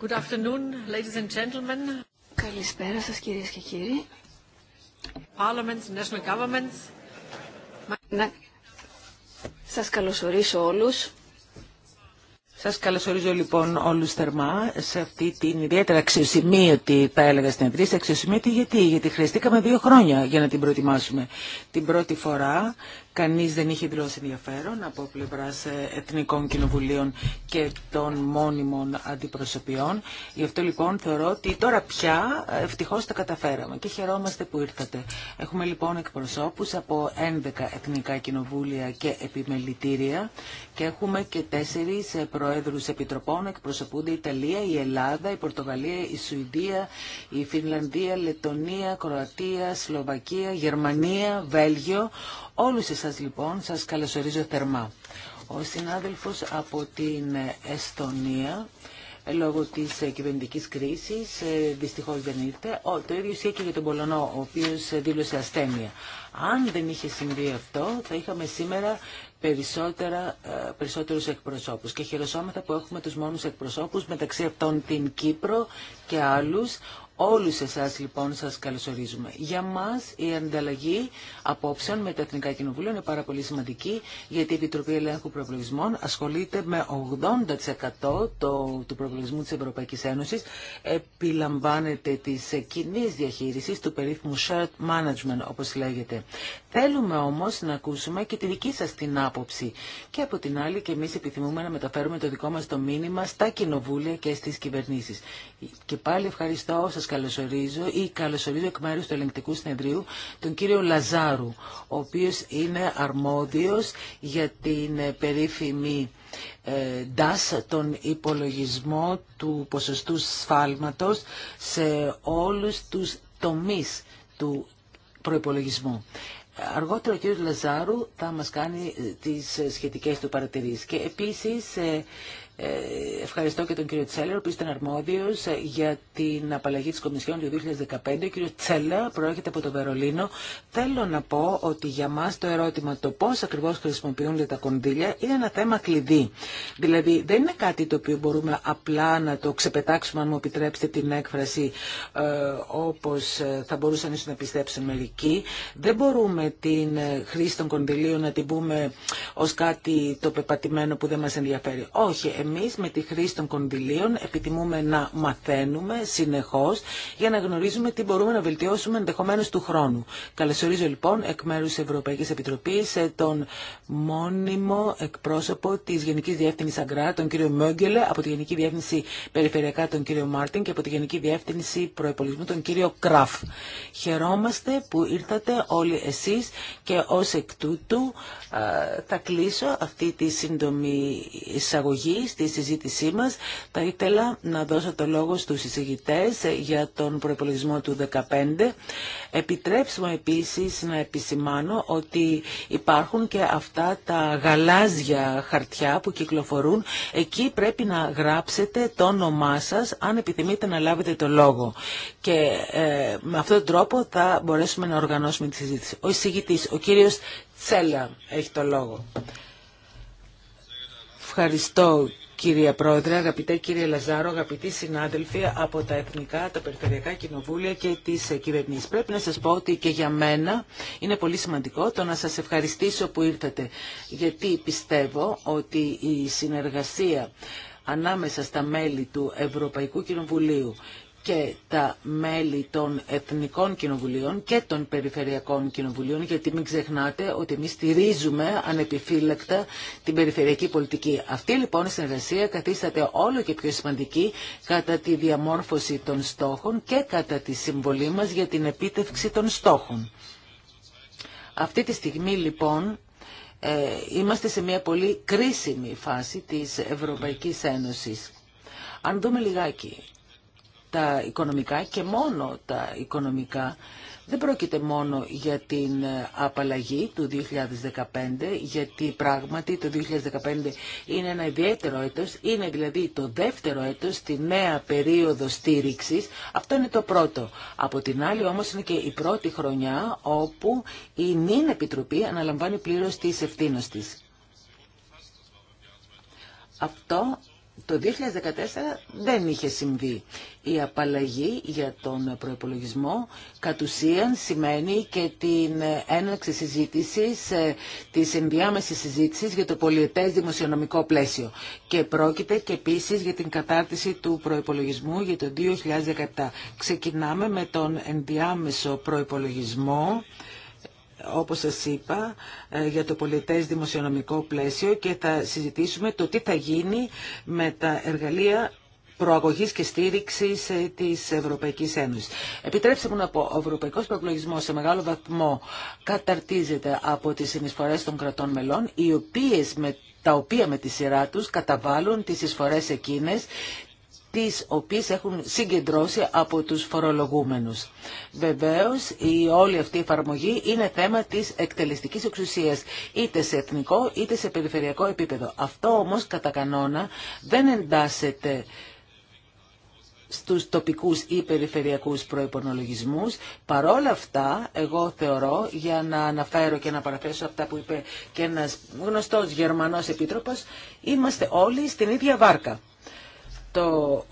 Good afternoon, ladies and gentlemen. Καλησπέρα σας κυρίες και κύριοι. Parliaments, national governments. Να σας καλωσορίσω όλους. Σας καλωσορίζω λοιπόν όλους θερμά σε αυτή την ιδιαίτερα αξιοσημείωτη, θα έλεγα στην Ευρώπη, αξιοσημείωτη γιατί, γιατί χρειαστήκαμε δύο χρόνια για να την προετοιμάσουμε. Την πρώτη φορά κανείς δεν είχε δηλώσει ενδιαφέρον από πλευρά ε, Εθνικών Κοινοβουλίων και των μόνιμων αντιπροσωπιών. Γι' αυτό λοιπόν θεωρώ ότι τώρα πια ε, ευτυχώς τα καταφέραμε και χαιρόμαστε που ήρθατε. Έχουμε λοιπόν εκπροσώπους από 11 Εθνικά Κοινοβούλια και επιμελητήρια και έχουμε και τέσσερις προ ε, Προέδρους Επιτροπών εκπροσωπούνται η Ιταλία, η Ελλάδα, η Πορτογαλία, η Σουηδία, η Φινλανδία, η Λετωνία, Κροατία, η Σλοβακία, η Γερμανία, Βέλγιο. Όλους εσάς λοιπόν σας καλωσορίζω θερμά. Ο συνάδελφος από την Εστονία λόγω της κυβερνητικής κρίσης ε, δυστυχώς δεν ήρθε. Το ίδιο ισχύει και για τον Πολωνό, ο οποίος δήλωσε ασθένεια. Αν δεν είχε συμβεί αυτό, θα είχαμε σήμερα περισσότερα, ε, περισσότερους εκπροσώπους και χειροσώματα που έχουμε τους μόνους εκπροσώπους μεταξύ αυτών την Κύπρο και άλλους Όλους εσάς λοιπόν σας καλωσορίζουμε. Για μας η ανταλλαγή απόψεων με τα Εθνικά Κοινοβούλια είναι πάρα πολύ σημαντική γιατί η Επιτροπή Ελέγχου Προβλησμών ασχολείται με 80% το, του προβλησμού της Ευρωπαϊκής Ένωσης επιλαμβάνεται της κοινή διαχείρισης του περίφημου short management όπως λέγεται. Θέλουμε όμως να ακούσουμε και τη δική σας την άποψη και από την άλλη και εμείς επιθυμούμε να μεταφέρουμε το δικό μας το μήνυμα στα κοινοβούλια και στις κυβερνήσεις. Και πάλι ευχαριστώ σας καλωσορίζω ή καλωσορίζω εκ μέρου του ελεγκτικού συνεδρίου τον κύριο Λαζάρου, ο οποίο είναι αρμόδιος για την περίφημη DAS, ε, τον υπολογισμό του ποσοστού σφάλματος σε όλους τους τομεί του προπολογισμού. Αργότερα ο κ. Λαζάρου θα μας κάνει ε, τις ε, σχετικές του παρατηρήσεις. Και επίσης ε, ευχαριστώ και τον κύριο Τσέλερ, που ήταν αρμόδιο ε, για την απαλλαγή τη Κομισιόν του 2015. Ο κύριο Τσέλερ προέρχεται από το Βερολίνο. Θέλω να πω ότι για μα το ερώτημα το πώ ακριβώ χρησιμοποιούνται τα κονδύλια είναι ένα θέμα κλειδί. Δηλαδή δεν είναι κάτι το οποίο μπορούμε απλά να το ξεπετάξουμε, αν μου επιτρέψετε την έκφραση, ε, όπω ε, θα μπορούσαν ίσω να πιστέψουν μερικοί. Δεν μπορούμε την χρήση των κονδυλίων να την πούμε ω κάτι το πεπατημένο που δεν μα ενδιαφέρει. Όχι, εμείς με τη χρήση των κονδυλίων επιτιμούμε να μαθαίνουμε συνεχώς για να γνωρίζουμε τι μπορούμε να βελτιώσουμε ενδεχομένω του χρόνου. Καλωσορίζω λοιπόν εκ μέρους της Ευρωπαϊκής Επιτροπής ε, τον μόνιμο εκπρόσωπο της Γενικής Διεύθυνσης Αγκρά, τον κύριο Μέγκελε, από τη Γενική Διεύθυνση Περιφερειακά τον κύριο Μάρτιν και από τη Γενική Διεύθυνση Προεπολισμού τον κύριο Κραφ. Χαιρόμαστε που ήρθατε όλοι εσείς και ως εκ τούτου ε, θα κλείσω αυτή τη σύντομη εισαγωγή στη συζήτησή μα. Θα ήθελα να δώσω το λόγο στου συζητητέ ε, για τον προπολογισμό του 2015. Επιτρέψτε μου επίση να επισημάνω ότι υπάρχουν και αυτά τα γαλάζια χαρτιά που κυκλοφορούν. Εκεί πρέπει να γράψετε το όνομά σα αν επιθυμείτε να λάβετε το λόγο. Και ε, με αυτόν τον τρόπο θα μπορέσουμε να οργανώσουμε τη συζήτηση. Ο εισηγητή, ο κύριο Τσέλα, έχει το λόγο. Ευχαριστώ κυρία Πρόεδρε, αγαπητέ κύριε Λαζάρο, αγαπητοί συνάδελφοι από τα Εθνικά, τα Περιφερειακά Κοινοβούλια και τι κυβερνήσει. Πρέπει να σας πω ότι και για μένα είναι πολύ σημαντικό το να σας ευχαριστήσω που ήρθατε, γιατί πιστεύω ότι η συνεργασία ανάμεσα στα μέλη του Ευρωπαϊκού Κοινοβουλίου και τα μέλη των Εθνικών Κοινοβουλίων και των Περιφερειακών Κοινοβουλίων, γιατί μην ξεχνάτε ότι εμεί στηρίζουμε ανεπιφύλακτα την περιφερειακή πολιτική. Αυτή λοιπόν η συνεργασία καθίσταται όλο και πιο σημαντική κατά τη διαμόρφωση των στόχων και κατά τη συμβολή μας για την επίτευξη των στόχων. Αυτή τη στιγμή λοιπόν ε, είμαστε σε μια πολύ κρίσιμη φάση της Ευρωπαϊκής Ένωσης. Αν δούμε λιγάκι τα οικονομικά και μόνο τα οικονομικά. Δεν πρόκειται μόνο για την ε, απαλλαγή του 2015, γιατί πράγματι το 2015 είναι ένα ιδιαίτερο έτος, είναι δηλαδή το δεύτερο έτος στη νέα περίοδο στήριξης. Αυτό είναι το πρώτο. Από την άλλη όμως είναι και η πρώτη χρονιά όπου η νυν Επιτροπή αναλαμβάνει πλήρως τις ευθύνες της. Αυτό το 2014 δεν είχε συμβεί. Η απαλλαγή για τον προϋπολογισμό κατ' ουσίαν σημαίνει και την έναρξη συζήτησης, ε, της ενδιάμεσης συζήτησης για το πολιετές δημοσιονομικό πλαίσιο. Και πρόκειται και επίσης για την κατάρτιση του προϋπολογισμού για το 2017. Ξεκινάμε με τον ενδιάμεσο προϋπολογισμό όπως σας είπα, ε, για το πολιτές δημοσιονομικό πλαίσιο και θα συζητήσουμε το τι θα γίνει με τα εργαλεία προαγωγής και στήριξης ε, της Ευρωπαϊκής Ένωσης. Επιτρέψτε μου να πω, ο ευρωπαϊκό προεκλογισμό σε μεγάλο βαθμό καταρτίζεται από τις συνεισφορέ των κρατών μελών, οι οποίες με τα οποία με τη σειρά τους καταβάλουν τις εισφορές εκείνες τις οποίες έχουν συγκεντρώσει από τους φορολογούμενους. Βεβαίως, η όλη αυτή η εφαρμογή είναι θέμα της εκτελεστικής εξουσίας, είτε σε εθνικό είτε σε περιφερειακό επίπεδο. Αυτό όμως, κατά κανόνα, δεν εντάσσεται στους τοπικούς ή περιφερειακούς προϋπονολογισμούς. Παρόλα αυτά, εγώ θεωρώ, για να αναφέρω και να παραθέσω αυτά που είπε και ένας γνωστός Γερμανός Επίτροπος, είμαστε όλοι στην ίδια βάρκα το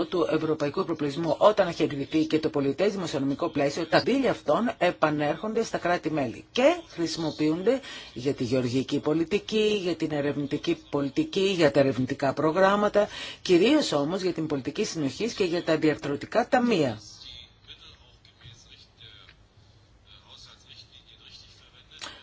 80% του ευρωπαϊκού προπλησμού όταν έχει εγκριθεί και το πολιτές δημοσιονομικό πλαίσιο, τα δίλια αυτών επανέρχονται στα κράτη-μέλη και χρησιμοποιούνται για τη γεωργική πολιτική, για την ερευνητική πολιτική, για τα ερευνητικά προγράμματα, κυρίως όμως για την πολιτική συνοχή και για τα διαρθρωτικά ταμεία.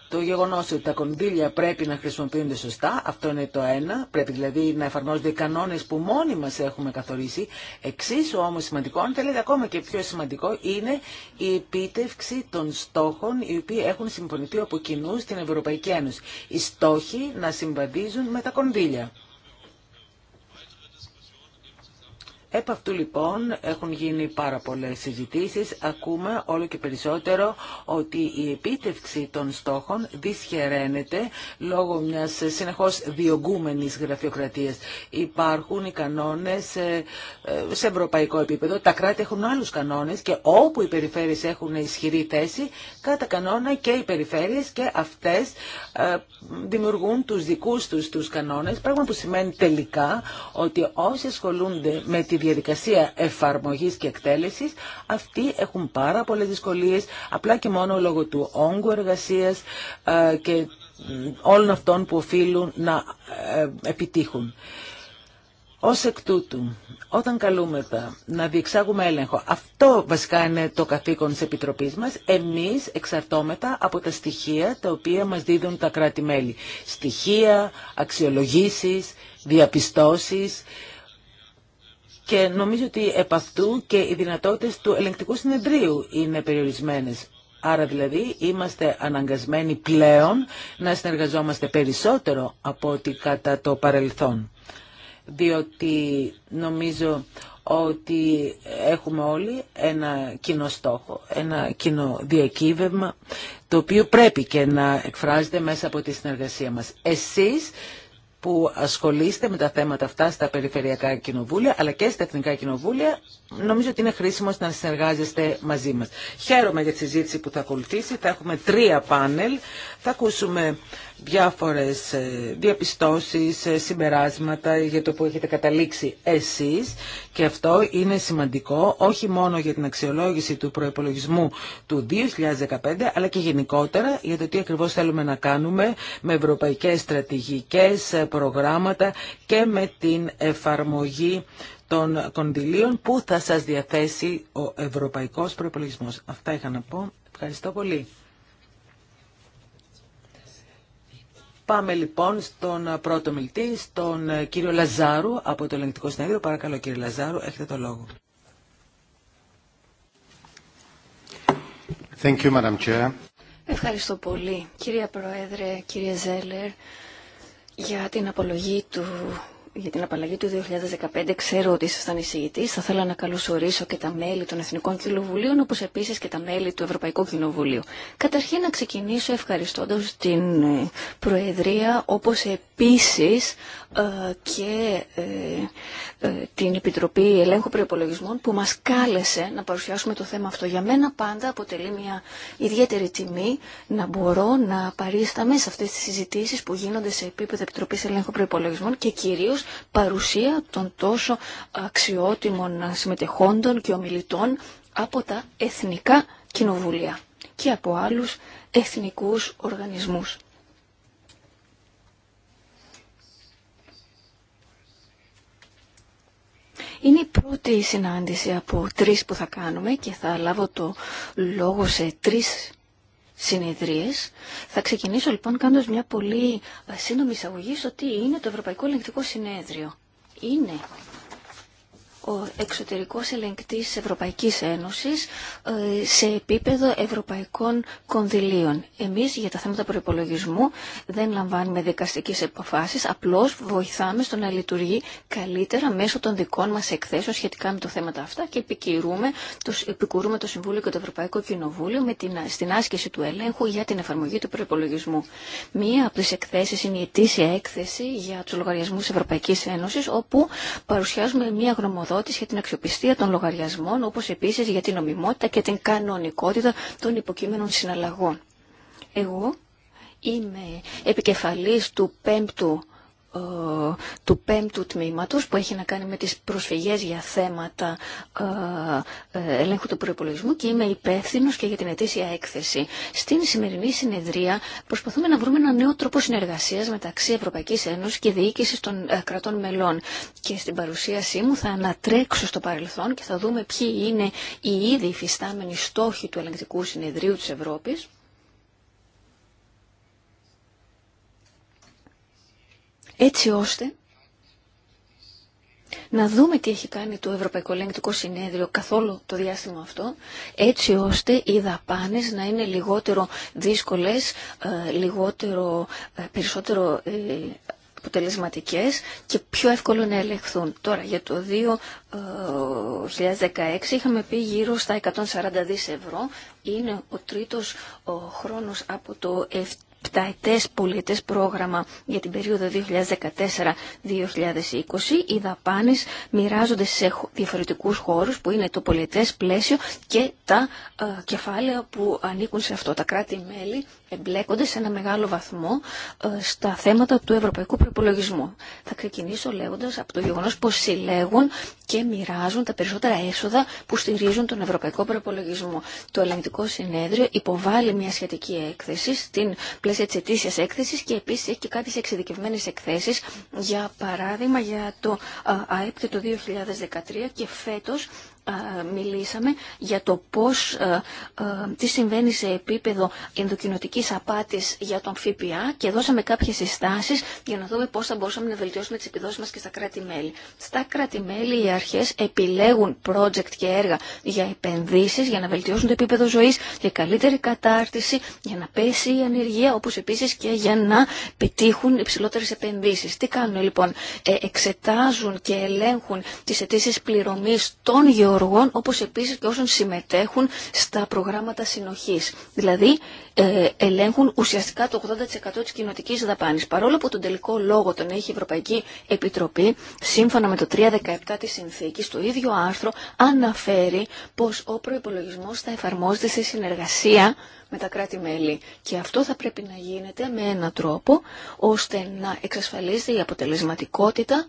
Το γεγονός ότι τα κονδύλια πρέπει να χρησιμοποιούνται σωστά, αυτό είναι το ένα, πρέπει δηλαδή να εφαρμόζονται οι κανόνες που μόνοι μας έχουμε καθορίσει. Εξίσου όμως σημαντικό, αν θέλετε ακόμα και πιο σημαντικό, είναι η επίτευξη των στόχων οι οποίοι έχουν συμφωνηθεί από κοινού στην Ευρωπαϊκή Ένωση. Οι στόχοι να συμβαδίζουν με τα κονδύλια. Επ' αυτού λοιπόν έχουν γίνει πάρα πολλές συζητήσεις. Ακούμε όλο και περισσότερο ότι η επίτευξη των στόχων δυσχεραίνεται λόγω μιας συνεχώς διωγγούμενης γραφειοκρατίας. Υπάρχουν οι κανόνες ε, ε, σε ευρωπαϊκό επίπεδο. Τα κράτη έχουν άλλους κανόνες και όπου οι περιφέρειες έχουν ισχυρή θέση, κατά κανόνα και οι περιφέρειες και αυτές ε, δημιουργούν τους δικούς τους τους κανόνες, πράγμα που σημαίνει τελικά ότι όσοι με διαδικασία εφαρμογής και εκτέλεσης, αυτοί έχουν πάρα πολλές δυσκολίες, απλά και μόνο λόγω του όγκου εργασίας ε, και όλων αυτών που οφείλουν να ε, επιτύχουν. Ως εκ τούτου, όταν καλούμετα να διεξάγουμε έλεγχο, αυτό βασικά είναι το καθήκον της Επιτροπής μας, εμείς εξαρτώμεθα από τα στοιχεία τα οποία μας δίδουν τα κράτη-μέλη. Στοιχεία, αξιολογήσεις, διαπιστώσεις και νομίζω ότι επ' αυτού και οι δυνατότητες του ελεγκτικού συνεδρίου είναι περιορισμένες. Άρα δηλαδή είμαστε αναγκασμένοι πλέον να συνεργαζόμαστε περισσότερο από ό,τι κατά το παρελθόν. Διότι νομίζω ότι έχουμε όλοι ένα κοινό στόχο, ένα κοινό διακύβευμα, το οποίο πρέπει και να εκφράζεται μέσα από τη συνεργασία μας. Εσείς που ασχολείστε με τα θέματα αυτά στα περιφερειακά κοινοβούλια αλλά και στα εθνικά κοινοβούλια νομίζω ότι είναι χρήσιμο να συνεργάζεστε μαζί μας. Χαίρομαι για τη συζήτηση που θα ακολουθήσει. Θα έχουμε τρία πάνελ. Θα ακούσουμε διάφορες ε, διαπιστώσεις, ε, συμπεράσματα για το που έχετε καταλήξει εσείς και αυτό είναι σημαντικό όχι μόνο για την αξιολόγηση του προϋπολογισμού του 2015 αλλά και γενικότερα για το τι ακριβώς θέλουμε να κάνουμε με ευρωπαϊκές στρατηγικές ε, προγράμματα και με την εφαρμογή των κονδυλίων που θα σας διαθέσει ο ευρωπαϊκός προϋπολογισμός. Αυτά είχα να πω. Ευχαριστώ πολύ. Πάμε λοιπόν στον πρώτο μιλτή, στον ε, κύριο Λαζάρου από το Ελεγκτικό Συνέδριο. Παρακαλώ κύριε Λαζάρου, έχετε το λόγο. Thank you, Madam Chair. Ευχαριστώ πολύ, κύριε Πρόεδρε, κύριε Ζέλερ, για την απολογή του για την απαλλαγή του 2015 ξέρω ότι ήσασταν εισηγητή. Θα ήθελα να καλωσορίσω και τα μέλη των Εθνικών Κοινοβουλίων, όπω επίση και τα μέλη του Ευρωπαϊκού Κοινοβουλίου. Καταρχήν να ξεκινήσω ευχαριστώντα την ε, Προεδρία, όπω επίση ε, και ε, ε, την Επιτροπή Ελέγχου Προπολογισμών που μας κάλεσε να παρουσιάσουμε το θέμα αυτό. Για μένα πάντα αποτελεί μια ιδιαίτερη τιμή να μπορώ να παρίσταμαι σε αυτές τις συζητήσεις που γίνονται σε επίπεδο Επιτροπής Ελέγχου Προπολογισμών και κυρίως παρουσία των τόσο αξιότιμων συμμετεχόντων και ομιλητών από τα εθνικά κοινοβούλια και από άλλους εθνικούς οργανισμούς. Είναι η πρώτη συνάντηση από τρεις που θα κάνουμε και θα λάβω το λόγο σε τρεις συνεδρίες. Θα ξεκινήσω λοιπόν κάνοντας μια πολύ σύντομη εισαγωγή στο τι είναι το Ευρωπαϊκό Ελεγκτικό Συνέδριο. Είναι ο εξωτερικός ελεγκτής της Ευρωπαϊκής Ένωσης ε, σε επίπεδο ευρωπαϊκών κονδυλίων. Εμείς για τα θέματα προπολογισμού δεν λαμβάνουμε δικαστικές επαφάσεις, απλώς βοηθάμε στο να λειτουργεί καλύτερα μέσω των δικών μας εκθέσεων σχετικά με το θέμα αυτά και επικυρούμε, επικουρούμε το Συμβούλιο και το Ευρωπαϊκό Κοινοβούλιο με την, στην άσκηση του ελέγχου για την εφαρμογή του προϋπολογισμού. Μία από τις εκθέσεις είναι η ετήσια έκθεση για τους λογαριασμούς Ευρωπαϊκής Ένωσης, όπου παρουσιάζουμε μία χρηματοδότηση για την αξιοπιστία των λογαριασμών, όπως επίσης για την νομιμότητα και την κανονικότητα των υποκείμενων συναλλαγών. Εγώ είμαι επικεφαλής του πέμπτου ε, του πέμπτου τμήματος που έχει να κάνει με τις προσφυγές για θέματα ε, ε, ελέγχου του προϋπολογισμού και είμαι υπεύθυνο και για την ετήσια έκθεση. Στην σημερινή συνεδρία προσπαθούμε να βρούμε ένα νέο τρόπο συνεργασίας μεταξύ Ευρωπαϊκής Ένωσης και διοίκηση των κρατών μελών. Και στην παρουσίασή μου θα ανατρέξω στο παρελθόν και θα δούμε ποιοι είναι οι ήδη υφιστάμενοι στόχοι του ελεγκτικού συνεδρίου της Ευρώπης έτσι ώστε να δούμε τι έχει κάνει το Ευρωπαϊκό Ελεγκτικό Συνέδριο καθόλου το διάστημα αυτό, έτσι ώστε οι δαπάνες να είναι λιγότερο δύσκολες, ε, λιγότερο, ε, περισσότερο ε, αποτελεσματικές και πιο εύκολο να ελεγχθούν. Τώρα για το 2016 είχαμε πει γύρω στα 140 δις ευρώ, είναι ο τρίτος ο χρόνος από το επταετές πολιτες πρόγραμμα για την περίοδο 2014-2020, οι δαπάνε μοιράζονται σε διαφορετικούς χώρους που είναι το πολιτες πλαίσιο και τα ε, κεφάλαια που ανήκουν σε αυτό. Τα κράτη-μέλη εμπλέκονται σε ένα μεγάλο βαθμό ε, στα θέματα του ευρωπαϊκού προπολογισμού. Θα ξεκινήσω λέγοντας από το γεγονός πως συλλέγουν και μοιράζουν τα περισσότερα έσοδα που στηρίζουν τον ευρωπαϊκό προπολογισμό. Το Ελληνικό Συνέδριο υποβάλλει μια σχετική έκθεση στην πλαίσια της ετήσιας έκθεσης και επίσης έχει και κάποιες εξειδικευμένες εκθέσεις για παράδειγμα για το ε, ΑΕΠ και το 2013 και φέτος μιλήσαμε για το πώς, τι συμβαίνει σε επίπεδο ενδοκινοτικής απάτης για τον ΦΠΑ και δώσαμε κάποιες συστάσεις για να δούμε πώς θα μπορούσαμε να βελτιώσουμε τις επιδόσεις μας και στα κράτη-μέλη. Στα κράτη-μέλη οι αρχές επιλέγουν project και έργα για επενδύσεις, για να βελτιώσουν το επίπεδο ζωής, για καλύτερη κατάρτιση, για να πέσει η ανεργία, όπως επίσης και για να πετύχουν υψηλότερε επενδύσεις. Τι κάνουν λοιπόν, ε, εξετάζουν και ελέγχουν τις αιτήσει πληρωμής των γεωργών όπω όπως επίσης και όσων συμμετέχουν στα προγράμματα συνοχής. Δηλαδή ε, ελέγχουν ουσιαστικά το 80% της κοινοτικής δαπάνης. Παρόλο που τον τελικό λόγο τον έχει η Ευρωπαϊκή Επιτροπή, σύμφωνα με το 317 της συνθήκης, το ίδιο άρθρο αναφέρει πως ο προϋπολογισμός θα εφαρμόζεται σε συνεργασία με τα κράτη-μέλη. Και αυτό θα πρέπει να γίνεται με έναν τρόπο ώστε να εξασφαλίζεται η αποτελεσματικότητα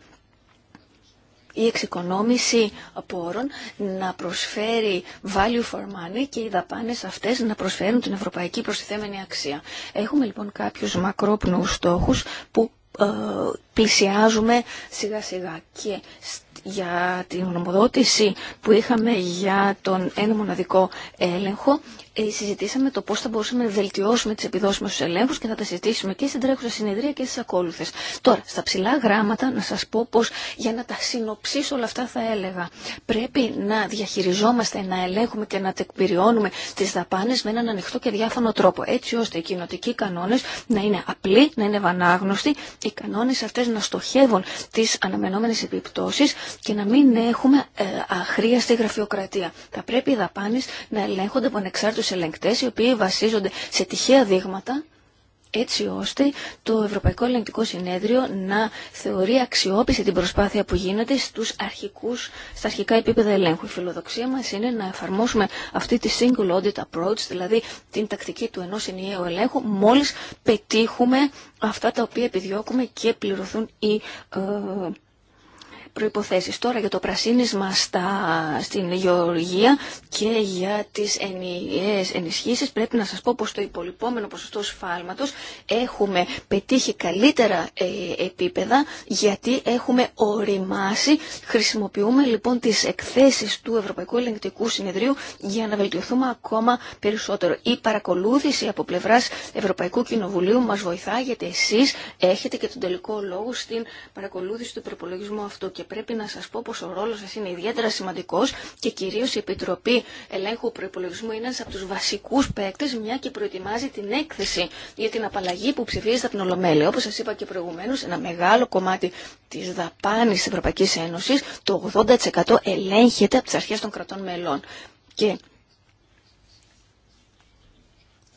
η εξοικονόμηση πόρων να προσφέρει value for money και οι δαπάνες αυτές να προσφέρουν την ευρωπαϊκή προστιθέμενη αξία. Έχουμε λοιπόν κάποιους μακρόπνους στόχους που ε, πλησιάζουμε σιγά σιγά και για την ονομοδότηση που είχαμε για τον ένα μοναδικό έλεγχο ε, συζητήσαμε το πώ θα μπορούσαμε να βελτιώσουμε τι επιδόσεις μας στου ελέγχους και θα τα συζητήσουμε και στην τρέχουσα συνεδρία και στι ακόλουθε. Τώρα, στα ψηλά γράμματα να σα πω πω για να τα συνοψίσω όλα αυτά θα έλεγα. Πρέπει να διαχειριζόμαστε, να ελέγχουμε και να τεκπηριώνουμε τι δαπάνε με έναν ανοιχτό και διάφανο τρόπο, έτσι ώστε οι κοινοτικοί κανόνε να είναι απλοί, να είναι βανάγνωστοι, οι κανόνε αυτέ να στοχεύουν τι αναμενόμενε επιπτώσει και να μην έχουμε ε, αχρίαστη γραφειοκρατία. Θα πρέπει οι δαπάνε να ελέγχονται από τους ελεγκτές οι οποίοι βασίζονται σε τυχαία δείγματα έτσι ώστε το Ευρωπαϊκό Ελεγκτικό Συνέδριο να θεωρεί αξιόπιστη την προσπάθεια που γίνεται στους αρχικούς, στα αρχικά επίπεδα ελέγχου. Η φιλοδοξία μας είναι να εφαρμόσουμε αυτή τη single audit approach, δηλαδή την τακτική του ενός ενιαίου ελέγχου, μόλις πετύχουμε αυτά τα οποία επιδιώκουμε και πληρωθούν οι ε, προϋποθέσεις. Τώρα για το πρασίνισμα στα, στην γεωργία και για τις ενιαίες ενισχύσεις πρέπει να σας πω πως το υπολοιπόμενο ποσοστό σφάλματος έχουμε πετύχει καλύτερα ε, επίπεδα γιατί έχουμε οριμάσει. Χρησιμοποιούμε λοιπόν τις εκθέσεις του Ευρωπαϊκού Ελεγκτικού Συνεδρίου για να βελτιωθούμε ακόμα περισσότερο. Η παρακολούθηση από πλευράς Ευρωπαϊκού Κοινοβουλίου μας βοηθά γιατί εσείς έχετε και τον τελικό λόγο στην παρακολούθηση του προπολογισμού αυτού και πρέπει να σας πω πως ο ρόλος σας είναι ιδιαίτερα σημαντικός και κυρίως η Επιτροπή Ελέγχου Προϋπολογισμού είναι ένας από τους βασικούς παίκτες μια και προετοιμάζει την έκθεση για την απαλλαγή που ψηφίζεται από την Ολομέλη. Όπως σας είπα και προηγουμένως, ένα μεγάλο κομμάτι της δαπάνης της Ευρωπαϊκής Ένωσης, το 80% ελέγχεται από τις αρχές των κρατών μελών. Και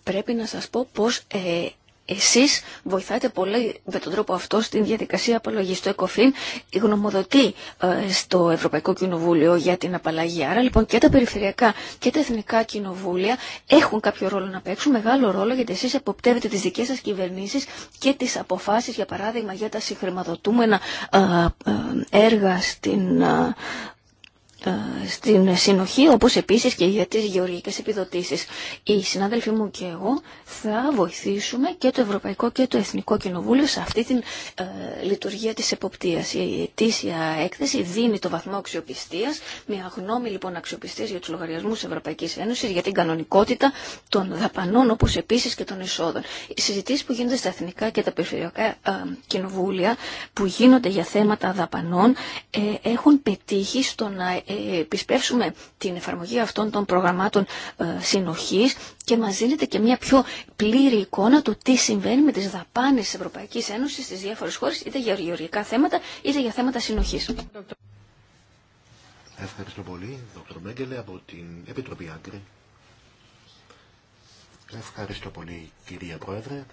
πρέπει να σας πω πως ε, εσείς βοηθάτε πολύ με τον τρόπο αυτό στην διαδικασία απαλλαγής στο ΕΚΟΦΗΝ, γνωμοδοτεί ε, στο Ευρωπαϊκό Κοινοβούλιο για την απαλλαγή. Άρα λοιπόν και τα περιφερειακά και τα εθνικά κοινοβούλια έχουν κάποιο ρόλο να παίξουν, μεγάλο ρόλο γιατί εσείς εποπτεύετε τις δικές σας κυβερνήσεις και τις αποφάσεις για παράδειγμα για τα συγχρηματοδοτούμενα ε, ε, έργα στην στην συνοχή όπως επίσης και για τις γεωργικές επιδοτήσεις. Οι συνάδελφοί μου και εγώ θα βοηθήσουμε και το Ευρωπαϊκό και το Εθνικό Κοινοβούλιο σε αυτή την ε, λειτουργία της εποπτείας. Η ετήσια έκθεση δίνει το βαθμό αξιοπιστίας, μια γνώμη λοιπόν αξιοπιστίας για τους λογαριασμούς Ευρωπαϊκής Ένωσης, για την κανονικότητα των δαπανών όπως επίσης και των εισόδων. Οι συζητήσεις που γίνονται στα εθνικά και τα περιφερειακά ε, κοινοβούλια που γίνονται για θέματα δαπανών ε, έχουν πετύχει στο να επισπεύσουμε την εφαρμογή αυτών των προγραμμάτων ε, συνοχής και μας δίνεται και μια πιο πλήρη εικόνα του τι συμβαίνει με τις δαπάνες της Ευρωπαϊκής Ένωσης στις διάφορες χώρες, είτε για γεωργικά θέματα, είτε για θέματα συνοχής. Ευχαριστώ πολύ, Μέγκελε, από την Επιτροπή Άγκρη. Ευχαριστώ πολύ, κυρία Πρόεδρε.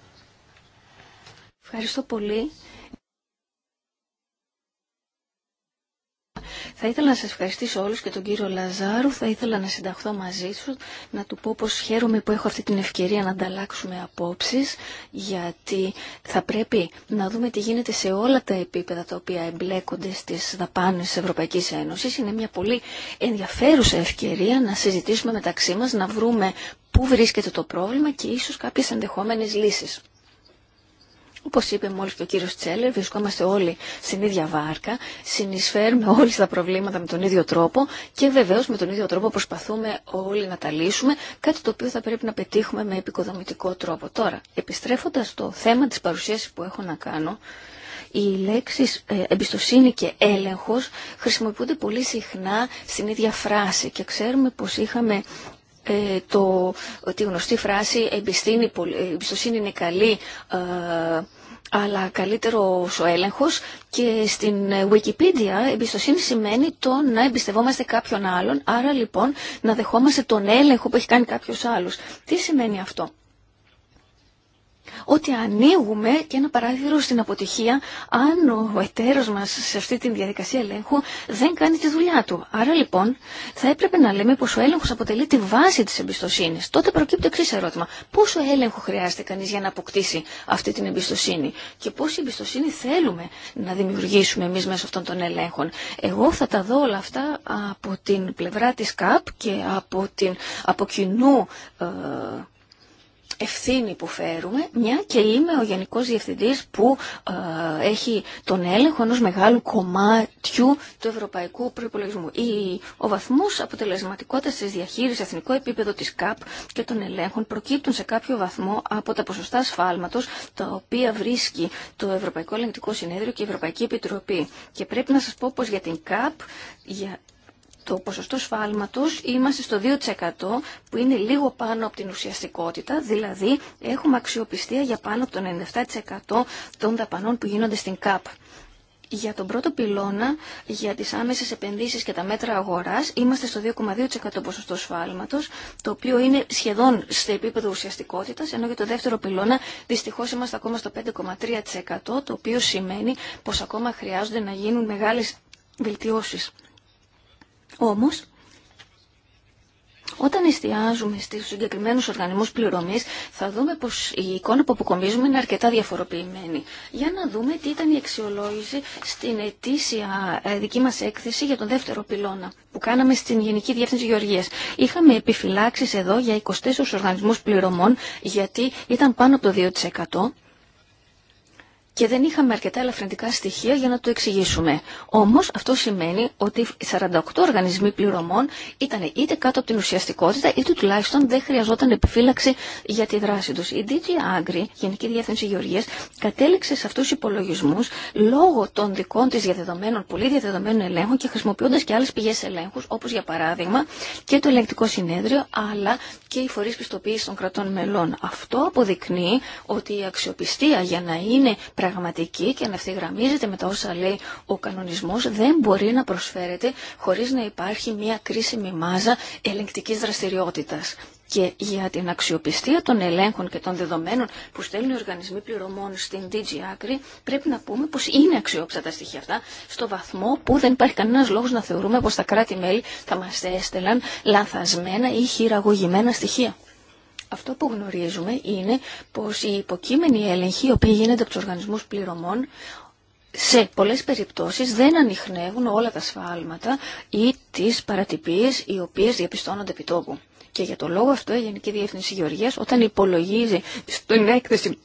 Ευχαριστώ πολύ Θα ήθελα να σας ευχαριστήσω όλους και τον κύριο Λαζάρου. Θα ήθελα να συνταχθώ μαζί σου, να του πω πως χαίρομαι που έχω αυτή την ευκαιρία να ανταλλάξουμε απόψεις, γιατί θα πρέπει να δούμε τι γίνεται σε όλα τα επίπεδα τα οποία εμπλέκονται στις δαπάνες της Ευρωπαϊκής Ένωσης. Είναι μια πολύ ενδιαφέρουσα ευκαιρία να συζητήσουμε μεταξύ μας, να βρούμε πού βρίσκεται το πρόβλημα και ίσως κάποιες ενδεχόμενες λύσεις. Όπως είπε μόλις και ο κύριος Τσέλερ, βρισκόμαστε όλοι στην ίδια βάρκα, συνεισφέρουμε όλοι στα προβλήματα με τον ίδιο τρόπο και βεβαίως με τον ίδιο τρόπο προσπαθούμε όλοι να τα λύσουμε, κάτι το οποίο θα πρέπει να πετύχουμε με επικοδομητικό τρόπο. Τώρα, επιστρέφοντας στο θέμα της παρουσίασης που έχω να κάνω, οι λέξεις ε, εμπιστοσύνη και έλεγχος χρησιμοποιούνται πολύ συχνά στην ίδια φράση και ξέρουμε πως είχαμε ε, το, τη γνωστή φράση η ε, εμπιστοσύνη είναι καλή ε, αλλά καλύτερο ο έλεγχο και στην Wikipedia εμπιστοσύνη σημαίνει το να εμπιστευόμαστε κάποιον άλλον, άρα λοιπόν να δεχόμαστε τον έλεγχο που έχει κάνει κάποιο άλλος». Τι σημαίνει αυτό ότι ανοίγουμε και ένα παράθυρο στην αποτυχία αν ο εταίρος μας σε αυτή τη διαδικασία ελέγχου δεν κάνει τη δουλειά του. Άρα λοιπόν θα έπρεπε να λέμε πως ο έλεγχος αποτελεί τη βάση της εμπιστοσύνης. Τότε προκύπτει το εξή ερώτημα. Πόσο έλεγχο χρειάζεται κανείς για να αποκτήσει αυτή την εμπιστοσύνη και πόση εμπιστοσύνη θέλουμε να δημιουργήσουμε εμείς μέσω αυτών των ελέγχων. Εγώ θα τα δω όλα αυτά από την πλευρά της ΚΑΠ και από, την, από κοινού ε, ευθύνη που φέρουμε, μια και είμαι ο Γενικός Διευθυντής που ε, έχει τον έλεγχο ενός μεγάλου κομμάτιου του ευρωπαϊκού προϋπολογισμού. Η, ο βαθμός αποτελεσματικότητας της διαχείρισης σε εθνικό επίπεδο της ΚΑΠ και των ελέγχων προκύπτουν σε κάποιο βαθμό από τα ποσοστά σφάλματος τα οποία βρίσκει το Ευρωπαϊκό Ελεγκτικό Συνέδριο και η Ευρωπαϊκή Επιτροπή. Και πρέπει να σας πω πως για την ΚΑΠ το ποσοστό σφάλματος είμαστε στο 2% που είναι λίγο πάνω από την ουσιαστικότητα, δηλαδή έχουμε αξιοπιστία για πάνω από το 97% των δαπανών που γίνονται στην ΚΑΠ. Για τον πρώτο πυλώνα, για τις άμεσες επενδύσεις και τα μέτρα αγοράς, είμαστε στο 2,2% ποσοστό σφάλματος, το οποίο είναι σχεδόν σε επίπεδο ουσιαστικότητας, ενώ για το δεύτερο πυλώνα δυστυχώς είμαστε ακόμα στο 5,3%, το οποίο σημαίνει πως ακόμα χρειάζονται να γίνουν μεγάλες βελτιώσεις. Όμως, όταν εστιάζουμε στους συγκεκριμένους οργανισμούς πληρωμής, θα δούμε πως η εικόνα που αποκομίζουμε είναι αρκετά διαφοροποιημένη. Για να δούμε τι ήταν η αξιολόγηση στην ετήσια ε, δική μας έκθεση για τον δεύτερο πυλώνα που κάναμε στην Γενική Διεύθυνση Γεωργίας. Είχαμε επιφυλάξεις εδώ για 24 οργανισμούς πληρωμών γιατί ήταν πάνω από το 2% και δεν είχαμε αρκετά ελαφρυντικά στοιχεία για να το εξηγήσουμε. Όμως αυτό σημαίνει ότι οι 48 οργανισμοί πληρωμών ήταν είτε κάτω από την ουσιαστικότητα είτε τουλάχιστον δεν χρειαζόταν επιφύλαξη για τη δράση τους. Η DG Agri, Γενική Διεύθυνση Γεωργίας, κατέληξε σε αυτούς τους υπολογισμούς λόγω των δικών της διαδεδομένων, πολύ διαδεδομένων ελέγχων και χρησιμοποιώντας και άλλες πηγές ελέγχους όπως για παράδειγμα και το ελεγκτικό συνέδριο αλλά και οι φορείς πιστοποίηση των κρατών μελών. Αυτό αποδεικνύει ότι η αξιοπιστία για να είναι πραγματική και αν αυτή γραμμίζεται με τα όσα λέει ο κανονισμός δεν μπορεί να προσφέρεται χωρίς να υπάρχει μια κρίσιμη μάζα ελεγκτικής δραστηριότητας και για την αξιοπιστία των ελέγχων και των δεδομένων που στέλνουν οι οργανισμοί πληρωμών στην DG Agri, πρέπει να πούμε πως είναι αξιόπιστα τα στοιχεία αυτά, στο βαθμό που δεν υπάρχει κανένας λόγος να θεωρούμε πως τα κράτη-μέλη θα μας έστελαν λανθασμένα ή χειραγωγημένα στοιχεία. Αυτό που γνωρίζουμε είναι πως οι υποκείμενοι έλεγχοι, οι οποίοι γίνονται από τους οργανισμούς πληρωμών, σε πολλές περιπτώσεις δεν ανοιχνεύουν όλα τα σφάλματα ή τις παρατυπίες οι οποίες διαπιστώνονται επί Και για το λόγο αυτό η Γενική Διεύθυνση Γεωργίας όταν υπολογίζει στην έκθεση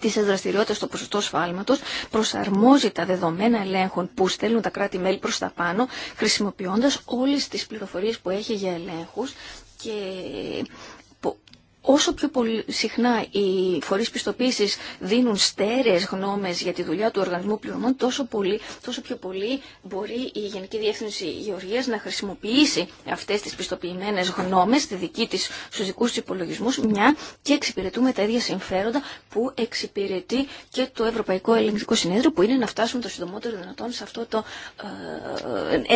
τη δραστηριότητα στο ποσοστό σφάλματος προσαρμόζει τα δεδομένα ελέγχων που στέλνουν τα κράτη-μέλη προ τα πάνω, χρησιμοποιώντα όλες τις πληροφορίε που έχει για ελέγχου και Όσο πιο πολύ συχνά οι φορείς πιστοποίησης δίνουν στέρεες γνώμες για τη δουλειά του οργανισμού πληρωμών, τόσο, πολύ, τόσο πιο πολύ μπορεί η Γενική Διεύθυνση Γεωργίας να χρησιμοποιήσει αυτές τις πιστοποιημένες γνώμες στη δική της, στους δικούς της υπολογισμούς, μια και εξυπηρετούμε τα ίδια συμφέροντα που εξυπηρετεί και το Ευρωπαϊκό Ελληνικό Συνέδριο, που είναι να φτάσουμε το συντομότερο δυνατόν σε αυτό το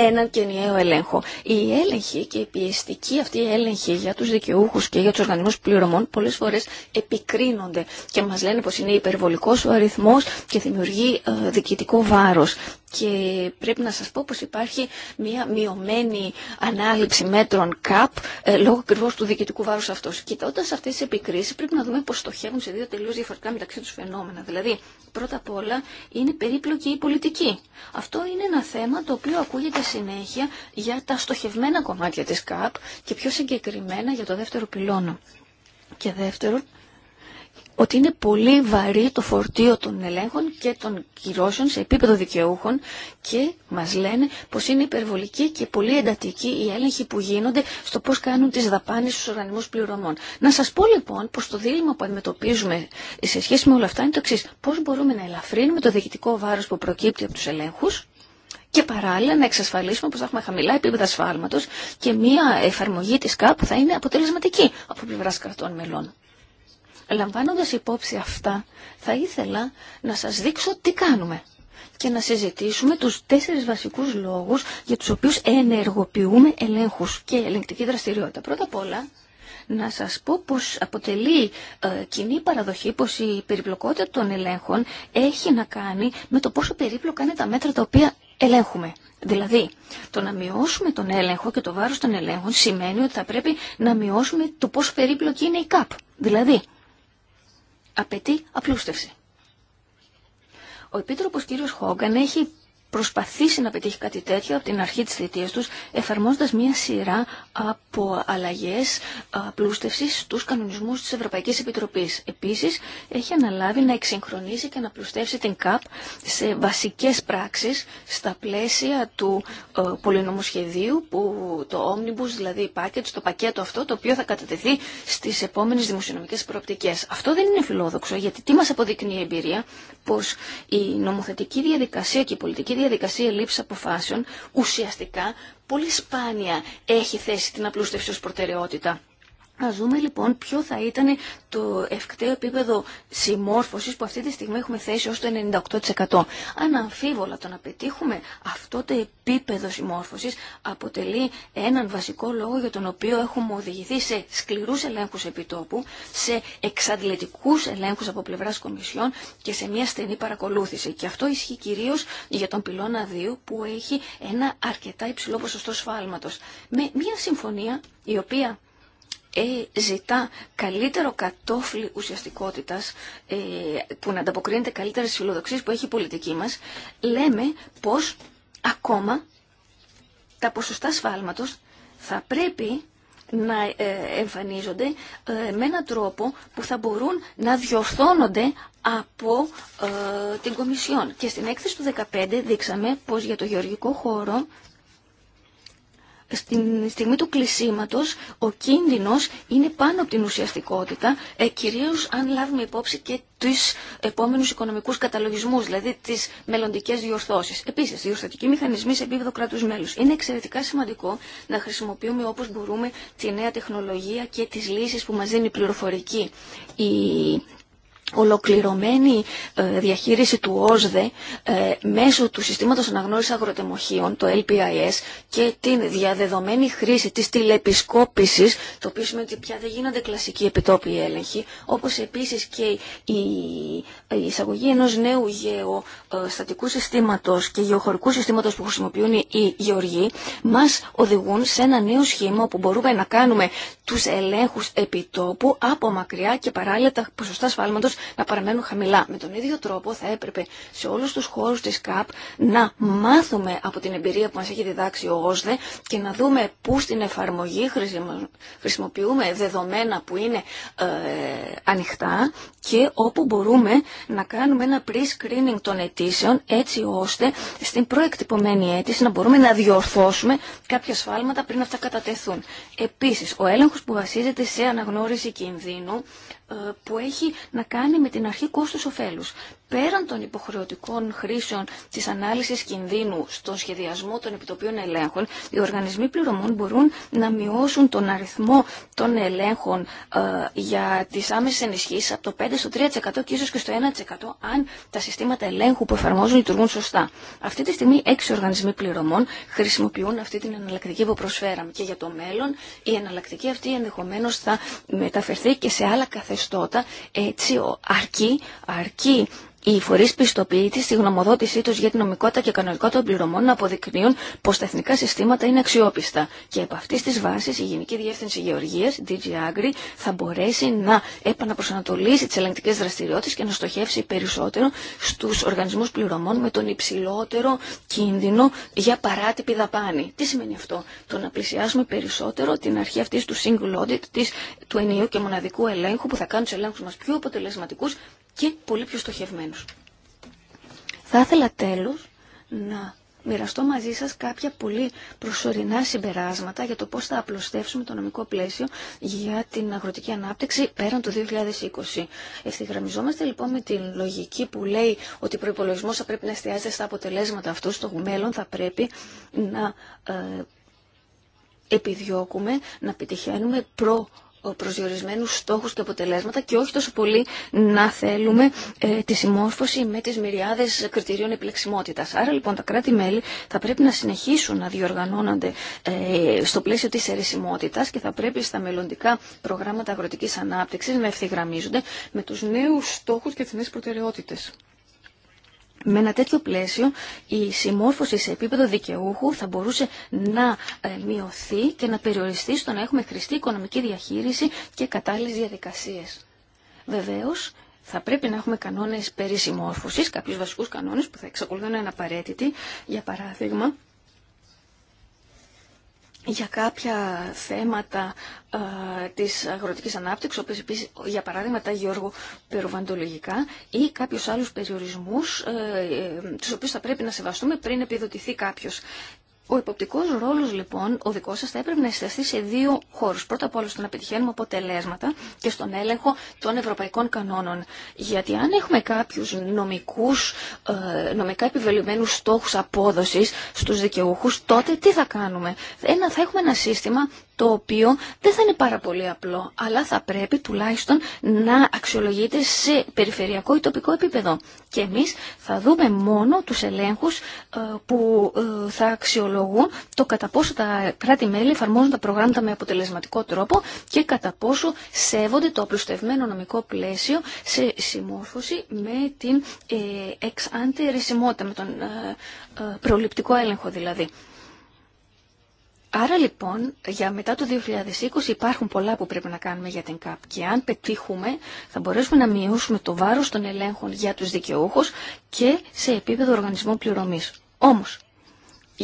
ε, έναν και ενιαίο έλεγχο. Η έλεγχη και η πιεστική αυτή έλεγχη για τους δικαιούχους και για τους οργανισμούς πληρωμών πληρωμών πολλές φορές επικρίνονται και μας λένε πως είναι υπερβολικός ο αριθμός και δημιουργεί ε, διοικητικό βάρος. Και πρέπει να σας πω πως υπάρχει μια μειωμένη ανάληψη μέτρων ΚΑΠ ε, λόγω ακριβώ του διοικητικού βάρους αυτός. Κοιτώντας αυτές τις επικρίσεις πρέπει να δούμε πως στοχεύουν σε δύο τελείως διαφορετικά μεταξύ τους φαινόμενα. Δηλαδή, πρώτα απ' όλα είναι περίπλοκη η πολιτική. Αυτό είναι ένα θέμα το οποίο ακούγεται συνέχεια για τα στοχευμένα κομμάτια της ΚΑΠ και πιο συγκεκριμένα για το δεύτερο πυλώνα. Και δεύτερον, ότι είναι πολύ βαρύ το φορτίο των ελέγχων και των κυρώσεων σε επίπεδο δικαιούχων και μας λένε πως είναι υπερβολική και πολύ εντατική η έλεγχη που γίνονται στο πώς κάνουν τις δαπάνες στους οργανισμούς πληρωμών. Να σας πω λοιπόν πως το δίλημα που αντιμετωπίζουμε σε σχέση με όλα αυτά είναι το εξή. Πώς μπορούμε να ελαφρύνουμε το διοικητικό βάρος που προκύπτει από τους ελέγχους και παράλληλα να εξασφαλίσουμε πως θα έχουμε χαμηλά επίπεδα ασφάλματος και μια εφαρμογή της ΚΑΠ θα είναι αποτελεσματική από πλευράς κρατών μελών. Λαμβάνοντας υπόψη αυτά, θα ήθελα να σας δείξω τι κάνουμε και να συζητήσουμε τους τέσσερις βασικούς λόγους για τους οποίους ενεργοποιούμε ελέγχους και ελεγκτική δραστηριότητα. Πρώτα απ' όλα, να σας πω πως αποτελεί ε, κοινή παραδοχή πως η περιπλοκότητα των ελέγχων έχει να κάνει με το πόσο περίπλοκα είναι τα μέτρα τα οποία ελέγχουμε. Δηλαδή, το να μειώσουμε τον έλεγχο και το βάρος των ελέγχων σημαίνει ότι θα πρέπει να μειώσουμε το πόσο περίπλοκη είναι η ΚΑΠ. Δηλαδή, απαιτεί απλούστευση. Ο Επίτροπος κ. Χόγκαν έχει προσπαθήσει να πετύχει κάτι τέτοιο από την αρχή της θητείας τους, εφαρμόζοντας μία σειρά από αλλαγές πλούστευσης στους κανονισμούς της Ευρωπαϊκής Επιτροπής. Επίσης, έχει αναλάβει να εξυγχρονίσει και να πλουστεύσει την ΚΑΠ σε βασικές πράξεις στα πλαίσια του πολυνομοσχεδίου, που το Omnibus, δηλαδή το πακέτο αυτό, το οποίο θα κατατεθεί στις επόμενες δημοσιονομικές προοπτικές. Αυτό δεν είναι φιλόδοξο, γιατί τι μας αποδεικνύει η εμπειρία, πως η νομοθετική διαδικασία και η πολιτική διαδικασία λήψη αποφάσεων ουσιαστικά πολύ σπάνια έχει θέσει την απλούστευση ως προτεραιότητα. Α δούμε λοιπόν ποιο θα ήταν το ευκταίο επίπεδο συμμόρφωσης που αυτή τη στιγμή έχουμε θέσει ως το 98%. Αν Αναμφίβολα το να πετύχουμε αυτό το επίπεδο συμμόρφωσης αποτελεί έναν βασικό λόγο για τον οποίο έχουμε οδηγηθεί σε σκληρούς ελέγχους επιτόπου, σε εξαντλητικούς ελέγχους από πλευράς κομισιών και σε μια στενή παρακολούθηση. Και αυτό ισχύει κυρίως για τον πυλώνα 2 που έχει ένα αρκετά υψηλό ποσοστό σφάλματος. Με μια συμφωνία η οποία ε, ζητά καλύτερο κατόφλι ουσιαστικότητας ε, που να ανταποκρίνεται καλύτερα στις φιλοδοξίες που έχει η πολιτική μας, λέμε πως ακόμα τα ποσοστά σφάλματος θα πρέπει να ε, εμφανίζονται ε, με έναν τρόπο που θα μπορούν να διορθώνονται από ε, την Κομισιόν. Και στην έκθεση του 2015 δείξαμε πως για το γεωργικό χώρο στην στιγμή του κλεισίματος ο κίνδυνος είναι πάνω από την ουσιαστικότητα, ε, κυρίως αν λάβουμε υπόψη και τους επόμενους οικονομικούς καταλογισμούς, δηλαδή τις μελλοντικές διορθώσεις. Επίσης, διορθωτικοί μηχανισμοί σε επίπεδο κράτους μέλους. Είναι εξαιρετικά σημαντικό να χρησιμοποιούμε όπως μπορούμε τη νέα τεχνολογία και τις λύσεις που μας δίνει η πληροφορική. Η ολοκληρωμένη ε, διαχείριση του ΟΣΔΕ ε, μέσω του Συστήματος Αναγνώρισης Αγροτεμοχίων, το LPIS, και την διαδεδομένη χρήση της τηλεπισκόπησης, το οποίο σημαίνει ότι πια δεν γίνονται κλασικοί επιτόπιοι έλεγχοι, όπως επίσης και η εισαγωγή ενός νέου γεωστατικού ε, συστήματος και γεωχωρικού συστήματος που χρησιμοποιούν οι γεωργοί, μας οδηγούν σε ένα νέο σχήμα που μπορούμε να κάνουμε τους ελέγχους επιτόπου από μακριά και παράλληλα τα ποσοστά σφάλματος να παραμένουν χαμηλά. Με τον ίδιο τρόπο θα έπρεπε σε όλου του χώρου της ΚΑΠ να μάθουμε από την εμπειρία που μας έχει διδάξει ο ΩΣΔΕ και να δούμε πού στην εφαρμογή χρησιμοποιούμε δεδομένα που είναι ε, ανοιχτά και όπου μπορούμε να κάνουμε ένα pre-screening των αιτήσεων έτσι ώστε στην προεκτυπωμένη αίτηση να μπορούμε να διορθώσουμε κάποια σφάλματα πριν αυτά κατατεθούν. Επίσης, ο έλεγχος που ειναι ανοιχτα και οπου μπορουμε να κανουμε ενα pre screening των αιτησεων ετσι ωστε στην προεκτυπωμενη αιτηση να μπορουμε να διορθωσουμε καποια σφαλματα πριν αυτα κατατεθουν επισης ο ελεγχος που βασιζεται σε αναγνώριση κινδύνου ε, που έχει να κάνει με την αρχή κόστους-οφέλους πέραν των υποχρεωτικών χρήσεων της ανάλυσης κινδύνου στον σχεδιασμό των επιτοπίων ελέγχων, οι οργανισμοί πληρωμών μπορούν να μειώσουν τον αριθμό των ελέγχων ε, για τις άμεσες ενισχύσεις από το 5% στο 3% και ίσως και στο 1% αν τα συστήματα ελέγχου που εφαρμόζουν λειτουργούν σωστά. Αυτή τη στιγμή έξι οργανισμοί πληρωμών χρησιμοποιούν αυτή την εναλλακτική που προσφέραμε και για το μέλλον η εναλλακτική αυτή ενδεχομένως θα μεταφερθεί και σε άλλα καθεστώτα έτσι αρκεί, αρκεί οι φορεί πιστοποιητή στη γνωμοδότησή του για την νομικότητα και κανονικότητα των πληρωμών αποδεικνύουν πω τα εθνικά συστήματα είναι αξιόπιστα. Και από αυτή τη βάση η Γενική Διεύθυνση Γεωργία, DG Agri, θα μπορέσει να επαναπροσανατολίσει τι ελεγκτικέ δραστηριότητε και να στοχεύσει περισσότερο στου οργανισμού πληρωμών με τον υψηλότερο κίνδυνο για παράτυπη δαπάνη. Τι σημαίνει αυτό, το να πλησιάσουμε περισσότερο την αρχή αυτή του single audit, της, του ενιαίου και μοναδικού ελέγχου που θα κάνουν του ελέγχου μα πιο αποτελεσματικού, και πολύ πιο στοχευμένους. Θα ήθελα τέλος να μοιραστώ μαζί σας κάποια πολύ προσωρινά συμπεράσματα για το πώς θα απλωστεύσουμε το νομικό πλαίσιο για την αγροτική ανάπτυξη πέραν του 2020. Ευθυγραμμιζόμαστε λοιπόν με την λογική που λέει ότι ο προϋπολογισμός θα πρέπει να εστιάζεται στα αποτελέσματα αυτού, στο μέλλον θα πρέπει να ε, επιδιώκουμε να πετυχαίνουμε προ προσδιορισμένους στόχους και αποτελέσματα και όχι τόσο πολύ να θέλουμε ε, τη συμμόρφωση με τις μυριάδες κριτηρίων επιλεξιμότητας. Άρα λοιπόν τα κράτη-μέλη θα πρέπει να συνεχίσουν να διοργανώνονται ε, στο πλαίσιο της αιρεσιμότητας και θα πρέπει στα μελλοντικά προγράμματα αγροτικής ανάπτυξης να ευθυγραμμίζονται με τους νέους στόχους και τις νέες προτεραιότητες. Με ένα τέτοιο πλαίσιο η συμμόρφωση σε επίπεδο δικαιούχου θα μπορούσε να ε, μειωθεί και να περιοριστεί στο να έχουμε χρηστή οικονομική διαχείριση και κατάλληλες διαδικασίες. Βεβαίως, θα πρέπει να έχουμε κανόνες περί συμμόρφωσης, κάποιους βασικούς κανόνες που θα εξακολουθούν να είναι απαραίτητοι. Για παράδειγμα, για κάποια θέματα α, ε, της αγροτικής ανάπτυξης, όπως επίσης, για παράδειγμα τα γεωργοπεροβαντολογικά ή κάποιους άλλους περιορισμούς, του ε, ε, ε, τους οποίους θα πρέπει να σεβαστούμε πριν επιδοτηθεί κάποιος. Ο υποπτικός ρόλος λοιπόν ο δικός σας θα έπρεπε να εστιαστεί σε δύο χώρους. Πρώτα απ' όλα στο να πετυχαίνουμε αποτελέσματα και στον έλεγχο των ευρωπαϊκών κανόνων. Γιατί αν έχουμε κάποιους νομικούς, ε, νομικά επιβεβαιωμένους στόχους απόδοσης στους δικαιούχους, τότε τι θα κάνουμε. Ένα, θα έχουμε ένα σύστημα το οποίο δεν θα είναι πάρα πολύ απλό, αλλά θα πρέπει τουλάχιστον να αξιολογείται σε περιφερειακό ή τοπικό επίπεδο. Και εμείς θα δούμε μόνο τους ελέγχους ε, που ε, θα αξιολογούν το κατά πόσο τα κράτη-μέλη εφαρμόζουν τα προγράμματα με αποτελεσματικό τρόπο και κατά πόσο σέβονται το απλουστευμένο νομικό πλαίσιο σε συμμόρφωση με την ε, εξάντερη με τον προληπτικό έλεγχο δηλαδή. Άρα λοιπόν, για μετά το 2020 υπάρχουν πολλά που πρέπει να κάνουμε για την ΚΑΠ και αν πετύχουμε θα μπορέσουμε να μειώσουμε το βάρος των ελέγχων για τους δικαιούχους και σε επίπεδο οργανισμών πληρωμής. Όμως,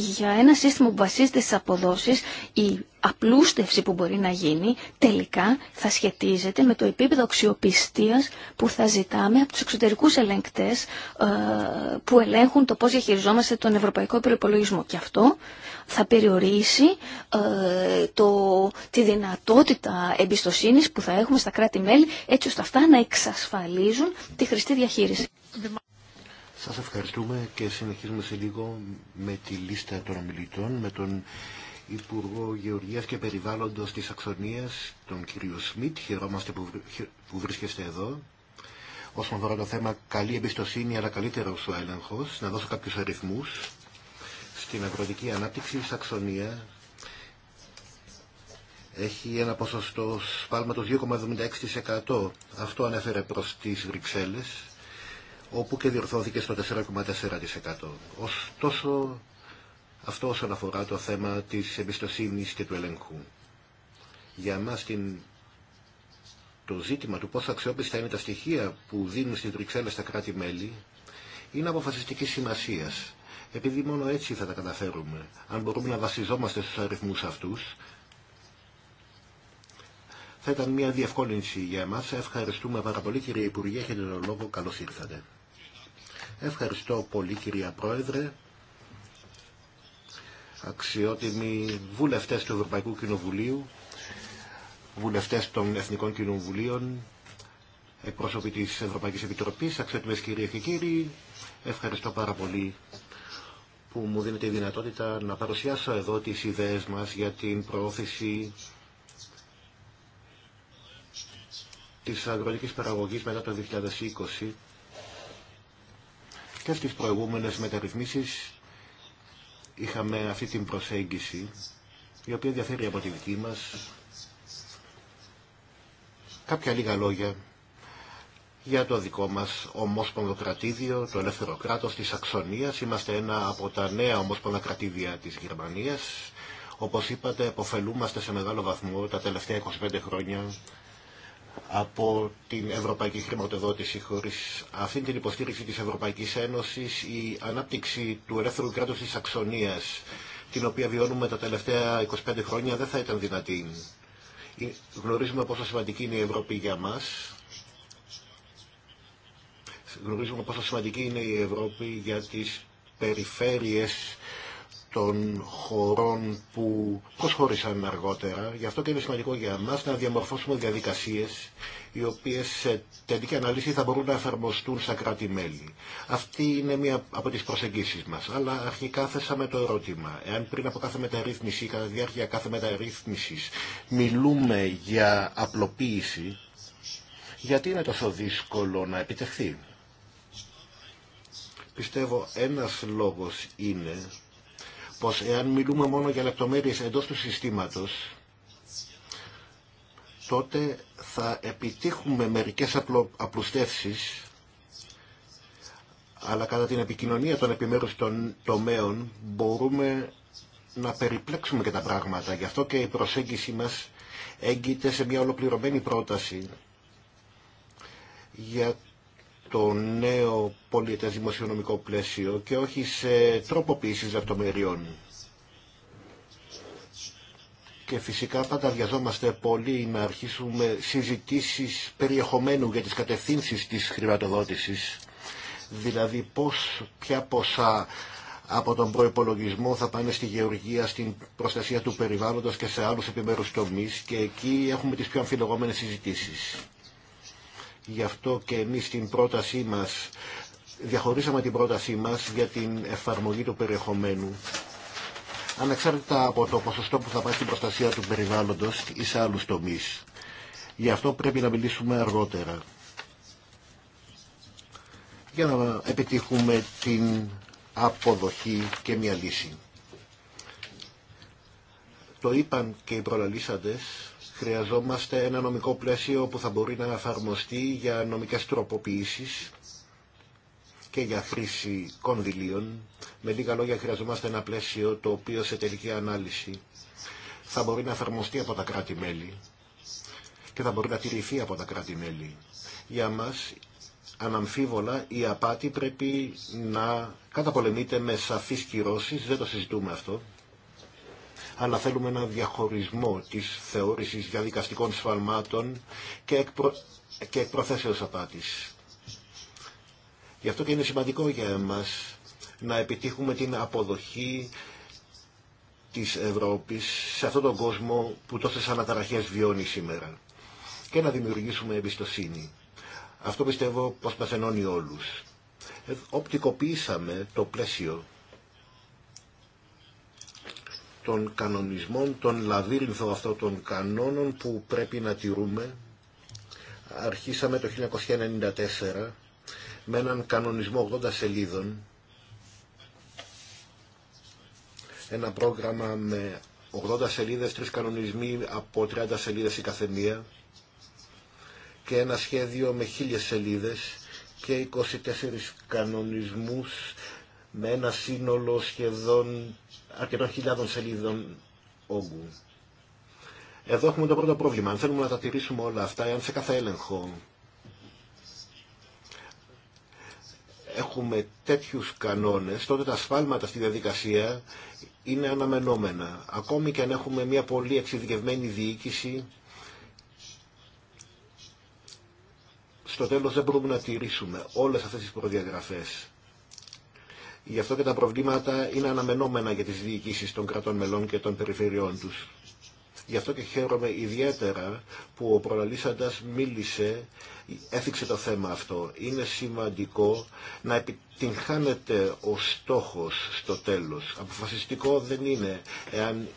για ένα σύστημα που βασίζεται στις αποδόσεις, η απλούστευση που μπορεί να γίνει τελικά θα σχετίζεται με το επίπεδο αξιοπιστία που θα ζητάμε από τους εξωτερικούς ελεγκτές ε, που ελέγχουν το πώς διαχειριζόμαστε τον ευρωπαϊκό προπολογισμό. Και αυτό θα περιορίσει ε, το, τη δυνατότητα εμπιστοσύνης που θα έχουμε στα κράτη-μέλη έτσι ώστε αυτά να εξασφαλίζουν τη χρηστή διαχείριση. Σας ευχαριστούμε και συνεχίζουμε σε λίγο με τη λίστα των ομιλητών, με τον Υπουργό Γεωργίας και Περιβάλλοντος της Αξονίας, τον κύριο Σμιτ. Χαιρόμαστε που, που βρίσκεστε εδώ. Όσον αφορά το θέμα, καλή εμπιστοσύνη αλλά καλύτερο ο έλεγχο. Να δώσω κάποιου αριθμού. Στην αγροτική ανάπτυξη η Σαξονία έχει ένα ποσοστό σπάλματος 2,76%. Αυτό ανέφερε προς τις Βρυξέλλες όπου και διορθώθηκε στο 4,4%. Ωστόσο, αυτό όσον αφορά το θέμα της εμπιστοσύνης και του ελέγχου. Για μας την... το ζήτημα του πόσο αξιόπιστα είναι τα στοιχεία που δίνουν στις Βρυξέλλες στα κράτη-μέλη είναι αποφασιστική σημασία. Επειδή μόνο έτσι θα τα καταφέρουμε. Αν μπορούμε να βασιζόμαστε στους αριθμούς αυτούς, θα ήταν μια διευκόλυνση για εμάς. Ευχαριστούμε πάρα πολύ κύριε Υπουργέ, έχετε τον λόγο. Καλώς ήρθατε. Ευχαριστώ πολύ κυρία Πρόεδρε. Αξιότιμοι βουλευτές του Ευρωπαϊκού Κοινοβουλίου, βουλευτές των Εθνικών Κοινοβουλίων, εκπρόσωποι της Ευρωπαϊκής Επιτροπής, αξιότιμες κυρίες και κύριοι, ευχαριστώ πάρα πολύ που μου δίνετε η δυνατότητα να παρουσιάσω εδώ τις ιδέες μας για την προώθηση της αγροτικής παραγωγής μετά το 2020 και τις προηγούμενες μεταρρυθμίσεις είχαμε αυτή την προσέγγιση, η οποία διαφέρει από τη δική μας. Κάποια λίγα λόγια για το δικό μας ομόσπονδο κρατήδιο, το ελεύθερο κράτος της Αξονίας. Είμαστε ένα από τα νέα ομόσπονδα κρατήδια της Γερμανίας. Όπως είπατε, εποφελούμαστε σε μεγάλο βαθμό τα τελευταία 25 χρόνια από την ευρωπαϊκή χρηματοδότηση. Χωρίς αυτή την υποστήριξη της Ευρωπαϊκής Ένωσης, η ανάπτυξη του ελεύθερου κράτους της Αξονία, την οποία βιώνουμε τα τελευταία 25 χρόνια, δεν θα ήταν δυνατή. Γνωρίζουμε πόσο σημαντική είναι η Ευρώπη για μας. Γνωρίζουμε πόσο σημαντική είναι η Ευρώπη για τι περιφέρειες των χωρών που προσχώρησαν αργότερα. Γι' αυτό και είναι σημαντικό για μας να διαμορφώσουμε διαδικασίες οι οποίες σε τελική αναλύση θα μπορούν να εφαρμοστούν στα κράτη-μέλη. Αυτή είναι μία από τις προσεγγίσεις μας. Αλλά αρχικά θέσαμε το ερώτημα. Εάν πριν από κάθε μεταρρύθμιση ή κατά διάρκεια κάθε μεταρρύθμισης μιλούμε για απλοποίηση, γιατί είναι τόσο δύσκολο να επιτευχθεί. Πιστεύω ένας λόγος είναι πως εάν μιλούμε μόνο για λεπτομέρειες εντός του συστήματος, τότε θα επιτύχουμε μερικές απλουστεύσεις, αλλά κατά την επικοινωνία των επιμέρους των τομέων μπορούμε να περιπλέξουμε και τα πράγματα. Γι' αυτό και η προσέγγιση μας έγκυται σε μια ολοκληρωμένη πρόταση για το νέο πολίτες δημοσιονομικό πλαίσιο και όχι σε τροποποίησεις δευτομεριών. Και φυσικά πάντα βιαζόμαστε πολύ να αρχίσουμε συζητήσεις περιεχομένου για τις κατευθύνσεις της χρηματοδότησης. Δηλαδή πώς, ποια ποσά από τον προϋπολογισμό θα πάνε στη γεωργία, στην προστασία του περιβάλλοντος και σε άλλους επιμέρους τομείς και εκεί έχουμε τις πιο αμφιλογόμενες συζητήσεις. Γι' αυτό και εμείς την πρότασή μας, διαχωρίσαμε την πρότασή μας για την εφαρμογή του περιεχομένου ανεξάρτητα από το ποσοστό που θα πάει στην προστασία του περιβάλλοντος ή σε άλλους τομείς. Γι' αυτό πρέπει να μιλήσουμε αργότερα. Για να επιτύχουμε την αποδοχή και μια λύση. Το είπαν και οι προλαλήσαντες Χρειαζόμαστε ένα νομικό πλαίσιο που θα μπορεί να εφαρμοστεί για νομικές τροποποιήσεις και για χρήση κονδυλίων. Με λίγα λόγια χρειαζόμαστε ένα πλαίσιο το οποίο σε τελική ανάλυση θα μπορεί να εφαρμοστεί από τα κράτη-μέλη και θα μπορεί να τηρηθεί από τα κράτη-μέλη. Για μας, αναμφίβολα, η απάτη πρέπει να καταπολεμείται με σαφείς κυρώσεις, δεν το συζητούμε αυτό αλλά θέλουμε ένα διαχωρισμό της θεώρησης διαδικαστικών σφαλμάτων και, εκπρο... και εκπροθέσεως απάτης. Γι' αυτό και είναι σημαντικό για εμάς να επιτύχουμε την αποδοχή της Ευρώπης σε αυτόν τον κόσμο που τόσες αναταραχές βιώνει σήμερα και να δημιουργήσουμε εμπιστοσύνη. Αυτό πιστεύω πως μας ενώνει όλους. Ε, οπτικοποιήσαμε το πλαίσιο των κανονισμών, των λαβύρινθων αυτών των κανόνων που πρέπει να τηρούμε. Αρχίσαμε το 1994 με έναν κανονισμό 80 σελίδων, ένα πρόγραμμα με 80 σελίδες, τρεις κανονισμοί από 30 σελίδες η καθεμία και ένα σχέδιο με χίλιες σελίδες και 24 κανονισμούς με ένα σύνολο σχεδόν αρκετών χιλιάδων σελίδων όγκου. Εδώ έχουμε το πρώτο πρόβλημα. Αν θέλουμε να τα τηρήσουμε όλα αυτά, αν σε κάθε έλεγχο έχουμε τέτοιους κανόνες, τότε τα σφάλματα στη διαδικασία είναι αναμενόμενα. Ακόμη και αν έχουμε μια πολύ εξειδικευμένη διοίκηση, στο τέλος δεν μπορούμε να τηρήσουμε όλες αυτές τις προδιαγραφές. Γι' αυτό και τα προβλήματα είναι αναμενόμενα για τις διοικήσεις των κρατών μελών και των περιφερειών τους. Γι' αυτό και χαίρομαι ιδιαίτερα που ο προλαλήσαντας μίλησε, έθιξε το θέμα αυτό. Είναι σημαντικό να επιτυγχάνεται ο στόχος στο τέλος. Αποφασιστικό δεν είναι εάν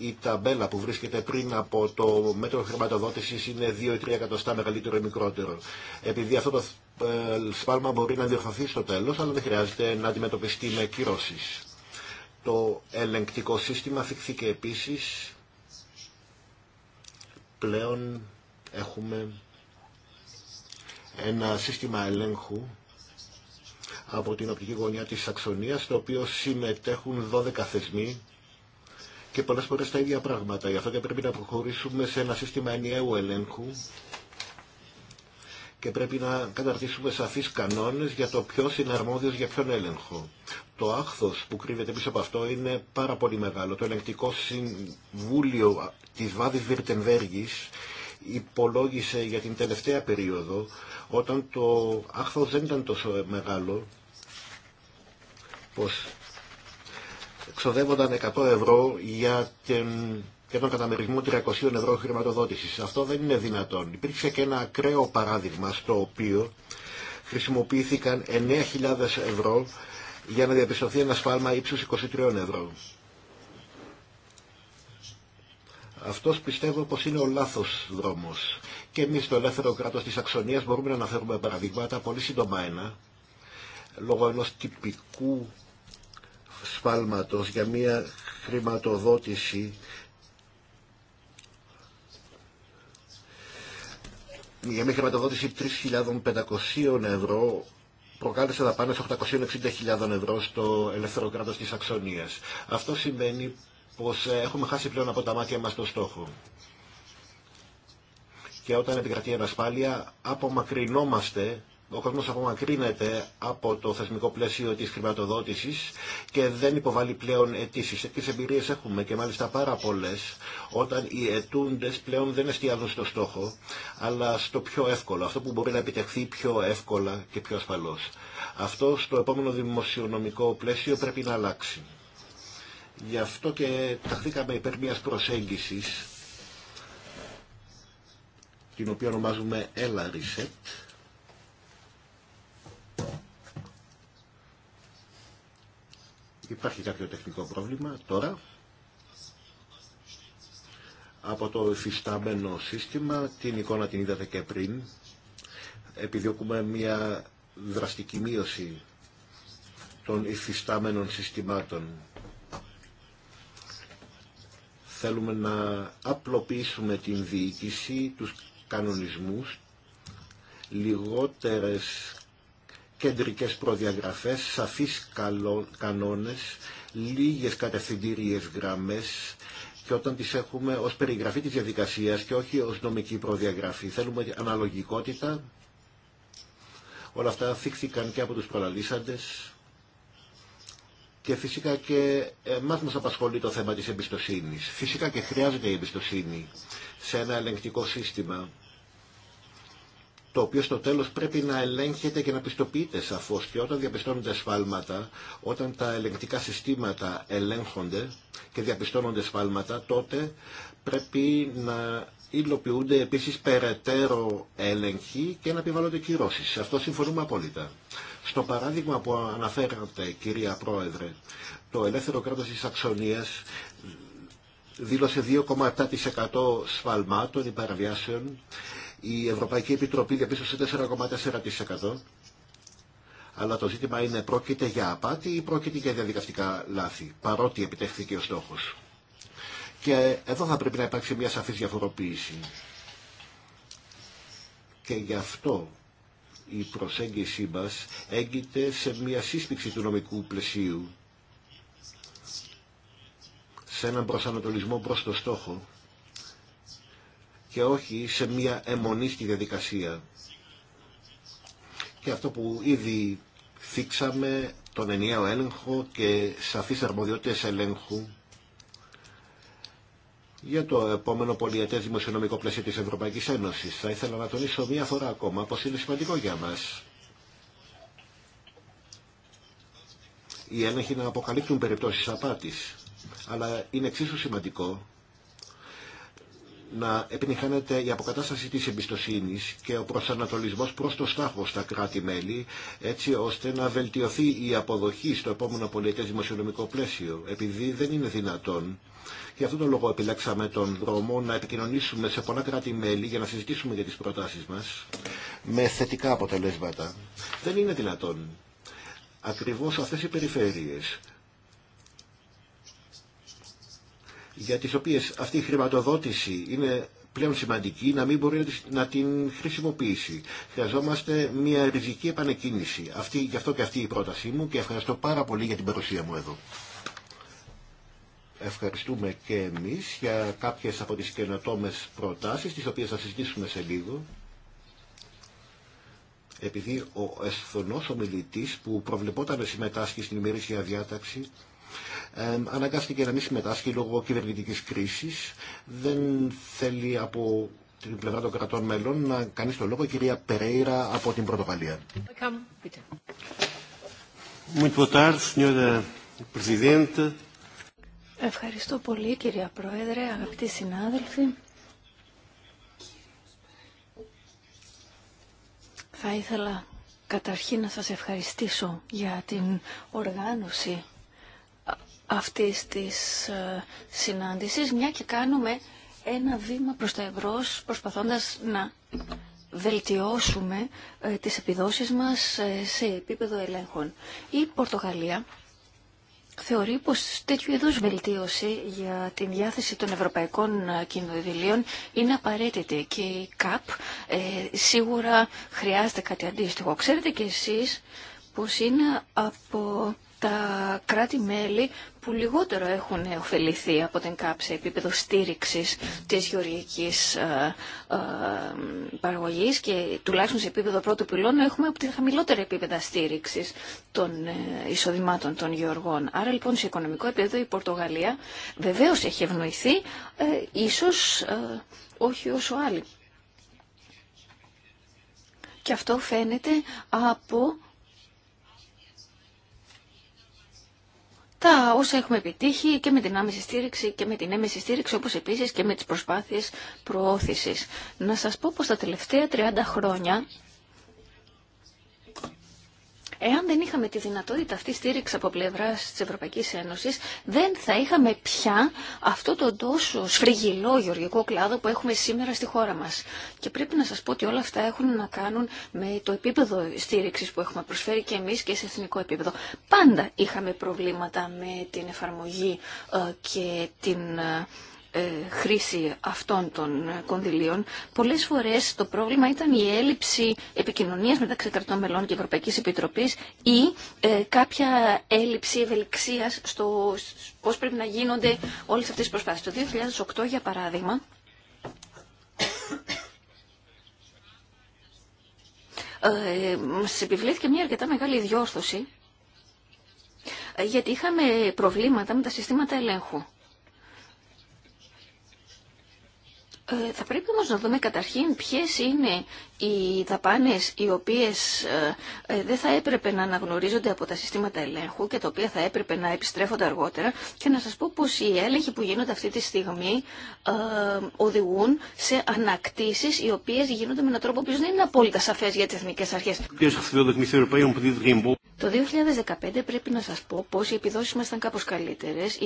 η ταμπέλα που βρίσκεται πριν από το μέτρο χρηματοδότησης είναι 2 3 εκατοστά μεγαλύτερο ή μικρότερο. Επειδή αυτό το ε, σπάλμα μπορεί να διορθωθεί στο τέλος, αλλά δεν χρειάζεται να αντιμετωπιστεί με κυρώσεις. Το ελεγκτικό σύστημα θυχθήκε επίσης. Πλέον έχουμε ένα σύστημα ελέγχου από την οπτική γωνιά της Σαξονίας, στο οποίο συμμετέχουν 12 θεσμοί και πολλές φορές τα ίδια πράγματα. Γι' αυτό και πρέπει να προχωρήσουμε σε ένα σύστημα ενιαίου ελέγχου και πρέπει να καταρτήσουμε σαφείς κανόνες για το ποιο είναι αρμόδιος για ποιον έλεγχο. Το άχθος που κρύβεται πίσω από αυτό είναι πάρα πολύ μεγάλο. Το ελεγκτικό συμβούλιο της Βάδης Βιρτεμβέργης υπολόγισε για την τελευταία περίοδο όταν το άχθος δεν ήταν τόσο μεγάλο πως ξοδεύονταν 100 ευρώ για την για τον καταμερισμό 300 ευρώ χρηματοδότηση. Αυτό δεν είναι δυνατόν. Υπήρξε και ένα ακραίο παράδειγμα στο οποίο χρησιμοποιήθηκαν 9.000 ευρώ για να διαπιστωθεί ένα σφάλμα ύψους 23 ευρώ. Αυτός πιστεύω πως είναι ο λάθος δρόμος. Και εμείς στο ελεύθερο κράτος της Αξονίας μπορούμε να αναφέρουμε παραδείγματα, πολύ σύντομα ένα, λόγω ενός τυπικού σφάλματος για μια χρηματοδότηση για μια χρηματοδότηση 3.500 ευρώ προκάλεσε δαπάνες 860.000 ευρώ στο ελεύθερο κράτος της Αξονίας. Αυτό σημαίνει πως ε, έχουμε χάσει πλέον από τα μάτια μας το στόχο. Και όταν επικρατεί ανασφάλεια απομακρυνόμαστε ο κόσμος απομακρύνεται από το θεσμικό πλαίσιο της χρηματοδότησης και δεν υποβάλλει πλέον αιτήσει. Τις εμπειρίες έχουμε και μάλιστα πάρα πολλέ όταν οι αιτούντες πλέον δεν εστιάζουν στο στόχο αλλά στο πιο εύκολο, αυτό που μπορεί να επιτευχθεί πιο εύκολα και πιο ασφαλώς. Αυτό στο επόμενο δημοσιονομικό πλαίσιο πρέπει να αλλάξει. Γι' αυτό και ταχθήκαμε υπέρ μια προσέγγισης την οποία ονομάζουμε Ella Reset Υπάρχει κάποιο τεχνικό πρόβλημα τώρα. Από το υφιστάμενο σύστημα, την εικόνα την είδατε και πριν, επιδιώκουμε μια δραστική μείωση των υφιστάμενων συστημάτων. Θέλουμε να απλοποιήσουμε την διοίκηση, τους κανονισμούς, λιγότερες κεντρικές προδιαγραφές, σαφείς κανόνες, λίγες κατευθυντήριες γραμμές και όταν τις έχουμε ως περιγραφή της διαδικασίας και όχι ως νομική προδιαγραφή. Θέλουμε αναλογικότητα. Όλα αυτά θύχθηκαν και από τους προλαλήσαντες. Και φυσικά και εμάς μας απασχολεί το θέμα της εμπιστοσύνης. Φυσικά και χρειάζεται η εμπιστοσύνη σε ένα ελεγκτικό σύστημα το οποίο στο τέλος πρέπει να ελέγχεται και να πιστοποιείται σαφώς και όταν διαπιστώνονται σφάλματα, όταν τα ελεγκτικά συστήματα ελέγχονται και διαπιστώνονται σφάλματα, τότε πρέπει να υλοποιούνται επίσης περαιτέρω έλεγχοι και να επιβάλλονται κυρώσεις. Σε αυτό συμφωνούμε απόλυτα. Στο παράδειγμα που αναφέρατε, κυρία Πρόεδρε, το ελεύθερο κράτος της Αξονίας δήλωσε 2,7% σφαλμάτων ή η Ευρωπαϊκή Επιτροπή διαπίστωσε 4,4%. Αλλά το ζήτημα είναι πρόκειται για απάτη ή πρόκειται για διαδικαστικά λάθη, παρότι επιτεύχθηκε ο στόχος. Και εδώ θα πρέπει να υπάρξει μια σαφή διαφοροποίηση. Και γι' αυτό η προσέγγιση μας έγκυται σε μια σύσπηξη του νομικού πλαισίου, σε έναν προσανατολισμό προς το στόχο και όχι σε μια αιμονή διαδικασία. Και αυτό που ήδη θίξαμε, τον ενιαίο έλεγχο και σαφείς αρμοδιότητες ελέγχου για το επόμενο πολιετές δημοσιονομικό πλαίσιο της Ευρωπαϊκής Ένωσης. Θα ήθελα να τονίσω μία φορά ακόμα πως είναι σημαντικό για μας. Οι έλεγχοι να αποκαλύπτουν περιπτώσεις απάτης, αλλά είναι εξίσου σημαντικό να επινηχανέται η αποκατάσταση της εμπιστοσύνης και ο προσανατολισμός προς το στάχο στα κράτη-μέλη έτσι ώστε να βελτιωθεί η αποδοχή στο επόμενο πολιτικό δημοσιονομικό πλαίσιο επειδή δεν είναι δυνατόν Γι' αυτόν τον λόγο επιλέξαμε τον δρόμο να επικοινωνήσουμε σε πολλά κράτη-μέλη για να συζητήσουμε για τις προτάσεις μας με θετικά αποτελέσματα. Δεν είναι δυνατόν. Ακριβώς αυτές οι περιφέρειες για τις οποίες αυτή η χρηματοδότηση είναι πλέον σημαντική να μην μπορεί να την χρησιμοποιήσει. Χρειαζόμαστε μια ριζική επανεκκίνηση. Αυτή, γι' αυτό και αυτή η πρότασή μου και ευχαριστώ πάρα πολύ για την παρουσία μου εδώ. Ευχαριστούμε και εμείς για κάποιες από τις καινοτόμες προτάσεις, τις οποίες θα συζητήσουμε σε λίγο. Επειδή ο εσθονός ομιλητής που προβλεπόταν να συμμετάσχει στην ημερήσια διάταξη αναγκάστηκε να μην συμμετάσχει λόγω κυβερνητική κρίση, Δεν θέλει από την πλευρά των κρατών μέλων να κάνει το λόγο η κυρία Περέιρα από την Πορτογαλία. Ευχαριστώ πολύ κυρία Πρόεδρε, αγαπητοί συνάδελφοι. Θα ήθελα καταρχήν να σας ευχαριστήσω για την οργάνωση αυτής της ε, συνάντησης, μια και κάνουμε ένα βήμα προς τα ευρώς προσπαθώντας να βελτιώσουμε ε, τις επιδόσεις μας ε, σε επίπεδο ελέγχων. Η Πορτογαλία θεωρεί πως τέτοιου είδους βελτίωση για τη διάθεση των ευρωπαϊκών κοινωνιδηλίων είναι απαραίτητη και η ΚΑΠ σίγουρα χρειάζεται κάτι αντίστοιχο. Ξέρετε και εσείς πως είναι από τα κράτη-μέλη που λιγότερο έχουν ωφεληθεί από την κάψη επίπεδο στήριξης της γεωργικής ε, ε παραγωγής και τουλάχιστον σε επίπεδο πρώτου πυλών έχουμε από τη χαμηλότερη επίπεδα στήριξης των ε, εισοδημάτων των γεωργών. Άρα λοιπόν σε οικονομικό επίπεδο η Πορτογαλία βεβαίως έχει ευνοηθεί, ε, ίσως όχι όσο άλλοι. Και αυτό φαίνεται από τα όσα έχουμε επιτύχει και με την άμεση στήριξη και με την έμεση στήριξη όπως επίσης και με τις προσπάθειες προώθησης. Να σας πω πως τα τελευταία 30 χρόνια Εάν δεν είχαμε τη δυνατότητα αυτή στήριξη από πλευρά τη Ευρωπαϊκή Ένωση, δεν θα είχαμε πια αυτό το τόσο σφριγγυλό γεωργικό κλάδο που έχουμε σήμερα στη χώρα μα. Και πρέπει να σα πω ότι όλα αυτά έχουν να κάνουν με το επίπεδο στήριξη που έχουμε προσφέρει και εμεί και σε εθνικό επίπεδο. Πάντα είχαμε προβλήματα με την εφαρμογή ε, και την ε, ε, χρήση αυτών των ε, κονδυλίων. Πολλές φορές το πρόβλημα ήταν η έλλειψη επικοινωνίας μεταξύ κρατών μελών και Ευρωπαϊκής Επιτροπής ή ε, κάποια έλλειψη ευελιξίας στο πώς πρέπει να γίνονται όλες αυτές τις προσπάθειες. Το 2008, για παράδειγμα, μας επιβλήθηκε μια αρκετά μεγάλη διόρθωση γιατί είχαμε προβλήματα με τα συστήματα ελέγχου. Ε, θα πρέπει όμως να δούμε καταρχήν ποιες είναι οι δαπάνες οι οποίες ε, ε, δεν θα έπρεπε να αναγνωρίζονται από τα συστήματα ελέγχου και τα οποία θα έπρεπε να επιστρέφονται αργότερα και να σας πω πως οι έλεγχοι που γίνονται αυτή τη στιγμή οδηγούν σε ανακτήσεις οι οποίες γίνονται με έναν τρόπο που δεν είναι απόλυτα σαφές για τις εθνικές αρχές. Το 2015 πρέπει να σας πω πως οι επιδόσεις μας ήταν κάπως καλύτερες,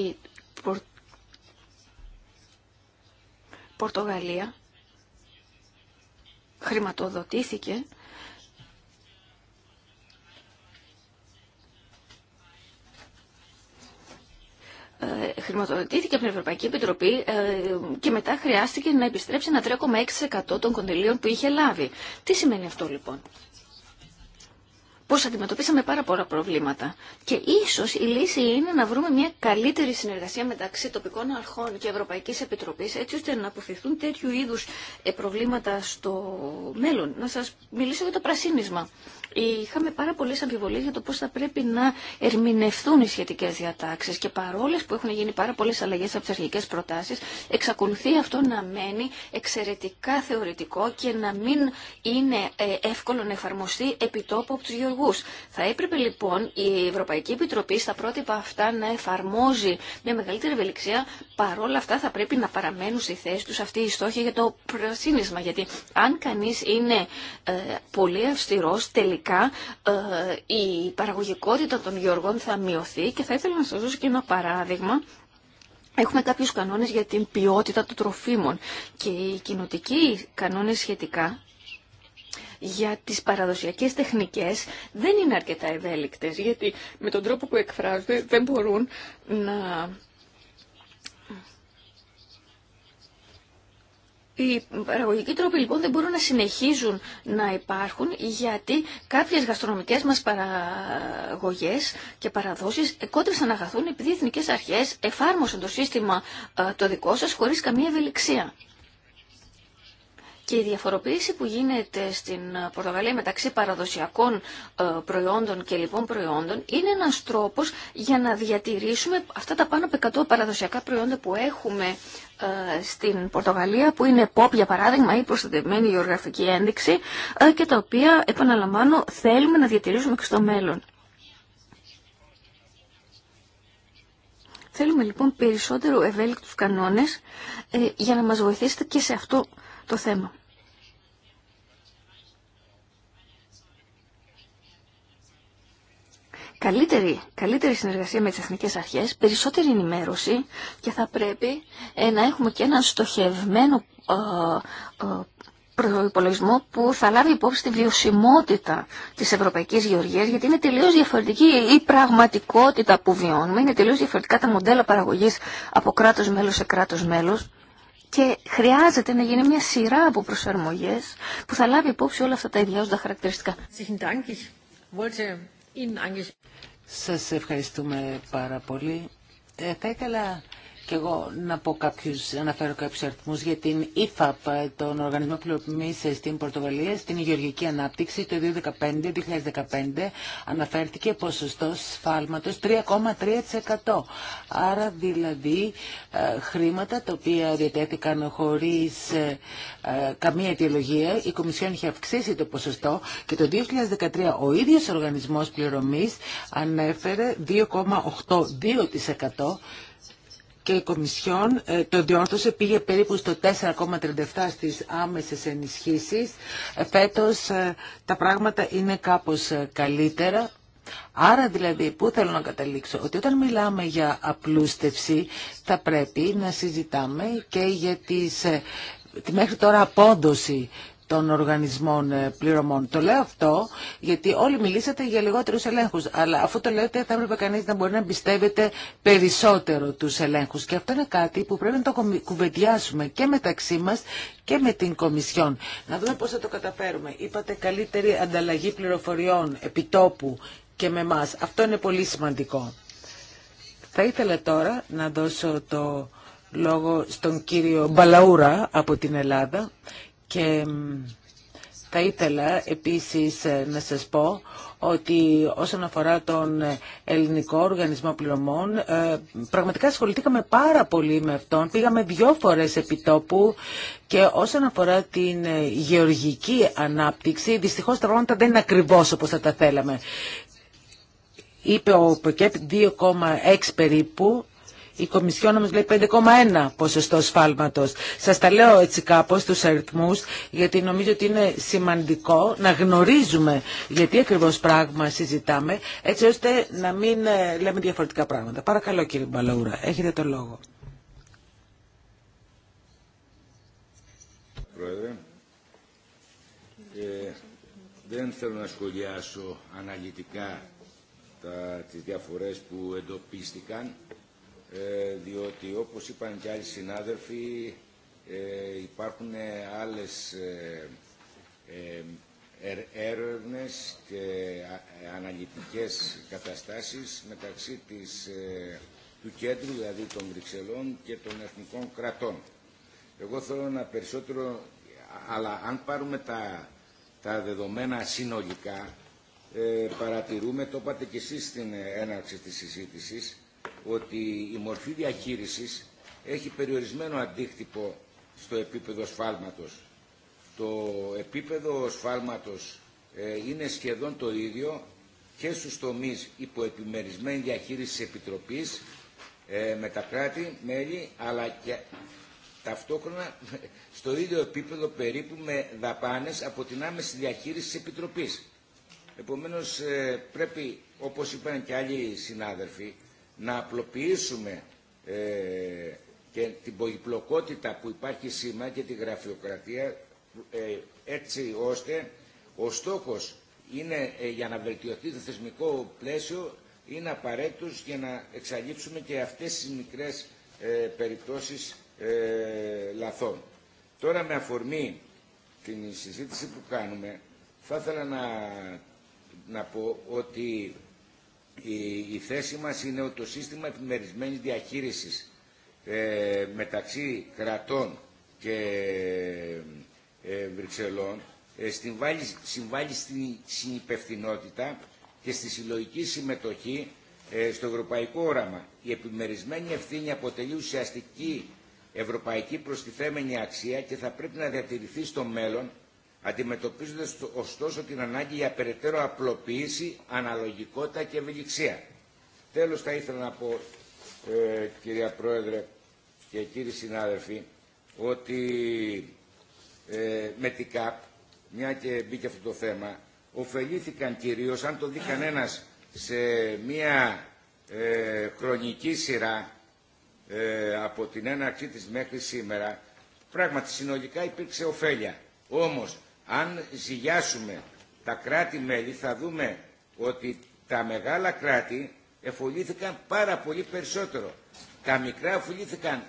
Πορτογαλία χρηματοδοτήθηκε ε, χρηματοδοτήθηκε από την Ευρωπαϊκή Επιτροπή ε, και μετά χρειάστηκε να επιστρέψει ένα 3,6% των κονδυλίων που είχε λάβει. Τι σημαίνει αυτό λοιπόν πως αντιμετωπίσαμε πάρα πολλά προβλήματα. Και ίσως η λύση είναι να βρούμε μια καλύτερη συνεργασία μεταξύ τοπικών αρχών και Ευρωπαϊκής Επιτροπής, έτσι ώστε να αποφευθούν τέτοιου είδους ε, προβλήματα στο μέλλον. Να σας μιλήσω για το πρασίνισμα είχαμε πάρα πολλέ αμφιβολίε για το πώ θα πρέπει να ερμηνευθούν οι σχετικέ διατάξει και παρόλε που έχουν γίνει πάρα πολλέ αλλαγέ από τι αρχικές προτάσει, εξακολουθεί αυτό να μένει εξαιρετικά θεωρητικό και να μην είναι ε, εύκολο να εφαρμοστεί επιτόπου από του γεωργού. Θα έπρεπε λοιπόν η Ευρωπαϊκή Επιτροπή στα πρότυπα αυτά να εφαρμόζει μια μεγαλύτερη ευελιξία, παρόλα αυτά θα πρέπει να παραμένουν στη θέση του αυτοί οι στόχοι για το πρασίνισμα, γιατί αν κανεί είναι ε, πολύ αυστηρός τελικά Ειδικά ε, η παραγωγικότητα των γεωργών θα μειωθεί και θα ήθελα να σας δώσω και ένα παράδειγμα Έχουμε κάποιους κανόνες για την ποιότητα των τροφίμων και οι κοινοτικοί κανόνες σχετικά για τις παραδοσιακές τεχνικές δεν είναι αρκετά ευέλικτες γιατί με τον τρόπο που εκφράζονται δεν μπορούν να Οι παραγωγικοί τρόποι λοιπόν δεν μπορούν να συνεχίζουν να υπάρχουν γιατί κάποιες γαστρονομικές μας παραγωγές και παραδόσεις κόντρεψαν να χαθούν επειδή οι εθνικές αρχές εφάρμοσαν το σύστημα ε, το δικό σας χωρίς καμία ευελιξία. Και η διαφοροποίηση που γίνεται στην Πορτογαλία μεταξύ παραδοσιακών ε, προϊόντων και λοιπών προϊόντων είναι ένας τρόπος για να διατηρήσουμε αυτά τα πάνω από 100 παραδοσιακά προϊόντα που έχουμε ε, στην Πορτογαλία που είναι pop για παράδειγμα ή προστατευμένη γεωγραφική ένδειξη ε, και τα οποία επαναλαμβάνω θέλουμε να διατηρήσουμε και στο μέλλον. Θέλουμε λοιπόν περισσότερο ευέλικτους κανόνες για να μας βοηθήσετε και σε αυτό το θέμα. Καλύτερη, καλύτερη συνεργασία με τις εθνικές αρχές, περισσότερη ενημέρωση και θα πρέπει ε, να έχουμε και ένα στοχευμένο ε, ε, προϋπολογισμό που θα λάβει υπόψη τη βιωσιμότητα της ευρωπαϊκής γεωργίας γιατί είναι τελείως διαφορετική η πραγματικότητα που βιώνουμε, είναι τελείως διαφορετικά τα μοντέλα παραγωγής από κράτος μέλος σε κράτος μέλος και χρειάζεται να γίνει μια σειρά από προσαρμογέ που θα λάβει υπόψη όλα αυτά τα ιδιάζοντα χαρακτηριστικά. Σα ευχαριστούμε πάρα πολύ. Ε, θα ήθελα και εγώ να πω κάποιους, αναφέρω κάποιου αριθμούς για την ΙΦΑΠ, τον Οργανισμό Πληρωμής στην Πορτογαλία, στην Γεωργική Ανάπτυξη το 2015-2015 αναφέρθηκε ποσοστό σφάλματο 3,3%. Άρα δηλαδή ε, χρήματα τα οποία διατέθηκαν χωρί ε, ε, καμία αιτιολογία, η Κομισιόν είχε αυξήσει το ποσοστό και το 2013 ο ίδιο οργανισμό πληρωμής ανέφερε 2,82% και η Κομισιόν ε, το διόρθωσε, πήγε περίπου στο 4,37 στις άμεσες ενισχύσεις. Ε, φέτος ε, τα πράγματα είναι κάπως καλύτερα. Άρα δηλαδή που θέλω να καταλήξω, ότι όταν μιλάμε για απλούστευση θα πρέπει να συζητάμε και για τις, τη μέχρι τώρα απόδοση των οργανισμών ε, πληρωμών. Το λέω αυτό γιατί όλοι μιλήσατε για λιγότερου ελέγχου. Αλλά αφού το λέτε, θα έπρεπε κανεί να μπορεί να εμπιστεύεται περισσότερο του ελέγχου. Και αυτό είναι κάτι που πρέπει να το κουβεντιάσουμε και μεταξύ μα και με την Κομισιόν. Να δούμε πώ θα το καταφέρουμε. Είπατε καλύτερη ανταλλαγή πληροφοριών επιτόπου και με εμά. Αυτό είναι πολύ σημαντικό. Θα ήθελα τώρα να δώσω το λόγο στον κύριο Μπαλαούρα από την Ελλάδα και θα ήθελα επίσης ε, να σας πω ότι όσον αφορά τον ελληνικό οργανισμό πληρωμών, ε, πραγματικά ασχοληθήκαμε πάρα πολύ με αυτόν. Πήγαμε δυο φορές επί τόπου και όσον αφορά την ε, γεωργική ανάπτυξη, δυστυχώς τα πράγματα δεν είναι ακριβώς όπως θα τα θέλαμε. Είπε ο ΠΚΕΠ 2,6 περίπου η Κομισιόν όμως λέει 5,1 ποσοστό σφάλματος. Σας τα λέω έτσι κάπως τους αριθμούς γιατί νομίζω ότι είναι σημαντικό να γνωρίζουμε γιατί ακριβώς πράγμα συζητάμε έτσι ώστε να μην ε, λέμε διαφορετικά πράγματα. Παρακαλώ κύριε Μπαλαούρα, έχετε το λόγο. Πρόεδρε, ε, δεν θέλω να σχολιάσω αναλυτικά τα, τις διαφορές που εντοπίστηκαν ε, διότι όπως είπαν και άλλοι συνάδελφοι ε, υπάρχουν ε, άλλες έρευνες και αναλυτικές καταστάσεις μεταξύ της, του κέντρου, δηλαδή των Βρυξελών και των εθνικών κρατών. Εγώ θέλω να περισσότερο, αλλά αν πάρουμε τα, τα δεδομένα συνολικά, παρατηρούμε, το είπατε και εσείς στην έναρξη της συζήτησης, ότι η μορφή διαχείρισης έχει περιορισμένο αντίκτυπο στο επίπεδο σφάλματος. Το επίπεδο σφάλματος ε, είναι σχεδόν το ίδιο και στους τομείς υποεπιμερισμένη διαχείριση επιτροπής ε, με τα κράτη, μέλη, αλλά και ταυτόχρονα στο ίδιο επίπεδο περίπου με δαπάνες από την άμεση διαχείριση της Επιτροπής. Επομένως ε, πρέπει, όπως είπαν και άλλοι συνάδελφοι, να απλοποιήσουμε ε, και την πολυπλοκότητα που υπάρχει σήμερα και τη γραφειοκρατία ε, έτσι ώστε ο στόχος είναι ε, για να βελτιωθεί το θεσμικό πλαίσιο είναι απαραίτητος για να εξαλείψουμε και αυτές τις μικρές ε, περιπτώσεις ε, λαθών. Τώρα με αφορμή την συζήτηση που κάνουμε θα ήθελα να, να πω ότι η, θέση μας είναι ότι το σύστημα επιμερισμένης διαχείρισης ε, μεταξύ κρατών και ε, Βρυξελών ε, συμβάλλει, συμβάλλει στην συνυπευθυνότητα και στη συλλογική συμμετοχή ε, στο ευρωπαϊκό όραμα. Η επιμερισμένη ευθύνη αποτελεί ουσιαστική ευρωπαϊκή προστιθέμενη αξία και θα πρέπει να διατηρηθεί στο μέλλον αντιμετωπίζοντας ωστόσο την ανάγκη για περαιτέρω απλοποίηση, αναλογικότητα και ευελιξία. Τέλος θα ήθελα να πω, ε, κυρία Πρόεδρε και κύριοι συνάδελφοι, ότι με την ΚΑΠ, μια και μπήκε αυτό το θέμα, ωφελήθηκαν κυρίως, αν το δει κανένα σε μια ε, χρονική σειρά ε, από την έναρξή της μέχρι σήμερα, πράγματι συνολικά υπήρξε ωφέλεια. Όμως αν ζυγιάσουμε τα κράτη-μέλη θα δούμε ότι τα μεγάλα κράτη εφολήθηκαν πάρα πολύ περισσότερο. Τα μικρά εφολήθηκαν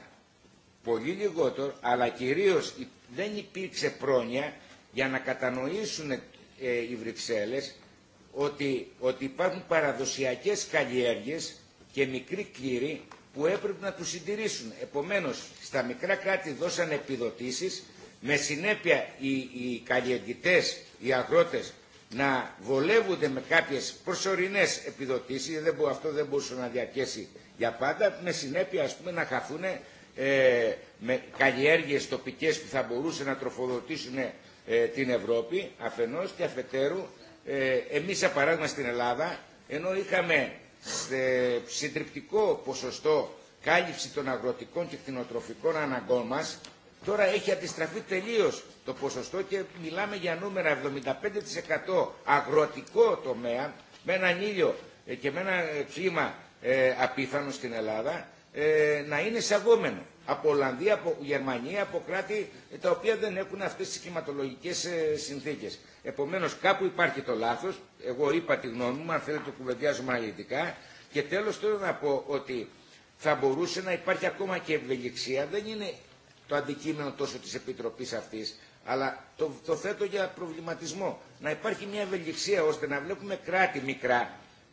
πολύ λιγότερο, αλλά κυρίως δεν υπήρξε πρόνοια για να κατανοήσουν ε, οι Βρυξέλλες ότι, ότι υπάρχουν παραδοσιακές καλλιέργειες και μικροί κλήροι που έπρεπε να τους συντηρήσουν. Επομένως, στα μικρά κράτη δώσαν επιδοτήσεις με συνέπεια οι, οι καλλιεργητές, οι αγρότες να βολεύονται με κάποιες προσωρινές επιδοτήσεις, δεν, αυτό δεν μπορούσε να διακέσει για πάντα, με συνέπεια ας να χαθούν ε, με καλλιέργειες τοπικές που θα μπορούσαν να τροφοδοτήσουν ε, την Ευρώπη αφενός και αφετέρου ε, εμείς σαν παράδειγμα στην Ελλάδα ενώ είχαμε συντριπτικό ποσοστό κάλυψη των αγροτικών και κτηνοτροφικών αναγκών μας Τώρα έχει αντιστραφεί τελείω το ποσοστό και μιλάμε για νούμερα 75% αγροτικό τομέα με έναν ήλιο ε, και με ένα ε, κλίμα ε, απίθανο στην Ελλάδα να είναι εισαγόμενο από Ολλανδία, από Γερμανία, από κράτη τα οποία δεν έχουν αυτές τις κλιματολογικές συνθήκες. Επομένως κάπου υπάρχει το λάθος, εγώ είπα τη γνώμη μου, αν θέλετε το κουβεντιάζουμε αναλυτικά και τέλος θέλω να πω ότι θα μπορούσε να υπάρχει ακόμα και ευελιξία, δεν είναι το αντικείμενο τόσο της Επιτροπής αυτής, αλλά το, το θέτω για προβληματισμό. Να υπάρχει μια ευελιξία ώστε να βλέπουμε κράτη μικρά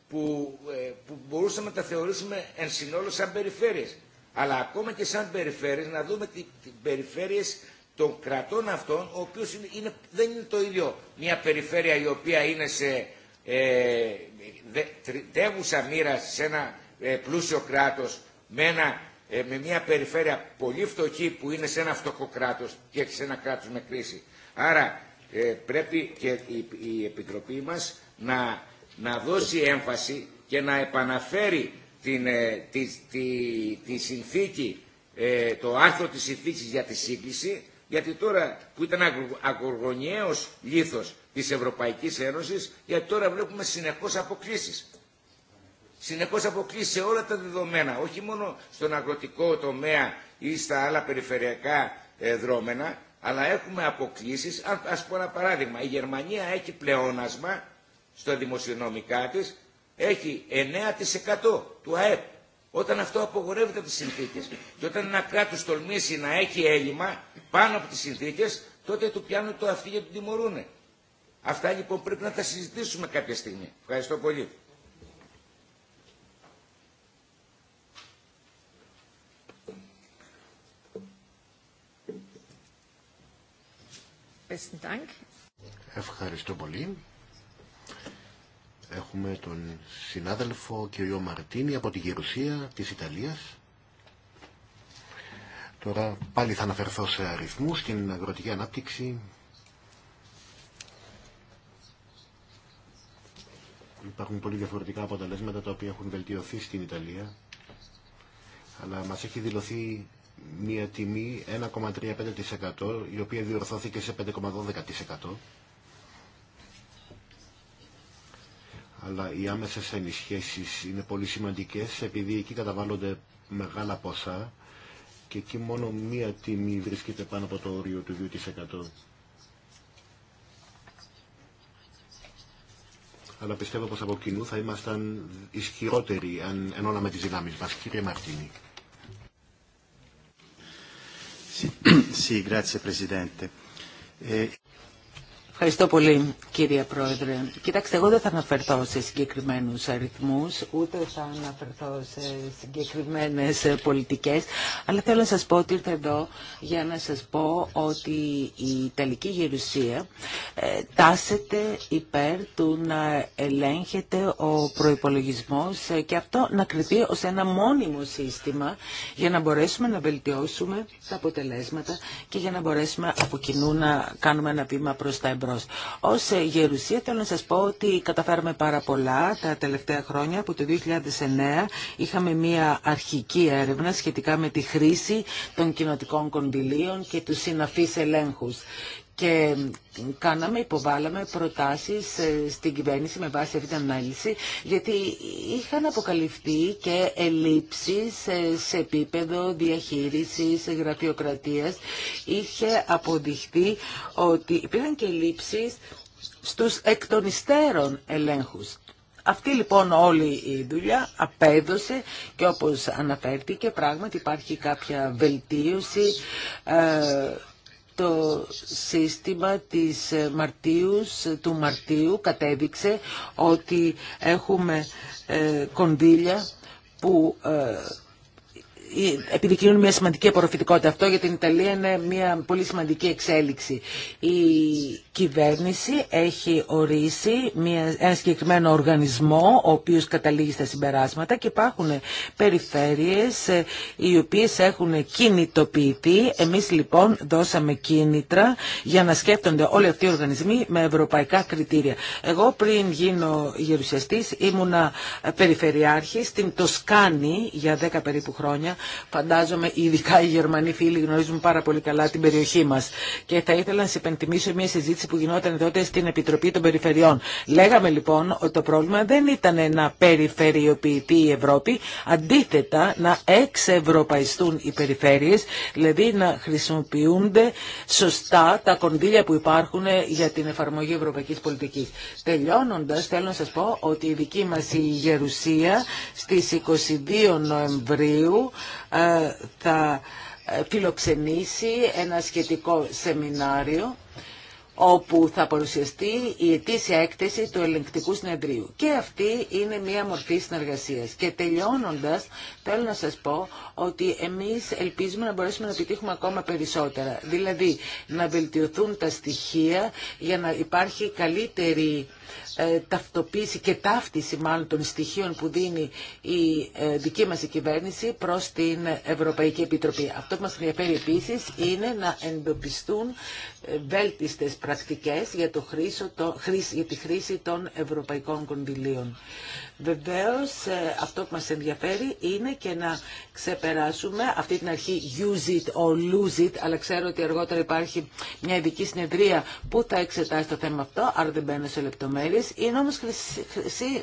που, ε, που μπορούσαμε να τα θεωρήσουμε εν συνόλο σαν περιφέρειες. Αλλά ακόμα και σαν περιφέρειες να δούμε τι, περιφέρειες των κρατών αυτών, ο οποίος είναι, δεν είναι το ίδιο μια περιφέρεια η οποία είναι σε ε, τριτεύουσα μοίρα σε ένα ε, πλούσιο κράτος με ένα ε, με μια περιφέρεια πολύ φτωχή που είναι σε ένα φτωχό κράτο και έχει σε ένα κράτο με κρίση. Άρα ε, πρέπει και η, Επιτροπή μα να, να δώσει έμφαση και να επαναφέρει την, ε, τη, τη, τη, συνθήκη, το άρθρο της συνθήκης για τη σύγκληση, γιατί τώρα που ήταν αγοργωνιαίος λήθος της Ευρωπαϊκής Ένωσης, γιατί τώρα βλέπουμε συνεχώς αποκλήσεις. Συνεχώ αποκλείσει σε όλα τα δεδομένα, όχι μόνο στον αγροτικό τομέα ή στα άλλα περιφερειακά ε, δρόμενα, αλλά έχουμε αποκλησει Ας πω ένα παράδειγμα, η Γερμανία έχει πλεόνασμα στο δημοσιονομικά τη, έχει 9% του ΑΕΠ. Όταν αυτό απογορεύεται από τι συνθήκε. και όταν ένα κράτο τολμήσει να έχει έλλειμμα πάνω από τι συνθήκε, τότε του πιάνουν το αυτοί και του τιμωρούν. Αυτά λοιπόν πρέπει να τα συζητήσουμε κάποια στιγμή. Ευχαριστώ πολύ. Ευχαριστώ πολύ. Έχουμε τον συνάδελφο κ. Μαρτίνη από τη Γερουσία της Ιταλίας. Τώρα πάλι θα αναφερθώ σε αριθμούς στην αγροτική ανάπτυξη. Υπάρχουν πολύ διαφορετικά αποτελέσματα τα οποία έχουν βελτιωθεί στην Ιταλία αλλά μας έχει δηλωθεί μια τιμή 1,35% η οποία διορθώθηκε σε 5,12%. Αλλά οι άμεσες ενισχύσεις είναι πολύ σημαντικές επειδή εκεί καταβάλλονται μεγάλα ποσά και εκεί μόνο μία τιμή βρίσκεται πάνω από το όριο του 2%. αλλά πιστεύω πως από κοινού θα ήμασταν ισχυρότεροι αν ενώναμε τις δυνάμεις μας. Κύριε Μαρτίνη. Ναι, ευχαριστώ Πρόεδρε Πρόεδρε. Ευχαριστώ πολύ κύριε Πρόεδρε. Κοιτάξτε, εγώ δεν θα αναφερθώ σε συγκεκριμένους αριθμούς, ούτε θα αναφερθώ σε συγκεκριμένες πολιτικές, αλλά θέλω να σας πω ότι ήρθα εδώ για να σας πω ότι η Ιταλική Γερουσία ε, τάσεται υπέρ του να ελέγχεται ο προϋπολογισμός και αυτό να κρυθεί ως ένα μόνιμο σύστημα για να μπορέσουμε να βελτιώσουμε τα αποτελέσματα και για να μπορέσουμε από κοινού να κάνουμε ένα βήμα προς τα εμπρό. Ω Ως γερουσία θέλω να σας πω ότι καταφέραμε πάρα πολλά τα τελευταία χρόνια. Από το 2009 είχαμε μία αρχική έρευνα σχετικά με τη χρήση των κοινοτικών κονδυλίων και του συναφείς ελέγχους και κάναμε, υποβάλαμε προτάσεις ε, στην κυβέρνηση με βάση αυτή την ανάλυση, γιατί είχαν αποκαλυφθεί και ελλείψεις ε, σε επίπεδο διαχείρισης, γραφειοκρατίας. Είχε αποδειχθεί ότι υπήρχαν και ελλείψεις στους εκτονιστέρων των ελέγχους. Αυτή λοιπόν όλη η δουλειά απέδωσε και όπως αναφέρθηκε πράγματι υπάρχει κάποια βελτίωση ε, το σύστημα της Μαρτίους, του Μαρτίου κατέδειξε ότι έχουμε ε, κονδύλια που ε, ε, επιδεικνύουν μια σημαντική απορροφητικότητα. Αυτό για την Ιταλία είναι μια πολύ σημαντική εξέλιξη. Η κυβέρνηση έχει ορίσει μια, ένα συγκεκριμένο οργανισμό ο οποίος καταλήγει στα συμπεράσματα και υπάρχουν περιφέρειες ε, οι οποίες έχουν κινητοποιηθεί. Εμείς λοιπόν δώσαμε κίνητρα για να σκέφτονται όλοι αυτοί οι οργανισμοί με ευρωπαϊκά κριτήρια. Εγώ πριν γίνω γερουσιαστής ήμουνα περιφερειάρχη στην Τοσκάνη για 10 περίπου χρόνια Φαντάζομαι ειδικά οι Γερμανοί φίλοι γνωρίζουν πάρα πολύ καλά την περιοχή μα. Και θα ήθελα να σα υπενθυμίσω μια συζήτηση που γινόταν τότε στην Επιτροπή των Περιφερειών. Λέγαμε λοιπόν ότι το πρόβλημα δεν ήταν να περιφερειοποιηθεί η Ευρώπη, αντίθετα να εξευρωπαϊστούν οι περιφέρειες, δηλαδή να χρησιμοποιούνται σωστά τα κονδύλια που υπάρχουν για την εφαρμογή ευρωπαϊκή πολιτική. Τελειώνοντα, θέλω να σα πω ότι η δική μα η Γερουσία στι 22 Νοεμβρίου ε, θα ε, φιλοξενήσει ένα σχετικό σεμινάριο όπου θα παρουσιαστεί η ετήσια έκθεση του ελεγκτικού συνεδρίου. Και αυτή είναι μία μορφή συνεργασίας. Και τελειώνοντας, θέλω να σας πω ότι εμείς ελπίζουμε να μπορέσουμε να επιτύχουμε ακόμα περισσότερα. Δηλαδή, να βελτιωθούν τα στοιχεία για να υπάρχει καλύτερη ε, ταυτοποίηση και ταύτιση μάλλον των στοιχείων που δίνει η ε, δική μας η κυβέρνηση προς την Ευρωπαϊκή Επιτροπή. Αυτό που μας ενδιαφέρει επίσης είναι να εντοπιστούν ε, βέλτιστες πρακτικές για, το χρήσο, το, για τη χρήση των ευρωπαϊκών κονδυλίων. Βεβαίως ε, αυτό που μας ενδιαφέρει είναι και να ξεπεράσουμε αυτή την αρχή use it or lose it, αλλά ξέρω ότι αργότερα υπάρχει μια ειδική συνεδρία που θα εξετάσει το θέμα αυτό, άρα δεν μπαίνω σε λεπτομέρειες. Είναι όμως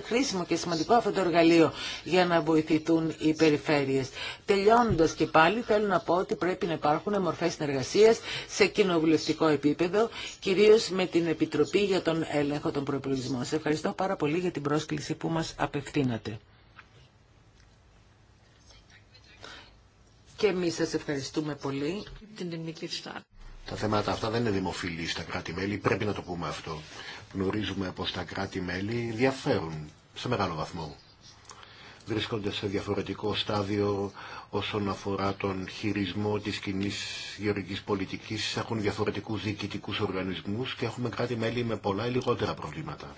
χρήσιμο και σημαντικό αυτό το εργαλείο για να βοηθηθούν οι περιφέρειες. Τελειώνοντας και πάλι θέλω να πω ότι πρέπει να υπάρχουν μορφές συνεργασίας σε κοινοβουλευτικό επίπεδο, κυρίως με την Επιτροπή για τον Έλεγχο των Προπολογισμών. Σε ευχαριστώ πάρα πολύ για την πρόσκληση που μας απευθύνατε. Και εμείς σας ευχαριστούμε πολύ. Τα θέματα αυτά δεν είναι δημοφιλή στα κράτη-μέλη, πρέπει να το πούμε αυτό. Γνωρίζουμε πως τα κράτη-μέλη διαφέρουν σε μεγάλο βαθμό. Βρίσκονται σε διαφορετικό στάδιο όσον αφορά τον χειρισμό της κοινή γεωργικής πολιτικής, έχουν διαφορετικούς διοικητικούς οργανισμούς και έχουμε κράτη-μέλη με πολλά ή λιγότερα προβλήματα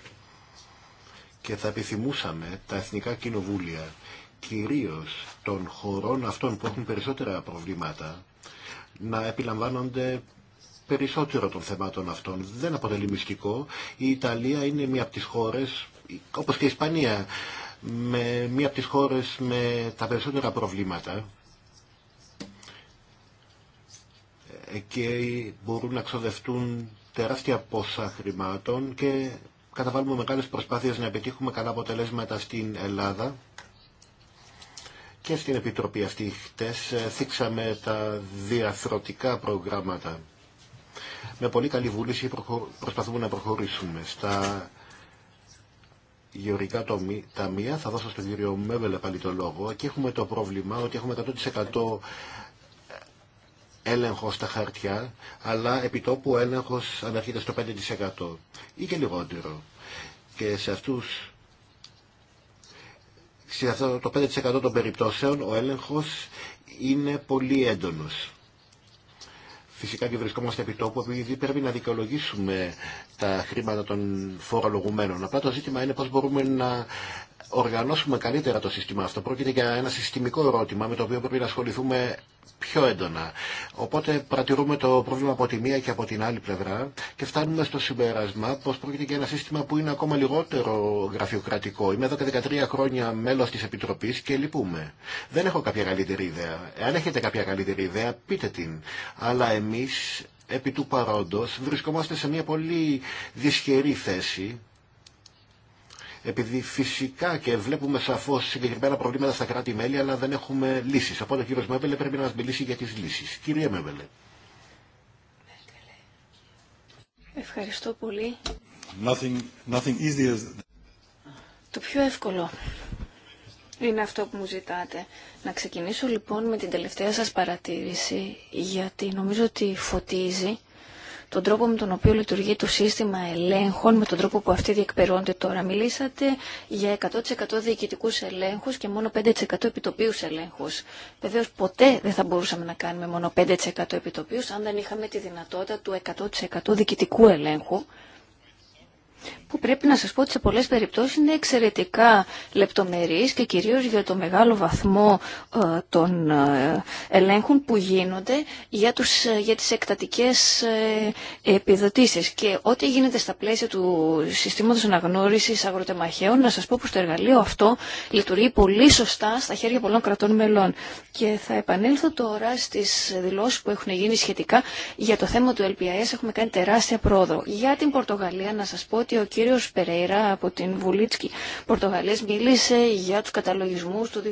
και θα επιθυμούσαμε τα εθνικά κοινοβούλια κυρίως των χωρών αυτών που έχουν περισσότερα προβλήματα να επιλαμβάνονται περισσότερο των θεμάτων αυτών. Δεν αποτελεί μυστικό. Η Ιταλία είναι μία από τις χώρες, όπως και η Ισπανία, με μία από τις χώρες με τα περισσότερα προβλήματα και μπορούν να ξοδευτούν τεράστια ποσά χρημάτων και καταβάλουμε μεγάλες προσπάθειες να επιτύχουμε καλά αποτελέσματα στην Ελλάδα και στην Επιτροπή αυτή χτες ε, θίξαμε τα διαθρωτικά προγράμματα. Με πολύ καλή βούληση προσπαθούμε να προχωρήσουμε. Στα γεωρικά ταμεία, θα δώσω στον κύριο Μέβελε πάλι το λόγο, και έχουμε το πρόβλημα ότι έχουμε 100% Έλέγχο στα χαρτιά, αλλά επιτόπου ο έλεγχο αναρχείται στο 5% ή και λιγότερο. Και σε αυτούς σε αυτό το 5% των περιπτώσεων ο έλεγχος είναι πολύ έντονος. Φυσικά και βρισκόμαστε επί τόπου επειδή πρέπει να δικαιολογήσουμε τα χρήματα των φορολογουμένων. Απλά το ζήτημα είναι πώς μπορούμε να οργανώσουμε καλύτερα το σύστημα αυτό. Πρόκειται για ένα συστημικό ερώτημα με το οποίο πρέπει να ασχοληθούμε πιο έντονα. Οπότε παρατηρούμε το πρόβλημα από τη μία και από την άλλη πλευρά και φτάνουμε στο συμπέρασμα πω πρόκειται για ένα σύστημα που είναι ακόμα λιγότερο γραφειοκρατικό. Είμαι εδώ και 13 χρόνια μέλο τη επιτροπή και λυπούμε. Δεν έχω κάποια καλύτερη ιδέα. Εάν έχετε κάποια καλύτερη ιδέα πείτε την. Αλλά εμεί, επί του παρόντο, βρισκόμαστε σε μια πολύ δυσχερή θέση επειδή φυσικά και βλέπουμε σαφώ συγκεκριμένα προβλήματα στα κράτη-μέλη, αλλά δεν έχουμε λύσει. Οπότε ο κύριο Μέβελε πρέπει να μα μιλήσει για τι λύσει. Κύριε Μέβελε. Ευχαριστώ πολύ. Nothing, nothing easier. Το πιο εύκολο είναι αυτό που μου ζητάτε. Να ξεκινήσω λοιπόν με την τελευταία σας παρατήρηση, γιατί νομίζω ότι φωτίζει τον τρόπο με τον οποίο λειτουργεί το σύστημα ελέγχων, με τον τρόπο που αυτοί διεκπαιρώνται τώρα. Μιλήσατε για 100% διοικητικού ελέγχου και μόνο 5% επιτοπίου ελέγχου. Βεβαίω ποτέ δεν θα μπορούσαμε να κάνουμε μόνο 5% επιτοπίου αν δεν είχαμε τη δυνατότητα του 100% διοικητικού ελέγχου που πρέπει να σας πω ότι σε πολλές περιπτώσεις είναι εξαιρετικά λεπτομερείς και κυρίως για το μεγάλο βαθμό ε, των ε, ελέγχων που γίνονται για, τους, ε, για τις εκτατικές επιδοτήσεις. Και ό,τι γίνεται στα πλαίσια του συστήματος αναγνώρισης αγροτεμαχαίων, να σας πω πως το εργαλείο αυτό λειτουργεί πολύ σωστά στα χέρια πολλών κρατών μελών. Και θα επανέλθω τώρα στις δηλώσεις που έχουν γίνει σχετικά για το θέμα του LPIS. Έχουμε κάνει τεράστια πρόοδο. Για την Πορτογαλία να σας πω ότι ότι ο κύριος Περέιρα από την Βουλή της Πορτογαλίας μίλησε για τους καταλογισμούς του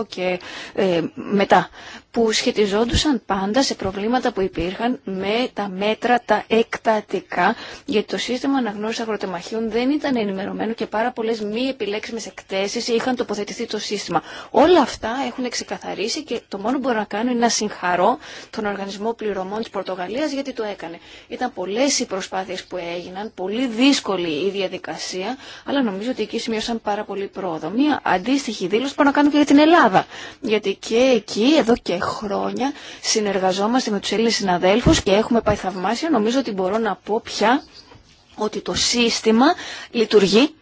2008 και ε, μετά που σχετιζόντουσαν πάντα σε προβλήματα που υπήρχαν με τα μέτρα τα εκτατικά, γιατί το σύστημα αναγνώριση αγροτεμαχίων δεν ήταν ενημερωμένο και πάρα πολλέ μη επιλέξιμε εκτέσει είχαν τοποθετηθεί το σύστημα. Όλα αυτά έχουν ξεκαθαρίσει και το μόνο που μπορώ να κάνω είναι να συγχαρώ τον Οργανισμό Πληρωμών τη Πορτογαλία γιατί το έκανε. Ήταν πολλέ οι προσπάθειε που έγιναν, πολύ δύσκολη η διαδικασία, αλλά νομίζω ότι εκεί σημειώσαν πάρα πολύ πρόοδο. Μία αντίστοιχη δήλωση που να κάνω και για την Ελλάδα. Γιατί και εκεί, εδώ και χρόνια συνεργαζόμαστε με τους Έλληνες συναδέλφους και έχουμε πάει θαυμάσια. Νομίζω ότι μπορώ να πω πια ότι το σύστημα λειτουργεί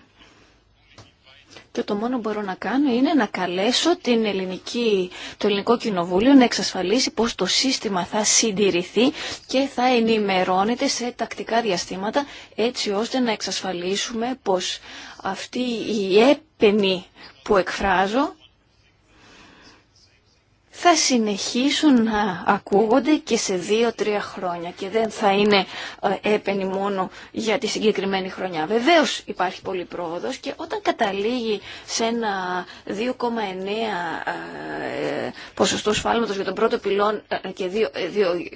και το μόνο που μπορώ να κάνω είναι να καλέσω την ελληνική, το ελληνικό κοινοβούλιο να εξασφαλίσει πως το σύστημα θα συντηρηθεί και θα ενημερώνεται σε τακτικά διαστήματα έτσι ώστε να εξασφαλίσουμε πως αυτή η έπαινη που εκφράζω θα συνεχίσουν να ακούγονται και σε δύο-τρία χρόνια και δεν θα είναι ε, έπαινοι μόνο για τη συγκεκριμένη χρονιά. Βεβαίως υπάρχει πολύ πρόοδος και όταν καταλήγει σε ένα 2,9 ε, ποσοστό σφάλματος για τον πρώτο πυλόν ε, και δύο,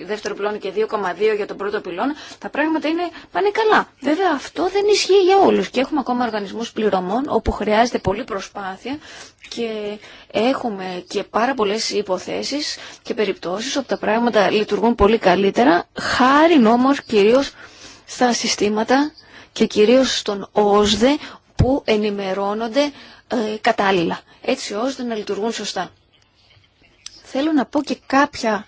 δεύτερο πυλόν και 2,2 για τον πρώτο πυλόν, τα πράγματα είναι, πάνε καλά. Βέβαια αυτό δεν ισχύει για όλους και έχουμε ακόμα οργανισμούς πληρωμών όπου χρειάζεται πολύ προσπάθεια και Έχουμε και πάρα πολλές υποθέσεις και περιπτώσεις όπου τα πράγματα λειτουργούν πολύ καλύτερα, χάρη όμως κυρίως στα συστήματα και κυρίως στον ΩΣΔΕ που ενημερώνονται ε, κατάλληλα, έτσι ώστε να λειτουργούν σωστά. Θέλω να πω και κάποια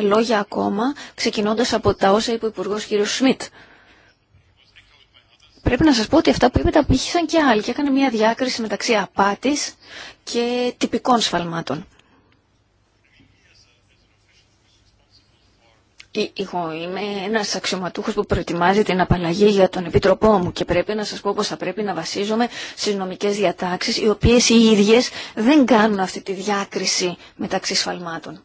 ε, λόγια ακόμα, ξεκινώντας από τα όσα είπε ο Υπουργός κ. Σμιτ. Πρέπει να σας πω ότι αυτά που είπε τα πήχησαν και άλλοι και έκανε μια διάκριση μεταξύ απάτης και τυπικών σφαλμάτων. Ε, εγώ είμαι ένα αξιωματούχο που προετοιμάζει την απαλλαγή για τον Επιτροπό μου και πρέπει να σα πω πω θα πρέπει να βασίζομαι στι νομικέ διατάξει, οι οποίε οι ίδιε δεν κάνουν αυτή τη διάκριση μεταξύ σφαλμάτων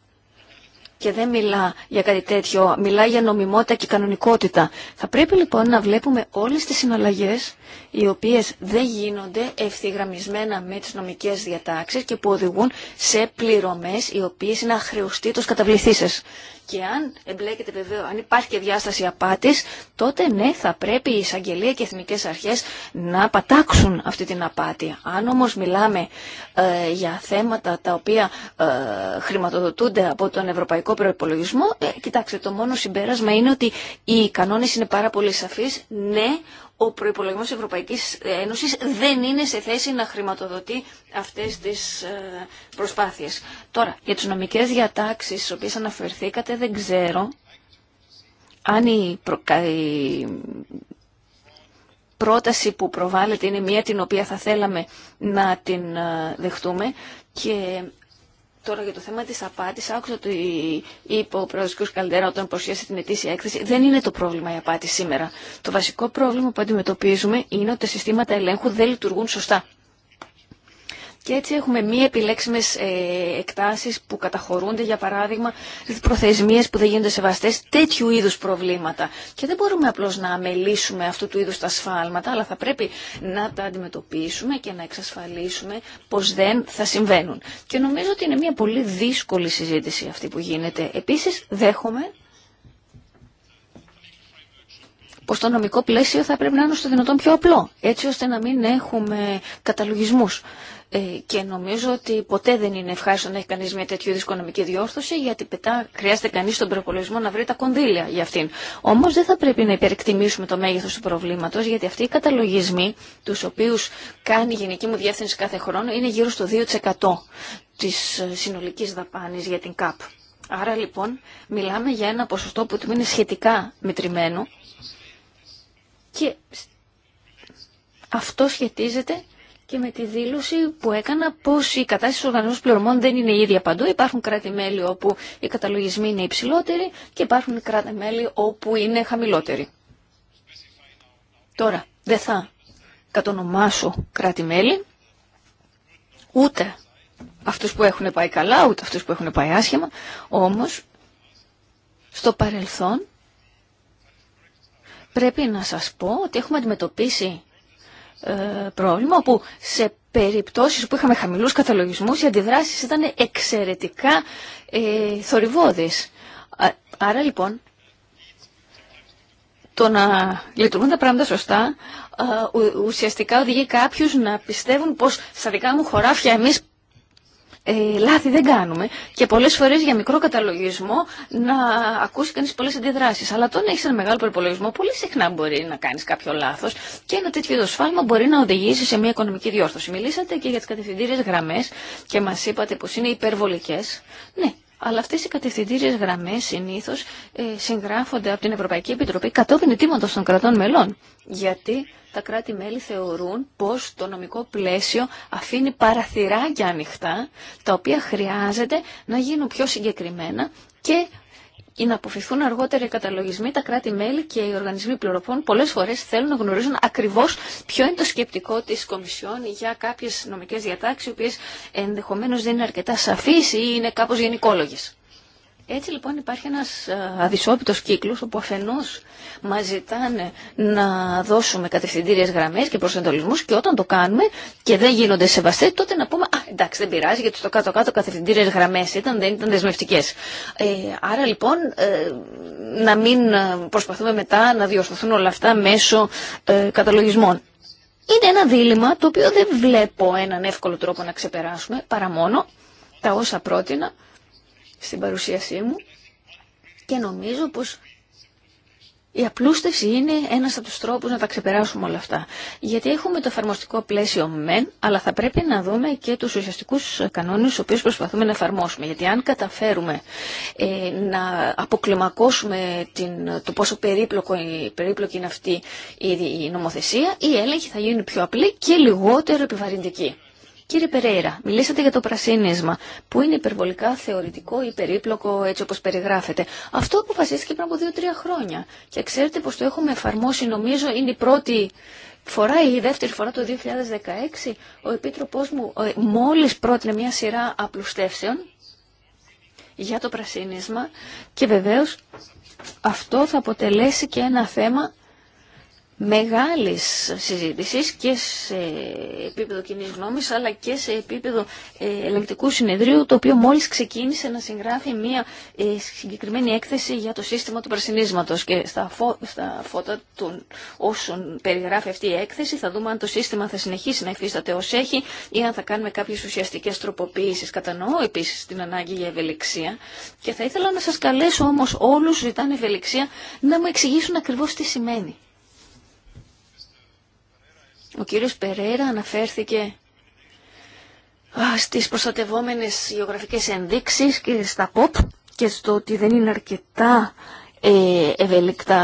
και δεν μιλά για κάτι τέτοιο, μιλά για νομιμότητα και κανονικότητα. Θα πρέπει λοιπόν να βλέπουμε όλες τις συναλλαγές οι οποίες δεν γίνονται ευθυγραμμισμένα με τις νομικές διατάξεις και που οδηγούν σε πληρωμές οι οποίες είναι αχρεωστήτως καταβληθήσεις. Και αν εμπλέκεται βεβαίω, αν υπάρχει και διάσταση απάτης, τότε ναι, θα πρέπει η εισαγγελία και οι εθνικές αρχές να πατάξουν αυτή την απάτη. Αν όμως μιλάμε ε, για θέματα τα οποία ε, χρηματοδοτούνται από τον Ευρωπαϊκό προπολογισμό, ε, κοιτάξτε, το μόνο συμπέρασμα είναι ότι οι κανόνε είναι πάρα πολύ σαφείς. Ναι, ο προπολογισμό της Ευρωπαϊκής Ένωσης δεν είναι σε θέση να χρηματοδοτεί αυτές τις ε, προσπάθειες. Τώρα, για τις νομικέ διατάξει, στις οποίε αναφερθήκατε δεν ξέρω αν η, προ... η πρόταση που προβάλλεται είναι μία την οποία θα θέλαμε να την ε, δεχτούμε και Τώρα για το θέμα της απάτης, άκουσα ότι είπε ο πρόεδρος Καλντέρα όταν παρουσίασε την ετήσια έκθεση, δεν είναι το πρόβλημα η απάτη σήμερα. Το βασικό πρόβλημα που αντιμετωπίζουμε είναι ότι τα συστήματα ελέγχου δεν λειτουργούν σωστά. Και έτσι έχουμε μη επιλέξιμες ε, εκτάσεις που καταχωρούνται, για παράδειγμα, προθεσμίες που δεν γίνονται σεβαστέ τέτοιου είδους προβλήματα. Και δεν μπορούμε απλώς να αμελήσουμε αυτού του είδου τα σφάλματα, αλλά θα πρέπει να τα αντιμετωπίσουμε και να εξασφαλίσουμε πως δεν θα συμβαίνουν. Και νομίζω ότι είναι μια πολύ δύσκολη συζήτηση αυτή που γίνεται. Επίση, δέχομαι πως το νομικό πλαίσιο θα πρέπει να είναι στο δυνατόν πιο απλό, έτσι ώστε να μην έχουμε καταλογισμούς. Ε, και νομίζω ότι ποτέ δεν είναι ευχάριστο να έχει κανεί μια τέτοιου είδου οικονομική διόρθωση, γιατί πετά χρειάζεται κανεί τον προπολογισμό να βρει τα κονδύλια για αυτήν. Όμω δεν θα πρέπει να υπερεκτιμήσουμε το μέγεθο του προβλήματο, γιατί αυτοί οι καταλογισμοί, του οποίου κάνει η Γενική μου Διεύθυνση κάθε χρόνο, είναι γύρω στο 2% τη ε, συνολική δαπάνη για την ΚΑΠ. Άρα λοιπόν μιλάμε για ένα ποσοστό που του είναι σχετικά μετρημένο και αυτό σχετίζεται και με τη δήλωση που έκανα πως η κατάσταση στους οργανισμούς πληρωμών δεν είναι η ίδια παντού. Υπάρχουν κράτη-μέλη όπου οι καταλογισμοί είναι υψηλότεροι και υπάρχουν κράτη-μέλη όπου είναι χαμηλότεροι. Τώρα, δεν θα κατονομάσω κράτη-μέλη, ούτε αυτούς που έχουν πάει καλά, ούτε αυτούς που έχουν πάει άσχημα, όμως στο παρελθόν πρέπει να σας πω ότι έχουμε αντιμετωπίσει ε, πρόβλημα όπου σε περιπτώσεις που είχαμε χαμηλούς καταλογισμούς οι αντιδράσεις ήταν εξαιρετικά ε, θορυβώδεις. Άρα λοιπόν το να λειτουργούν τα πράγματα σωστά ε, ουσιαστικά οδηγεί κάποιους να πιστεύουν πως στα δικά μου χωράφια εμείς ε, λάθη δεν κάνουμε και πολλές φορές για μικρό καταλογισμό να ακούσει κανείς πολλές αντιδράσεις. Αλλά όταν έχεις ένα μεγάλο προπολογισμό πολύ συχνά μπορεί να κάνεις κάποιο λάθος και ένα τέτοιο σφάλμα μπορεί να οδηγήσει σε μια οικονομική διόρθωση. Μιλήσατε και για τις κατευθυντήριες γραμμές και μας είπατε πως είναι υπερβολικές. Ναι, αλλά αυτές οι κατευθυντήριες γραμμές συνήθως ε, συγγράφονται από την Ευρωπαϊκή Επιτροπή κατόπιν ετήματος των κρατών μελών. Γιατί τα κράτη-μέλη θεωρούν πως το νομικό πλαίσιο αφήνει παραθυράκια ανοιχτά, τα οποία χρειάζεται να γίνουν πιο συγκεκριμένα και ή να αποφευθούν αργότερα οι καταλογισμοί, τα κράτη-μέλη και οι οργανισμοί πληροφών πολλές φορές θέλουν να γνωρίζουν ακριβώς ποιο είναι το σκεπτικό της Κομισιόν για κάποιες νομικές διατάξεις, οι οποίες ενδεχομένως δεν είναι αρκετά σαφείς ή είναι κάπως γενικόλογες. Έτσι λοιπόν υπάρχει ένας ε, αδυσόπιτος κύκλος όπου αφενός μας ζητάνε να δώσουμε κατευθυντήριες γραμμές και προσανατολισμούς και όταν το κάνουμε και δεν γίνονται σεβαστές τότε να πούμε «Α, εντάξει δεν πειράζει γιατί στο κάτω-κάτω κατευθυντήριες γραμμές ήταν, δεν ήταν δεσμευτικές». Ε, άρα λοιπόν ε, να μην ε, προσπαθούμε μετά να διορθωθούν όλα αυτά μέσω ε, καταλογισμών. Είναι ένα δίλημα το οποίο δεν βλέπω έναν εύκολο τρόπο να ξεπεράσουμε παρά μόνο τα όσα πρότεινα στην παρουσίασή μου και νομίζω πως η απλούστευση είναι ένας από τους τρόπους να τα ξεπεράσουμε όλα αυτά. Γιατί έχουμε το εφαρμοστικό πλαίσιο μεν, αλλά θα πρέπει να δούμε και τους ουσιαστικού κανόνες στους οποίους προσπαθούμε να εφαρμόσουμε. Γιατί αν καταφέρουμε ε, να αποκλιμακώσουμε την, το πόσο περίπλοκο, περίπλοκη είναι αυτή η, η νομοθεσία, η έλεγχη θα γίνει πιο απλή και λιγότερο επιβαρυντική. Κύριε Περέιρα, μιλήσατε για το πρασίνισμα, που είναι υπερβολικά θεωρητικό ή περίπλοκο έτσι όπως περιγράφεται. Αυτό αποφασίστηκε πριν από δύο-τρία χρόνια. Και ξέρετε πως το έχουμε εφαρμόσει, νομίζω, είναι η πρώτη φορά ή η δεύτερη φορά το 2016. Ο Επίτροπός μου ε, μόλις πρότεινε μια σειρά απλουστεύσεων για το πρασίνισμα και βεβαίως αυτό θα αποτελέσει και ένα θέμα μεγάλης συζήτησης και σε επίπεδο κοινή γνώμης αλλά και σε επίπεδο ε, ελεγκτικού συνεδρίου το οποίο μόλις ξεκίνησε να συγγράφει μια ε, συγκεκριμένη έκθεση για το σύστημα του περσινίσματος και στα, στα φώτα των όσων περιγράφει αυτή η έκθεση θα δούμε αν το σύστημα θα συνεχίσει να υφίσταται ως έχει ή αν θα κάνουμε κάποιες ουσιαστικές τροποποίησεις. Κατανοώ επίσης την ανάγκη για ευελιξία και θα ήθελα να σας καλέσω όμως όλους ζητάνε ευελιξία να μου εξηγήσουν ακριβώς τι σημαίνει. Ο κύριος Περέρα αναφέρθηκε στις προστατευόμενες γεωγραφικές ενδείξεις και στα ΠΟΠ και στο ότι δεν είναι αρκετά ε, ευελικτά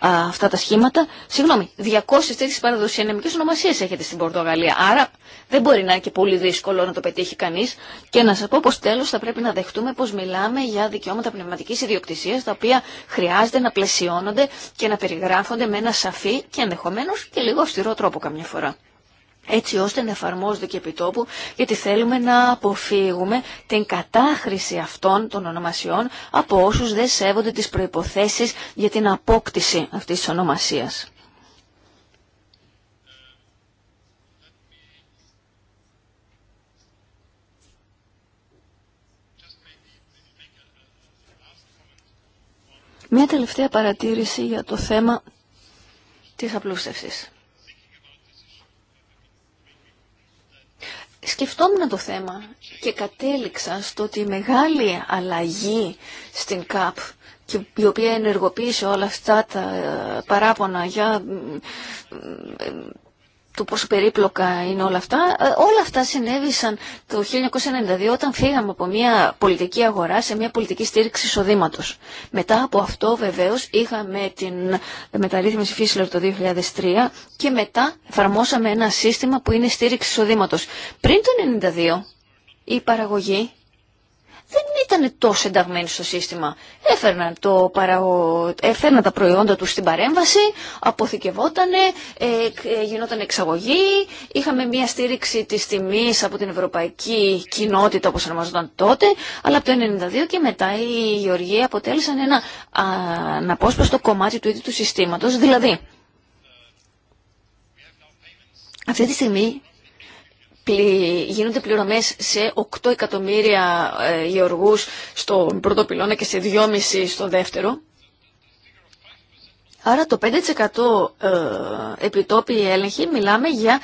αυτά τα σχήματα. Συγγνώμη, 200 τέτοιες παραδοσιανεμικές ονομασίες έχετε στην Πορτογαλία. Άρα δεν μπορεί να είναι και πολύ δύσκολο να το πετύχει κανεί. Και να σα πω πω τέλο θα πρέπει να δεχτούμε πω μιλάμε για δικαιώματα πνευματική ιδιοκτησία, τα οποία χρειάζεται να πλαισιώνονται και να περιγράφονται με ένα σαφή και ενδεχομένω και λίγο αυστηρό τρόπο καμιά φορά έτσι ώστε να εφαρμόζονται και επιτόπου, γιατί θέλουμε να αποφύγουμε την κατάχρηση αυτών των ονομασιών από όσους δεν σέβονται τις προϋποθέσεις για την απόκτηση αυτής της ονομασίας. Μια τελευταία παρατήρηση για το θέμα της απλούστευσης. Σκεφτόμουν το θέμα και κατέληξα στο ότι η μεγάλη αλλαγή στην ΚΑΠ και η οποία ενεργοποίησε όλα αυτά τα ε, παράπονα για του πόσο περίπλοκα είναι όλα αυτά. Ε, όλα αυτά συνέβησαν το 1992 όταν φύγαμε από μια πολιτική αγορά σε μια πολιτική στήριξη εισοδήματο. Μετά από αυτό βεβαίω είχαμε την μεταρρύθμιση Φίσλερ το 2003 και μετά εφαρμόσαμε ένα σύστημα που είναι στήριξη εισοδήματο. Πριν το 1992 η παραγωγή δεν ήταν τόσο ενταγμένοι στο σύστημα. Έφερναν, το παραγω... Έφερναν τα προϊόντα τους στην παρέμβαση, αποθηκευότανε, ε, ε, γινόταν εξαγωγή, είχαμε μια στήριξη της τιμής από την ευρωπαϊκή κοινότητα όπως ονομαζόταν τότε, αλλά από το 1992 και μετά οι Γεωργοί αποτέλεσαν ένα αναπόσπαστο κομμάτι του ίδιου του συστήματος, δηλαδή αυτή τη στιγμή γίνονται πληρωμές σε 8 εκατομμύρια ε, γεωργούς στον πρώτο πυλώνα και σε 2,5 στο δεύτερο. Άρα το 5% ε, επιτόπιοι έλεγχοι μιλάμε για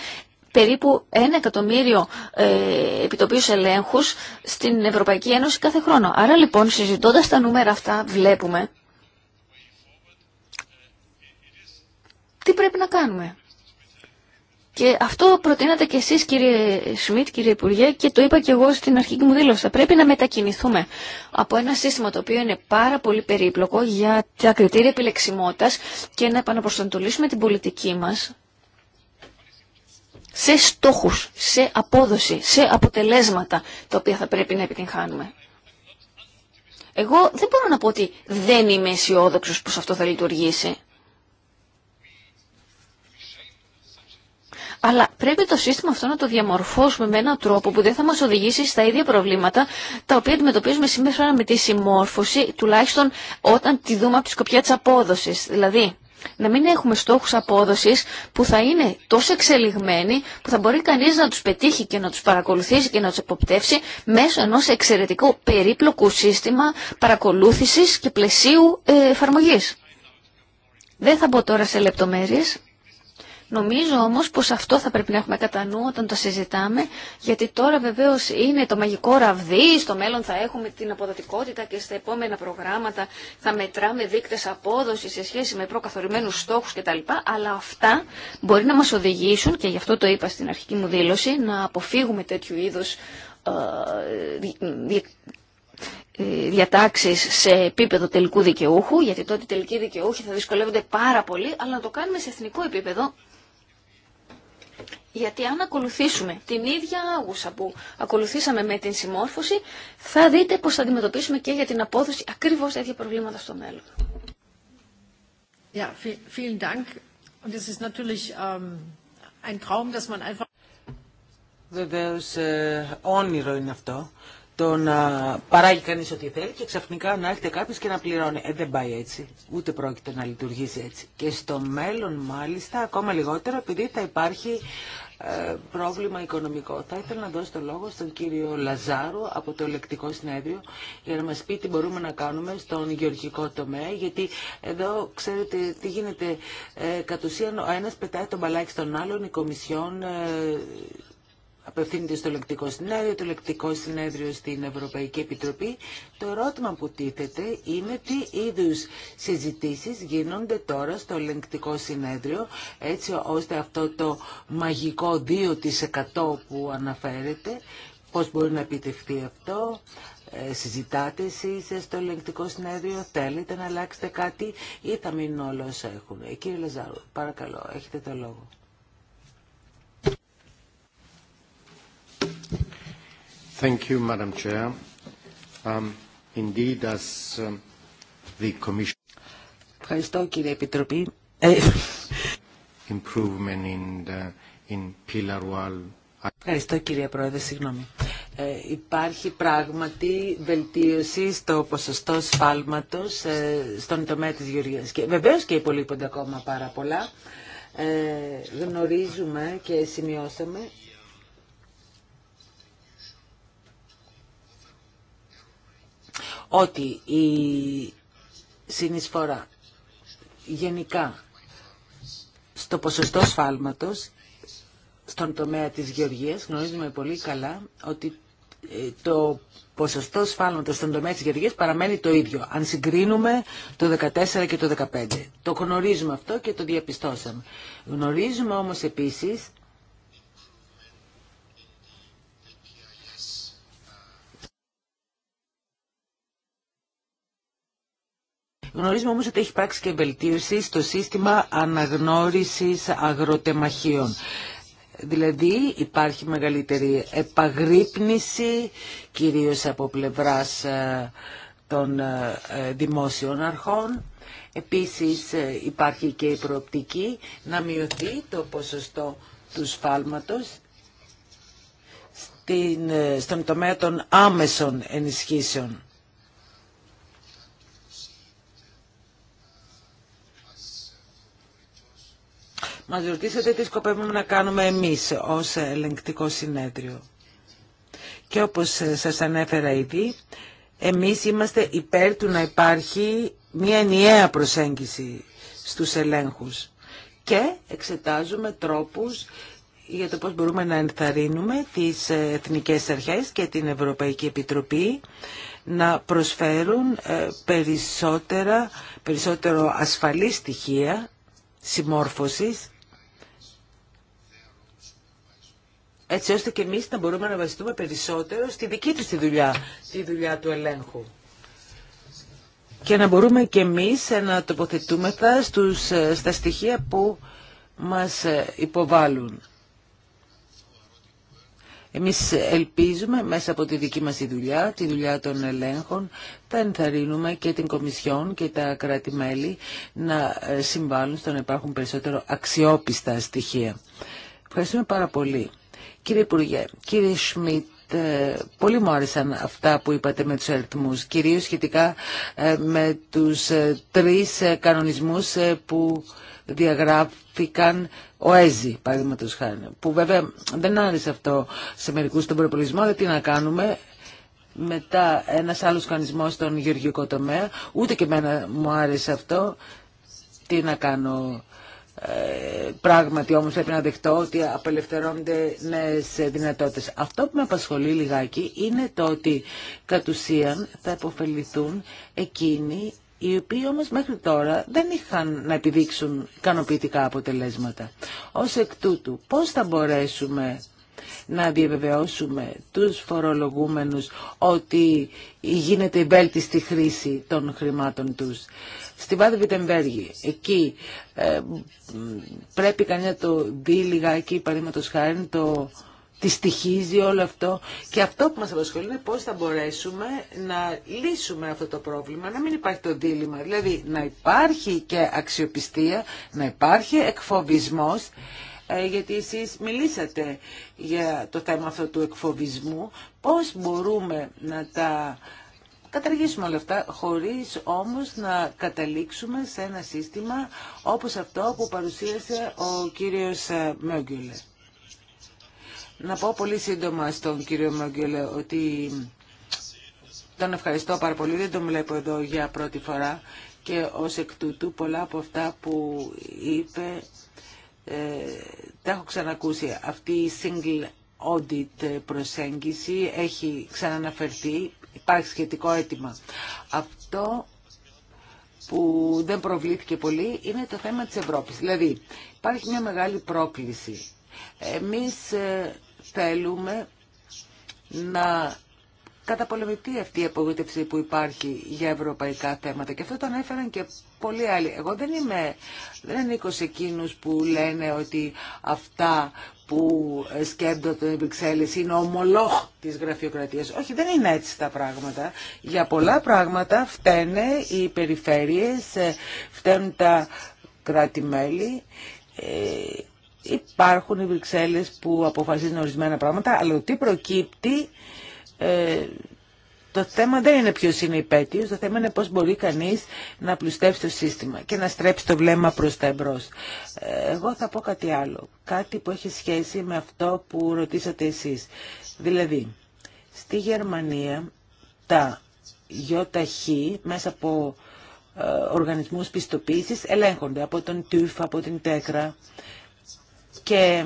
περίπου 1 εκατομμύριο ε, επιτοπίους ελέγχους στην Ευρωπαϊκή Ένωση κάθε χρόνο. Άρα λοιπόν συζητώντας τα νούμερα αυτά βλέπουμε τι πρέπει να κάνουμε. Και αυτό προτείνατε και εσείς κύριε Σμιτ, κύριε Υπουργέ, και το είπα και εγώ στην αρχική μου δήλωση. Θα πρέπει να μετακινηθούμε από ένα σύστημα το οποίο είναι πάρα πολύ περίπλοκο για τα κριτήρια επιλεξιμότητας και να επαναπροσανατολίσουμε την πολιτική μας σε στόχους, σε απόδοση, σε αποτελέσματα τα οποία θα πρέπει να επιτυγχάνουμε. Εγώ δεν μπορώ να πω ότι δεν είμαι αισιόδοξο πως αυτό θα λειτουργήσει. αλλά πρέπει το σύστημα αυτό να το διαμορφώσουμε με έναν τρόπο που δεν θα μα οδηγήσει στα ίδια προβλήματα τα οποία αντιμετωπίζουμε σήμερα με τη συμμόρφωση, τουλάχιστον όταν τη δούμε από τη σκοπιά τη απόδοση. Δηλαδή, να μην έχουμε στόχους απόδοσης που θα είναι τόσο εξελιγμένοι που θα μπορεί κανείς να τους πετύχει και να τους παρακολουθήσει και να τους εποπτεύσει μέσω ενός εξαιρετικού περίπλοκου σύστημα παρακολούθησης και πλαισίου ε, εφαρμογής. Δεν θα μπω τώρα σε λεπτομέρειες. Νομίζω όμω πω αυτό θα πρέπει να έχουμε κατά νου όταν το συζητάμε, γιατί τώρα βεβαίω είναι το μαγικό ραβδί, στο μέλλον θα έχουμε την αποδοτικότητα και στα επόμενα προγράμματα θα μετράμε δείκτες απόδοση σε σχέση με προκαθορισμένου στόχου κτλ. Αλλά αυτά μπορεί να μα οδηγήσουν, και γι' αυτό το είπα στην αρχική μου δήλωση, να αποφύγουμε τέτοιου είδους ε, ε, διατάξεις σε επίπεδο τελικού δικαιούχου, γιατί τότε οι τελικοί δικαιούχοι θα δυσκολεύονται πάρα πολύ, αλλά να το κάνουμε σε εθνικό επίπεδο γιατί αν ακολουθήσουμε την ίδια άγουσα που ακολουθήσαμε με την συμμόρφωση, θα δείτε πως θα αντιμετωπίσουμε και για την απόδοση ακριβώς τέτοια προβλήματα στο μέλλον. Βεβαίως, όνειρο είναι αυτό το να παράγει κανείς ό,τι θέλει και ξαφνικά να έρχεται κάποιος και να πληρώνει. Ε, δεν πάει έτσι. Ούτε πρόκειται να λειτουργήσει έτσι. Και στο μέλλον μάλιστα ακόμα λιγότερο επειδή θα υπάρχει ε, πρόβλημα οικονομικό. Θα ήθελα να δώσω το λόγο στον κύριο Λαζάρου από το Ελεκτικό Συνέδριο για να μας πει τι μπορούμε να κάνουμε στον γεωργικό τομέα γιατί εδώ ξέρετε τι γίνεται ε, κατ' ουσίαν ο ένας πετάει τον μπαλάκι στον άλλον, η Κομισιόν ε, απευθύνεται στο λεκτικό Συνέδριο, το λεκτικό Συνέδριο στην Ευρωπαϊκή Επιτροπή. Το ερώτημα που τίθεται είναι τι είδους συζητήσεις γίνονται τώρα στο λεκτικό Συνέδριο, έτσι ώστε αυτό το μαγικό 2% που αναφέρεται, πώς μπορεί να επιτευχθεί αυτό, ε, συζητάτε εσείς στο ελεγκτικό συνέδριο, θέλετε να αλλάξετε κάτι ή θα μείνουν όλα όσα έχουν. Ε, κύριε Λαζάρου, παρακαλώ, έχετε το λόγο. Thank you, Madam Chair. Um, indeed, as um, the Commission... Ευχαριστώ, κύριε Επιτροπή. Ε, improvement in, the, in Pillar Wall. Ευχαριστώ κύριε Πρόεδρε, συγγνώμη. Ε, υπάρχει πράγματι βελτίωση στο ποσοστό σφάλματος ε, στον τομέα της γεωργίας. Και, βεβαίως και υπολείπονται ακόμα πάρα πολλά. Ε, γνωρίζουμε και σημειώσαμε ότι η συνεισφορά γενικά στο ποσοστό σφάλματος στον τομέα της γεωργίας γνωρίζουμε πολύ καλά ότι ε, το ποσοστό σφάλματος στον τομέα της γεωργίας παραμένει το ίδιο αν συγκρίνουμε το 14 και το 15. Το γνωρίζουμε αυτό και το διαπιστώσαμε. Γνωρίζουμε όμως επίσης Γνωρίζουμε όμως ότι έχει υπάρξει και βελτίωση στο σύστημα αναγνώρισης αγροτεμαχίων. Δηλαδή υπάρχει μεγαλύτερη επαγρύπνηση, κυρίως από πλευράς ε, των ε, δημόσιων αρχών. Επίσης ε, υπάρχει και η προοπτική να μειωθεί το ποσοστό του σφάλματος στην, στον τομέα των άμεσων ενισχύσεων. μας ρωτήσατε τι σκοπεύουμε να κάνουμε εμείς ως ελεγκτικό συνέδριο. Και όπως σας ανέφερα ήδη, εμείς είμαστε υπέρ του να υπάρχει μια ενιαία προσέγγιση στους ελέγχους και εξετάζουμε τρόπους για το πώς μπορούμε να ενθαρρύνουμε τις Εθνικές Αρχές και την Ευρωπαϊκή Επιτροπή να προσφέρουν ε, περισσότερα, περισσότερο ασφαλή στοιχεία συμμόρφωσης έτσι ώστε και εμείς να μπορούμε να βασιστούμε περισσότερο στη δική τους τη δουλειά, τη δουλειά του ελέγχου. Και να μπορούμε και εμείς να τοποθετούμε στους, ε, στα στοιχεία που μας ε, υποβάλλουν. Εμείς ελπίζουμε μέσα από τη δική μας τη δουλειά, τη δουλειά των ελέγχων, θα ενθαρρύνουμε και την Κομισιόν και τα κράτη-μέλη να ε, συμβάλλουν στο να υπάρχουν περισσότερο αξιόπιστα στοιχεία. Ευχαριστούμε πάρα πολύ. Κύριε Υπουργέ, κύριε Σμιτ, ε, πολύ μου άρεσαν αυτά που είπατε με τους αριθμούς, κυρίως σχετικά ε, με τους ε, τρεις κανονισμούς που διαγράφηκαν ο Έζη, παραδείγματος χάρη, που βέβαια δεν άρεσε αυτό σε μερικούς τον προπολισμό, αλλά τι να κάνουμε, μετά ένας άλλος κανονισμός στον γεωργικό τομέα, ούτε και εμένα μου άρεσε αυτό, τι να κάνω, ε, πράγματι όμως πρέπει να δεχτώ ότι απελευθερώνονται νέες δυνατότητες. Αυτό που με απασχολεί λιγάκι είναι το ότι κατ' ουσίαν θα υποφεληθούν εκείνοι οι οποίοι όμως μέχρι τώρα δεν είχαν να επιδείξουν ικανοποιητικά αποτελέσματα. Ως εκ τούτου, πώς θα μπορέσουμε να διαβεβαιώσουμε τους φορολογούμενους ότι γίνεται η βέλτιστη χρήση των χρημάτων τους. Στη Βάδη Βιτεμβέργη, εκεί ε, πρέπει κανένα το δει λιγάκι, παραδείγματος χάρη, το, τη στοιχίζει όλο αυτό. Και αυτό που μας απασχολεί είναι πώς θα μπορέσουμε να λύσουμε αυτό το πρόβλημα, να μην υπάρχει το δίλημα. Δηλαδή να υπάρχει και αξιοπιστία, να υπάρχει εκφοβισμός, ε, γιατί εσείς μιλήσατε για το θέμα αυτό του εκφοβισμού, πώς μπορούμε να τα καταργήσουμε όλα αυτά, χωρίς όμως να καταλήξουμε σε ένα σύστημα όπως αυτό που παρουσίασε ο κύριος ε, Μέγκουλε. Να πω πολύ σύντομα στον κύριο Μέγκουλε ότι τον ευχαριστώ πάρα πολύ, δεν τον βλέπω εδώ για πρώτη φορά και ως εκ τούτου πολλά από αυτά που είπε ε, τα έχω ξανακούσει. Αυτή η single audit προσέγγιση έχει ξαναναφερθεί υπάρχει σχετικό αίτημα. Αυτό που δεν προβλήθηκε πολύ είναι το θέμα της Ευρώπης. Δηλαδή υπάρχει μια μεγάλη πρόκληση. Εμείς ε, θέλουμε να καταπολεμηθεί αυτή η απογοήτευση που υπάρχει για ευρωπαϊκά θέματα. Και αυτό το ανέφεραν και πολλοί άλλοι. Εγώ δεν είμαι, δεν ανήκω σε εκείνους που λένε ότι αυτά που σκέπτονται οι Βρυξέλλες είναι ομολόχ της γραφειοκρατίας. Όχι, δεν είναι έτσι τα πράγματα. Για πολλά πράγματα φταίνε οι περιφέρειες, ε, φταίνουν τα κράτη-μέλη. Ε, υπάρχουν οι Βρυξέλλες που αποφασίζουν ορισμένα πράγματα, αλλά τι προκύπτει ε, το θέμα δεν είναι ποιο είναι υπέτειο, το θέμα είναι πώς μπορεί κανείς να πλουστεύσει το σύστημα και να στρέψει το βλέμμα προς τα εμπρός. Ε, εγώ θα πω κάτι άλλο, κάτι που έχει σχέση με αυτό που ρωτήσατε εσείς. Δηλαδή, στη Γερμανία τα ΙΧ μέσα από ε, οργανισμούς πιστοποίησης ελέγχονται από τον ΤΟΥΦ, από την ΤΕΚΡΑ και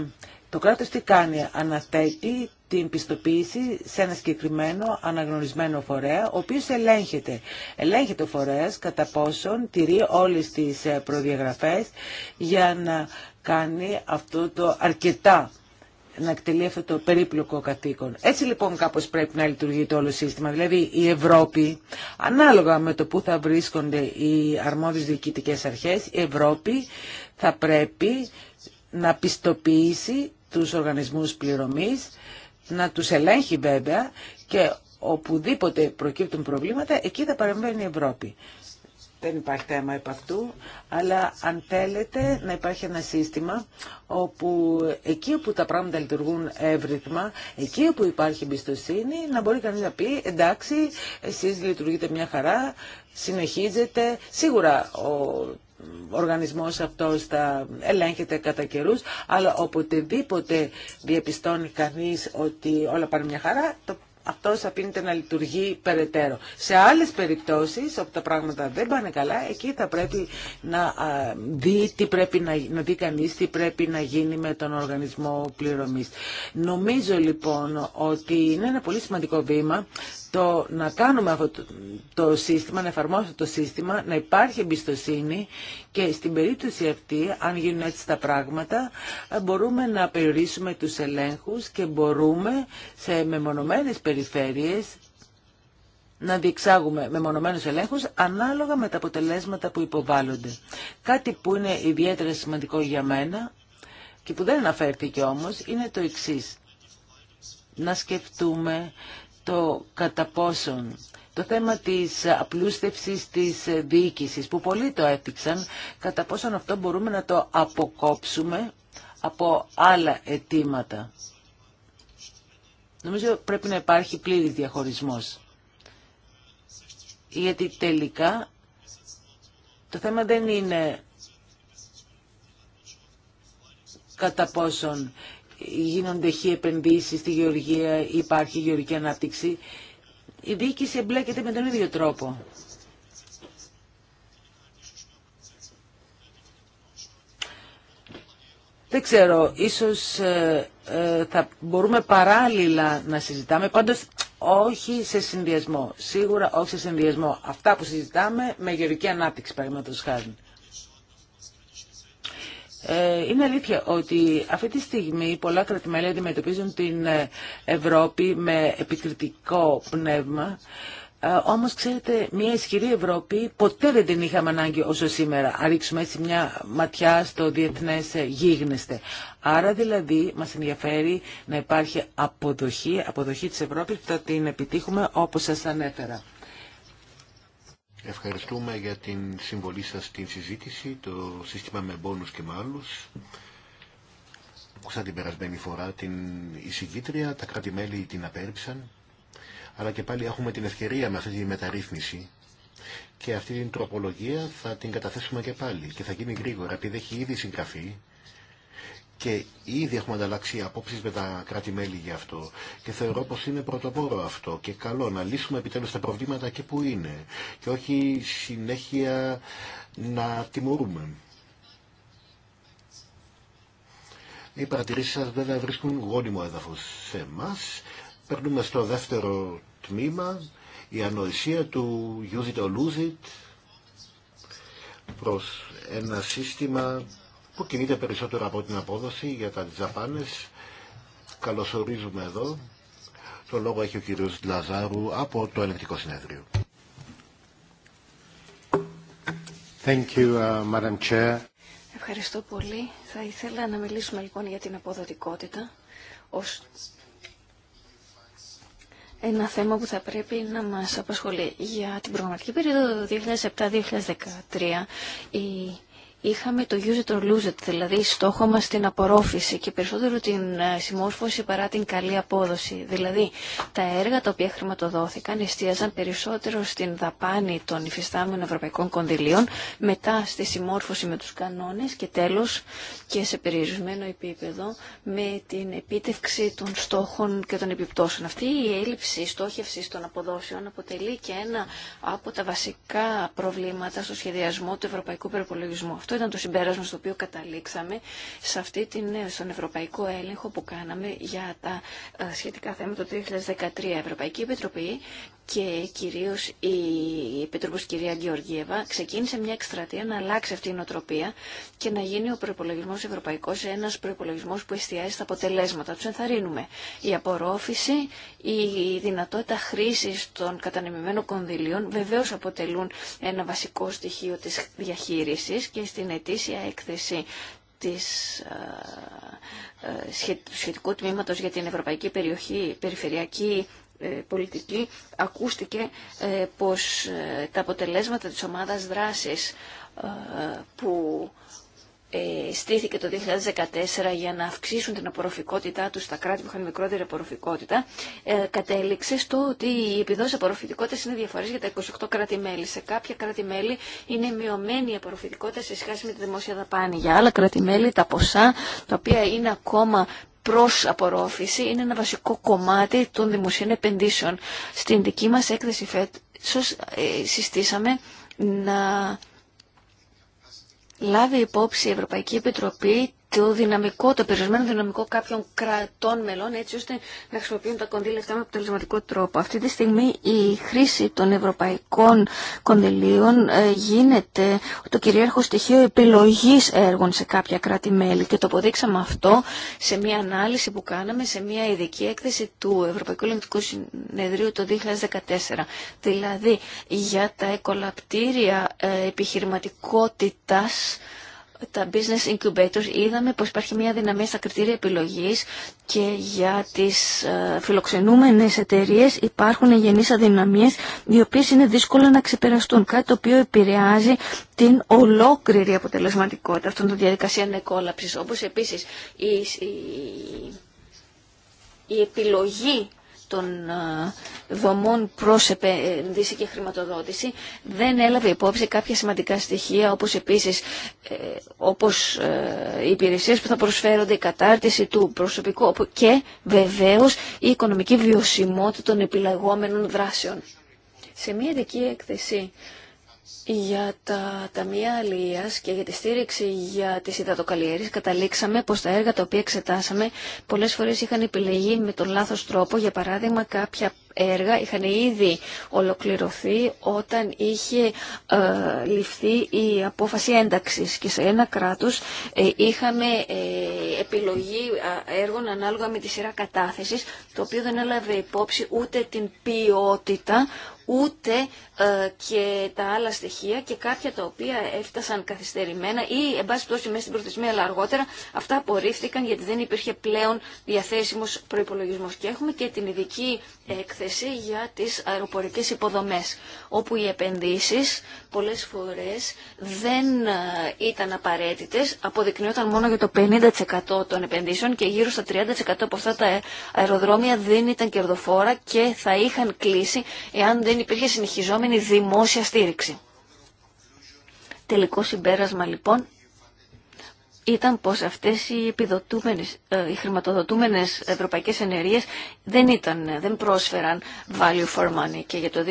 το κράτος τι κάνει, αναθέτει την πιστοποίηση σε ένα συγκεκριμένο αναγνωρισμένο φορέα, ο οποίος ελέγχεται. Ελέγχεται ο φορέας κατά πόσον τηρεί όλες τις ε, προδιαγραφές για να κάνει αυτό το αρκετά να εκτελεί αυτό το περίπλοκο καθήκον. Έτσι λοιπόν κάπως πρέπει να λειτουργεί το όλο σύστημα. Δηλαδή η Ευρώπη, ανάλογα με το που θα βρίσκονται οι αρμόδιες διοικητικές αρχές, η Ευρώπη θα πρέπει να πιστοποιήσει τους οργανισμούς πληρωμής να τους ελέγχει βέβαια και οπουδήποτε προκύπτουν προβλήματα, εκεί θα παρεμβαίνει η Ευρώπη. Δεν υπάρχει θέμα επ' αυτού, αλλά αν θέλετε να υπάρχει ένα σύστημα όπου εκεί όπου τα πράγματα λειτουργούν εύρυθμα, εκεί όπου υπάρχει εμπιστοσύνη, να μπορεί κανείς να πει εντάξει, εσείς λειτουργείτε μια χαρά, συνεχίζετε. Σίγουρα ο οργανισμός αυτός θα ελέγχεται κατά καιρού, αλλά οποτεδήποτε διαπιστώνει κανείς ότι όλα πάνε μια χαρά, το αυτός απίνεται να λειτουργεί περαιτέρω. Σε άλλες περιπτώσεις, όπου τα πράγματα δεν πάνε καλά, εκεί θα πρέπει να δει, τι πρέπει να, να δει τι πρέπει να γίνει με τον οργανισμό πληρωμή. Νομίζω λοιπόν ότι είναι ένα πολύ σημαντικό βήμα το να κάνουμε αυτό το, σύστημα, να εφαρμόσουμε το σύστημα, να υπάρχει εμπιστοσύνη και στην περίπτωση αυτή, αν γίνουν έτσι τα πράγματα, μπορούμε να περιορίσουμε τους ελέγχους και μπορούμε σε μεμονωμένες περιφέρειες να διεξάγουμε μεμονωμένους ελέγχους ανάλογα με τα αποτελέσματα που υποβάλλονται. Κάτι που είναι ιδιαίτερα σημαντικό για μένα και που δεν αναφέρθηκε όμως είναι το εξής. Να σκεφτούμε το κατά το θέμα της απλούστευσης της διοίκησης που πολλοί το έπτυξαν, κατά πόσον αυτό μπορούμε να το αποκόψουμε από άλλα αιτήματα. Νομίζω πρέπει να υπάρχει πλήρης διαχωρισμός. Γιατί τελικά το θέμα δεν είναι κατά πόσον γίνονται χι επενδύσεις στη γεωργία, υπάρχει γεωργική ανάπτυξη. Η διοίκηση εμπλέκεται με τον ίδιο τρόπο. Δεν ξέρω, ίσως ε, ε, θα μπορούμε παράλληλα να συζητάμε, πάντως όχι σε συνδυασμό. Σίγουρα όχι σε συνδυασμό. Αυτά που συζητάμε με γεωργική ανάπτυξη, παραδείγματος χάρη. Ε, είναι αλήθεια ότι αυτή τη στιγμή πολλά κρατημέλη αντιμετωπίζουν την ε, Ευρώπη με επικριτικό πνεύμα. Ε, όμως, ξέρετε, μια ισχυρή Ευρώπη ποτέ δεν την είχαμε ανάγκη όσο σήμερα. Αν ρίξουμε έτσι μια ματιά στο διεθνές γίγνεσθε. Άρα, δηλαδή, μας ενδιαφέρει να υπάρχει αποδοχή, αποδοχή της Ευρώπης που θα την επιτύχουμε όπως σας ανέφερα. Ευχαριστούμε για την συμβολή σας στην συζήτηση, το σύστημα με μπόνους και με άλλους. Σαν την περασμένη φορά την εισηγήτρια, τα κράτη-μέλη την απέρριψαν, αλλά και πάλι έχουμε την ευκαιρία με αυτή τη μεταρρύθμιση και αυτή την τροπολογία θα την καταθέσουμε και πάλι και θα γίνει γρήγορα, επειδή έχει ήδη συγγραφεί και ήδη έχουμε ανταλλάξει απόψει με τα κράτη-μέλη γι' αυτό και θεωρώ πως είναι πρωτοπόρο αυτό και καλό να λύσουμε επιτέλους τα προβλήματα και που είναι και όχι συνέχεια να τιμωρούμε. Οι παρατηρήσει σα βέβαια βρίσκουν γόνιμο έδαφο σε εμά. Περνούμε στο δεύτερο τμήμα, η ανοησία του use it or lose it προς ένα σύστημα που κινείται περισσότερο από την απόδοση για τα τζαπάνες. Καλωσορίζουμε εδώ. Το λόγο έχει ο κύριος Λαζάρου από το Ελεκτικό Συνέδριο. Thank you, uh, Madam Chair. Ευχαριστώ πολύ. Θα ήθελα να μιλήσουμε λοιπόν για την αποδοτικότητα ως ένα θέμα που θα πρέπει να μας απασχολεί. Για την προγραμματική περίοδο 2007-2013 η είχαμε το use it or lose it, δηλαδή στόχο μας την απορρόφηση και περισσότερο την ε, συμμόρφωση παρά την καλή απόδοση. Δηλαδή τα έργα τα οποία χρηματοδόθηκαν εστίαζαν περισσότερο στην δαπάνη των υφιστάμενων ευρωπαϊκών κονδυλίων, μετά στη συμμόρφωση με τους κανόνες και τέλος και σε περιορισμένο επίπεδο με την επίτευξη των στόχων και των επιπτώσεων. Αυτή η έλλειψη στόχευση των αποδόσεων αποτελεί και ένα από τα βασικά προβλήματα στο σχεδιασμό του ευρωπαϊκού περιπολογισμού αυτό ήταν το συμπέρασμα στο οποίο καταλήξαμε σε αυτή την, στον ευρωπαϊκό έλεγχο που κάναμε για τα ε, σχετικά θέματα του 2013. Ευρωπαϊκή Επιτροπή και κυρίως η Επίτροπος κυρία Γεωργίευα ξεκίνησε μια εκστρατεία να αλλάξει αυτή η νοοτροπία και να γίνει ο προπολογισμό Ευρωπαϊκό, ένας προπολογισμό που εστιάζει στα αποτελέσματα. Του ενθαρρύνουμε. Η απορρόφηση, η δυνατότητα χρήσης των κατανεμημένων κονδυλίων βεβαίως αποτελούν ένα βασικό στοιχείο τη διαχείριση και στην ετήσια έκθεση της, σχετικού τμήματος για την Ευρωπαϊκή Περιοχή, Περιφερειακή ε, πολιτική ακούστηκε ε, πως ε, τα αποτελέσματα της ομάδας δράσης που στήθηκε το 2014 για να αυξήσουν την απορροφικότητά τους στα κράτη που είχαν μικρότερη απορροφικότητα, κατέληξε στο ότι η επιδόση απορροφητικότητας είναι διαφορετική για τα 28 κράτη-μέλη. Σε κάποια κράτη-μέλη είναι μειωμένη η απορροφητικότητα σε σχέση με τη δημόσια δαπάνη. Για άλλα κράτη-μέλη τα ποσά, τα οποία είναι ακόμα προς απορρόφηση είναι ένα βασικό κομμάτι των δημοσίων επενδύσεων. Στην δική μας έκθεση φέτος ε, συστήσαμε να λάβει υπόψη η Ευρωπαϊκή Επιτροπή το δυναμικό, το περιορισμένο δυναμικό κάποιων κρατών μελών έτσι ώστε να χρησιμοποιούν τα κονδύλια αυτά με αποτελεσματικό τρόπο. Αυτή τη στιγμή η χρήση των ευρωπαϊκών κονδυλίων ε, γίνεται το κυρίαρχο στοιχείο επιλογής έργων σε κάποια κράτη-μέλη και το αποδείξαμε αυτό σε μια ανάλυση που κάναμε σε μια ειδική έκθεση του Ευρωπαϊκού Ελληνικού Συνεδρίου το 2014. Δηλαδή για τα εκολαπτήρια ε, επιχειρηματικότητας τα business incubators είδαμε πως υπάρχει μια δυναμία στα κριτήρια επιλογής και για τις ε, φιλοξενούμενες εταιρείες υπάρχουν γενείς αδυναμίες οι οποίες είναι δύσκολο να ξεπεραστούν. Κάτι το οποίο επηρεάζει την ολόκληρη αποτελεσματικότητα αυτών των διαδικασίων εκόλαψης. Όπως επίσης η, η επιλογή των ε, δομών προς επένδυση και χρηματοδότηση δεν έλαβε υπόψη κάποια σημαντικά στοιχεία όπως επίσης ε, όπως ε, οι υπηρεσίες που θα προσφέρονται, η κατάρτιση του προσωπικού και βεβαίως η οικονομική βιωσιμότητα των επιλεγόμενων δράσεων. Σε μια ειδική έκθεση για τα ταμεία Αλληλεία και για τη στήριξη για τις υδατοκαλλιέργειες καταλήξαμε πως τα έργα τα οποία εξετάσαμε πολλές φορές είχαν επιλεγεί με τον λάθος τρόπο. Για παράδειγμα κάποια έργα είχαν ήδη ολοκληρωθεί όταν είχε ε, ληφθεί η απόφαση ένταξης και σε ένα κράτος ε, είχαμε ε, επιλογή έργων ανάλογα με τη σειρά κατάθεση, το οποίο δεν έλαβε υπόψη ούτε την ποιότητα ούτε ε, και τα άλλα στοιχεία και κάποια τα οποία έφτασαν καθυστερημένα ή εν πάση πτώση μέσα στην προθεσμία αλλά αργότερα αυτά απορρίφθηκαν γιατί δεν υπήρχε πλέον διαθέσιμος προϋπολογισμός και έχουμε και την ειδική έκθεση για τις αεροπορικές υποδομές όπου οι επενδύσεις πολλές φορές δεν ε, ήταν απαραίτητες αποδεικνύονταν μόνο για το 50% των επενδύσεων και γύρω στα 30% από αυτά τα αεροδρόμια δεν ήταν κερδοφόρα και θα είχαν κλείσει εάν δεν υπήρχε συνεχιζόμενη δημόσια στήριξη. Τελικό συμπέρασμα λοιπόν ήταν πως αυτές οι, επιδοτούμενες, ε, οι χρηματοδοτούμενες ευρωπαϊκές ενεργείες δεν, ήταν, δεν πρόσφεραν value for money και για το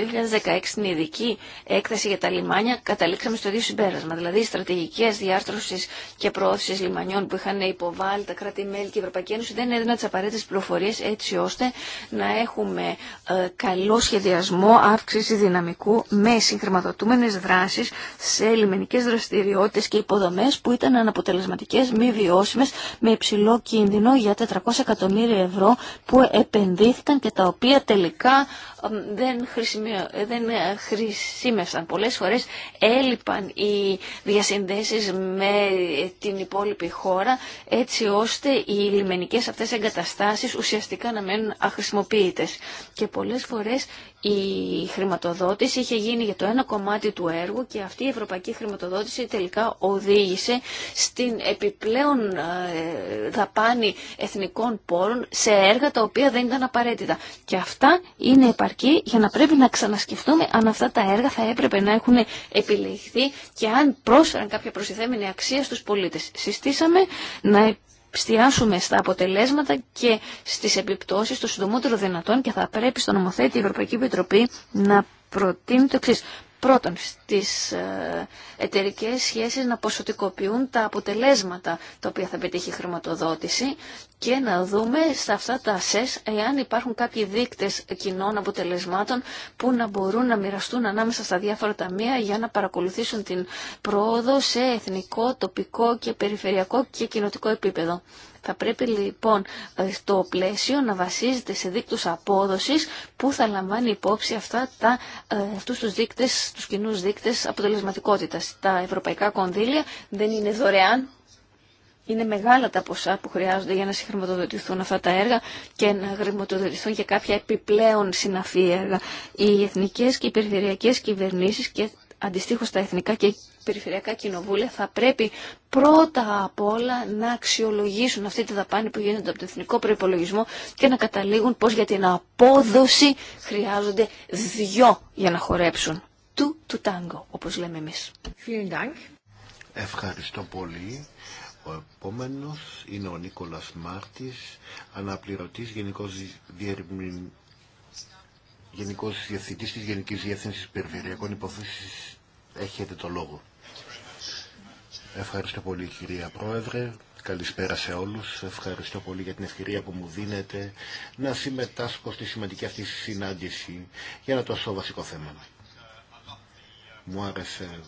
2016 στην ειδική έκθεση για τα λιμάνια καταλήξαμε στο ίδιο συμπέρασμα. Δηλαδή οι στρατηγικές διάρθρωσης και προώθησης λιμανιών που είχαν υποβάλει τα κράτη-μέλη και η Ευρωπαϊκή Ένωση δεν έδιναν τις απαραίτητες πληροφορίες έτσι ώστε να έχουμε ε, καλό σχεδιασμό αύξηση δυναμικού με συγχρηματοδοτούμενες δράσεις σε λιμενικές δραστηριότητες και υποδομές που ήταν αναποτελεσματικές και μη βιώσιμες με υψηλό κίνδυνο για 400 εκατομμύρια ευρώ που επενδύθηκαν και τα οποία τελικά δεν, δεν ε, χρησιμεύσαν. Πολλές φορές έλειπαν οι διασυνδέσεις με την υπόλοιπη χώρα έτσι ώστε οι λιμενικές αυτές εγκαταστάσεις ουσιαστικά να μένουν αχρησιμοποιητές. Και πολλές φορές η χρηματοδότηση είχε γίνει για το ένα κομμάτι του έργου και αυτή η ευρωπαϊκή χρηματοδότηση τελικά οδήγησε στην επιπλέον ε, δαπάνη εθνικών πόρων σε έργα τα οποία δεν ήταν απαραίτητα. Και αυτά είναι αρκεί για να πρέπει να ξανασκεφτούμε αν αυτά τα έργα θα έπρεπε να έχουν επιλεχθεί και αν πρόσφεραν κάποια προστιθέμενη αξία στους πολίτες. Συστήσαμε να Στιάσουμε στα αποτελέσματα και στις επιπτώσεις το συντομότερο δυνατόν και θα πρέπει στο νομοθέτη η Ευρωπαϊκή Επιτροπή να προτείνει το εξή πρώτον στις ε, εταιρικέ σχέσεις να ποσοτικοποιούν τα αποτελέσματα τα οποία θα πετύχει η χρηματοδότηση και να δούμε σε αυτά τα ΣΕΣ εάν υπάρχουν κάποιοι δείκτες κοινών αποτελεσμάτων που να μπορούν να μοιραστούν ανάμεσα στα διάφορα ταμεία για να παρακολουθήσουν την πρόοδο σε εθνικό, τοπικό και περιφερειακό και κοινοτικό επίπεδο. Θα πρέπει λοιπόν ε, στο πλαίσιο να βασίζεται σε δείκτους απόδοσης που θα λαμβάνει υπόψη αυτά τα, ε, αυτούς τους δείκτες, τους κοινούς δείκτες αποτελεσματικότητας. Τα ευρωπαϊκά κονδύλια δεν είναι δωρεάν, είναι μεγάλα τα ποσά που χρειάζονται για να συγχρηματοδοτηθούν αυτά τα έργα και να χρηματοδοτηθούν και κάποια επιπλέον συναφή έργα. Οι εθνικές και οι περιφερειακές κυβερνήσεις και αντιστοίχω τα εθνικά και περιφερειακά κοινοβούλια θα πρέπει πρώτα απ' όλα να αξιολογήσουν αυτή τη δαπάνη που γίνεται από το εθνικό προπολογισμό και να καταλήγουν πως για την απόδοση χρειάζονται δυο για να χορέψουν. Του του τάγκο, όπως λέμε εμείς. Ευχαριστώ πολύ. Ο επόμενος είναι ο Νίκολας Μάρτης, αναπληρωτής γενικός Γενικό Διευθυντή τη Γενική Διεύθυνση Περιφερειακών Υποθέσεων Έχετε το λόγο. Ευχαριστώ πολύ κυρία Πρόεδρε. Καλησπέρα σε όλους. Ευχαριστώ πολύ για την ευκαιρία που μου δίνετε να συμμετάσχω στη σημαντική αυτή συνάντηση για ένα τόσο βασικό θέμα. Μου άρεσε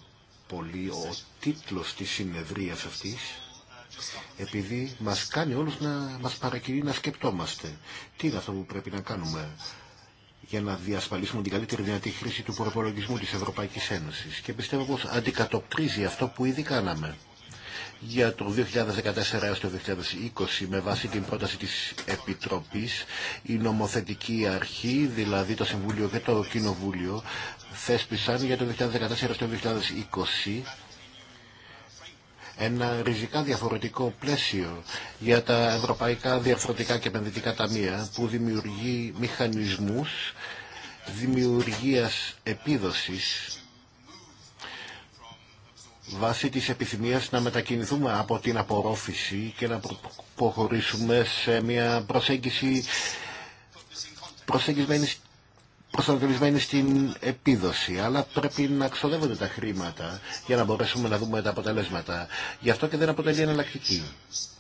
πολύ ο τίτλος της συνεδρίας αυτή, επειδή μας κάνει όλους να μας παρακινεί να σκεπτόμαστε τι είναι αυτό που πρέπει να κάνουμε για να διασφαλίσουμε την καλύτερη δυνατή χρήση του προπολογισμού της Ευρωπαϊκής Ένωσης. Και πιστεύω πως αντικατοπτρίζει αυτό που ήδη κάναμε για το 2014 έως το 2020 με βάση την πρόταση της Επιτροπής η νομοθετική αρχή, δηλαδή το Συμβούλιο και το Κοινοβούλιο θέσπισαν για το 2014 έως το 2020 ένα ριζικά διαφορετικό πλαίσιο για τα ευρωπαϊκά διαφορετικά και επενδυτικά ταμεία που δημιουργεί μηχανισμούς δημιουργίας επίδοσης βάσει της επιθυμίας να μετακινηθούμε από την απορρόφηση και να προχωρήσουμε σε μια προσέγγιση προσεγγισμένης προσανατολισμένοι στην επίδοση, αλλά πρέπει να ξοδεύονται τα χρήματα για να μπορέσουμε να δούμε τα αποτελέσματα. Γι' αυτό και δεν αποτελεί εναλλακτική.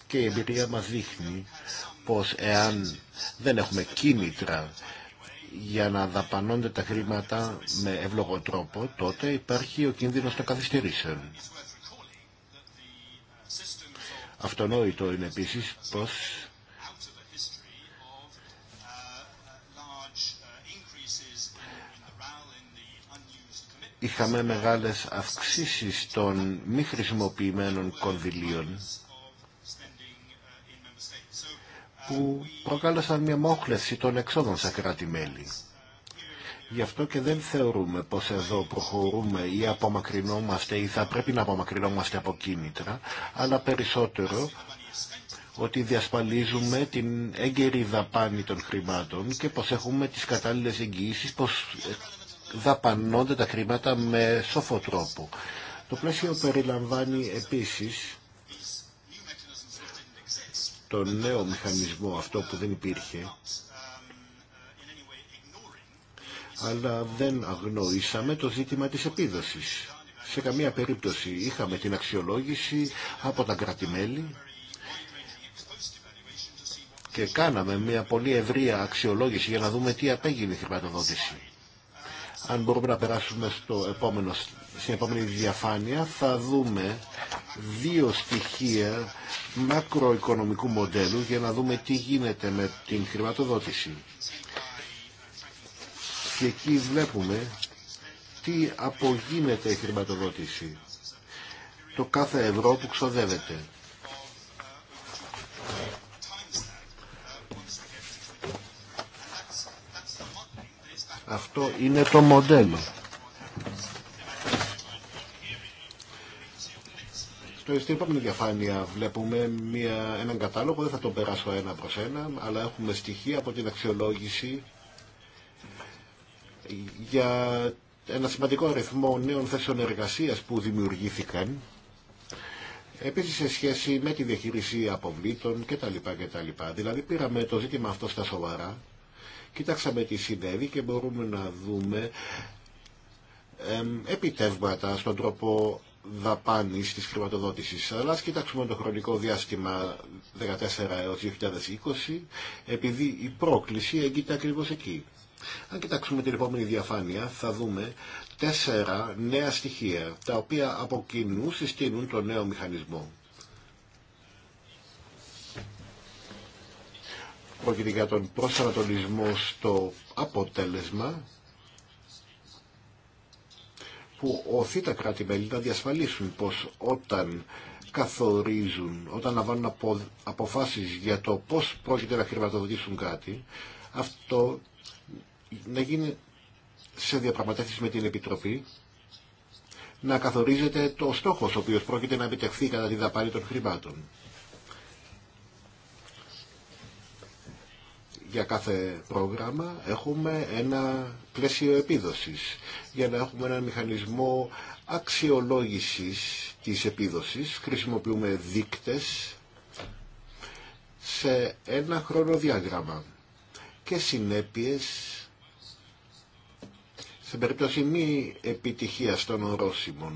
Και η εμπειρία μας δείχνει πως εάν δεν έχουμε κίνητρα για να δαπανώνται τα χρήματα με εύλογο τρόπο, τότε υπάρχει ο κίνδυνος των καθυστερήσεων. Αυτονόητο είναι επίσης πως είχαμε μεγάλες αυξήσεις των μη χρησιμοποιημένων κονδυλίων που προκάλεσαν μια μόχλευση των εξόδων σε κράτη-μέλη. Γι' αυτό και δεν θεωρούμε πως εδώ προχωρούμε ή απομακρυνόμαστε ή θα πρέπει να απομακρυνόμαστε από κίνητρα, αλλά περισσότερο ότι διασπαλίζουμε την έγκαιρη δαπάνη των χρημάτων και πως έχουμε τις κατάλληλες εγγυήσεις πως δαπανώνται τα χρήματα με σοφό τρόπο. Το πλαίσιο περιλαμβάνει επίσης το νέο μηχανισμό αυτό που δεν υπήρχε αλλά δεν αγνοήσαμε το ζήτημα της επίδοσης. Σε καμία περίπτωση είχαμε την αξιολόγηση από τα κρατημέλη και κάναμε μια πολύ ευρεία αξιολόγηση για να δούμε τι απέγινε η χρηματοδότηση αν μπορούμε να περάσουμε στο επόμενο, στην επόμενη διαφάνεια, θα δούμε δύο στοιχεία μακροοικονομικού μοντέλου για να δούμε τι γίνεται με την χρηματοδότηση. Και εκεί βλέπουμε τι απογίνεται η χρηματοδότηση. Το κάθε ευρώ που ξοδεύεται. Αυτό είναι το μοντέλο. Στην επόμενη διαφάνεια βλέπουμε μια, έναν κατάλογο, δεν θα τον περάσω ένα προς ένα, αλλά έχουμε στοιχεία από την αξιολόγηση για ένα σημαντικό αριθμό νέων θέσεων εργασίας που δημιουργήθηκαν, επίσης σε σχέση με τη διαχείριση αποβλήτων κτλ. Δηλαδή πήραμε το ζήτημα αυτό στα σοβαρά Κοίταξαμε τι συνέβη και μπορούμε να δούμε επιτεύγματα στον τρόπο δαπάνης της χρηματοδότησης. Αλλά ας κοιτάξουμε το χρονικό διάστημα 14 έως 2020, επειδή η πρόκληση έγκυται ακριβώς εκεί. Αν κοιτάξουμε την επόμενη διαφάνεια, θα δούμε τέσσερα νέα στοιχεία, τα οποία από κοινού συστήνουν το νέο μηχανισμό. Πρόκειται για τον προσανατολισμό στο αποτέλεσμα που οθεί τα κράτη-μέλη να διασφαλίσουν πως όταν καθορίζουν, όταν λαμβάνουν απο, αποφάσεις για το πώς πρόκειται να χρηματοδοτήσουν κάτι, αυτό να γίνει σε διαπραγματεύσεις με την Επιτροπή, να καθορίζεται το στόχος ο οποίος πρόκειται να επιτευχθεί κατά τη δαπάνη των χρημάτων. για κάθε πρόγραμμα έχουμε ένα πλαίσιο επίδοσης για να έχουμε ένα μηχανισμό αξιολόγησης της επίδοσης. Χρησιμοποιούμε δείκτες σε ένα χρονοδιάγραμμα και συνέπειες σε περίπτωση μη επιτυχίας των ορόσημων.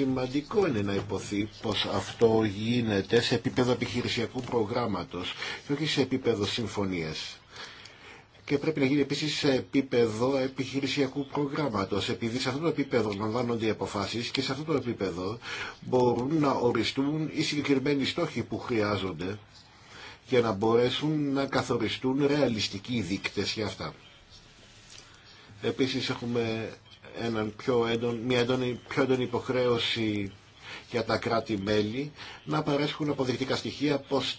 Σημαντικό είναι να υποθεί πως αυτό γίνεται σε επίπεδο επιχειρησιακού προγράμματος και όχι σε επίπεδο συμφωνίας. Και πρέπει να γίνει επίσης σε επίπεδο επιχειρησιακού προγράμματος, επειδή σε αυτό το επίπεδο λαμβάνονται οι αποφάσεις και σε αυτό το επίπεδο μπορούν να οριστούν οι συγκεκριμένοι στόχοι που χρειάζονται για να μπορέσουν να καθοριστούν ρεαλιστικοί δείκτες για αυτά. Επίσης έχουμε έναν πιο έντον, μια πιο έντονη υποχρέωση για τα κράτη-μέλη να παρέσχουν αποδεικτικά στοιχεία πως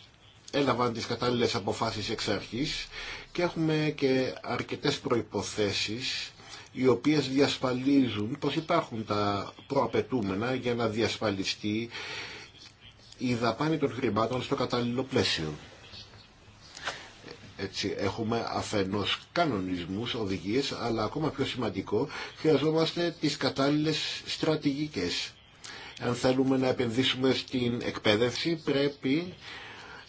έλαβαν τις κατάλληλες αποφάσεις εξ αρχής και έχουμε και αρκετές προϋποθέσεις οι οποίες διασφαλίζουν πως υπάρχουν τα προαπαιτούμενα για να διασφαλιστεί η δαπάνη των χρημάτων στο κατάλληλο πλαίσιο. Έτσι έχουμε αφενός κανονισμούς, οδηγίες, αλλά ακόμα πιο σημαντικό χρειαζόμαστε τις κατάλληλες στρατηγικές. Αν θέλουμε να επενδύσουμε στην εκπαίδευση πρέπει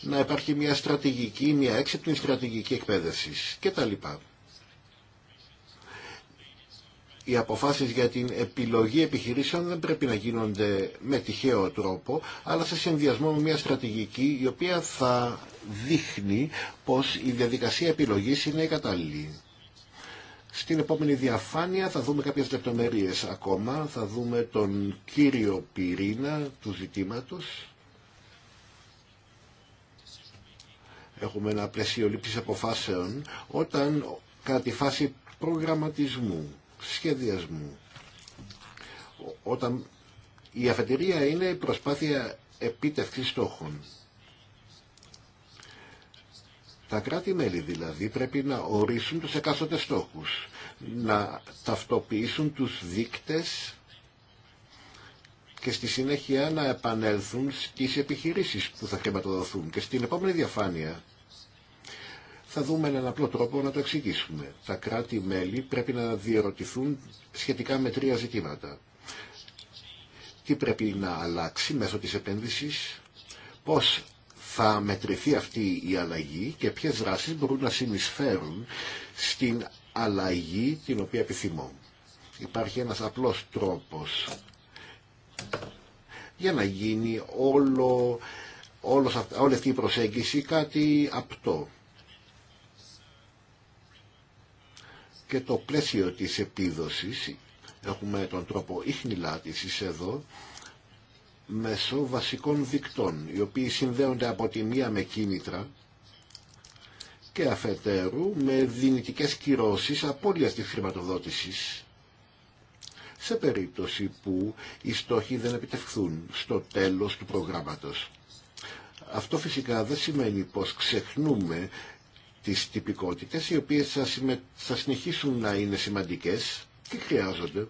να υπάρχει μια στρατηγική, μια έξυπνη στρατηγική εκπαίδευση κτλ οι αποφάσεις για την επιλογή επιχειρήσεων δεν πρέπει να γίνονται με τυχαίο τρόπο, αλλά σε συνδυασμό με μια στρατηγική η οποία θα δείχνει πως η διαδικασία επιλογής είναι η κατάλληλη. Στην επόμενη διαφάνεια θα δούμε κάποιες λεπτομέρειες ακόμα, θα δούμε τον κύριο πυρήνα του ζητήματος. Έχουμε ένα πλαίσιο λήψης αποφάσεων όταν κατά τη φάση προγραμματισμού σχεδιασμού. Όταν η αφετηρία είναι η προσπάθεια επίτευξης στόχων. Τα κράτη-μέλη δηλαδή πρέπει να ορίσουν τους εκάστοτε στόχους, να ταυτοποιήσουν τους δείκτες και στη συνέχεια να επανέλθουν στις επιχειρήσεις που θα χρηματοδοθούν. Και στην επόμενη διαφάνεια θα δούμε έναν απλό τρόπο να το εξηγήσουμε. Τα κράτη-μέλη πρέπει να διερωτηθούν σχετικά με τρία ζητήματα. Τι πρέπει να αλλάξει μέσω της επένδυσης, πώς θα μετρηθεί αυτή η αλλαγή και ποιες δράσεις μπορούν να συνεισφέρουν στην αλλαγή την οποία επιθυμώ. Υπάρχει ένας απλός τρόπος για να γίνει όλο, όλος, όλη αυτή η προσέγγιση κάτι απτό. και το πλαίσιο της επίδοσης. Έχουμε τον τρόπο ίχνηλάτησης εδώ μέσω βασικών δικτών, οι οποίοι συνδέονται από τη μία με κίνητρα και αφετέρου με δυνητικές κυρώσεις απώλειας της χρηματοδότησης σε περίπτωση που οι στόχοι δεν επιτευχθούν στο τέλος του προγράμματος. Αυτό φυσικά δεν σημαίνει πως ξεχνούμε τις τυπικότητες οι οποίες θα, θα συνεχίσουν να είναι σημαντικές και χρειάζονται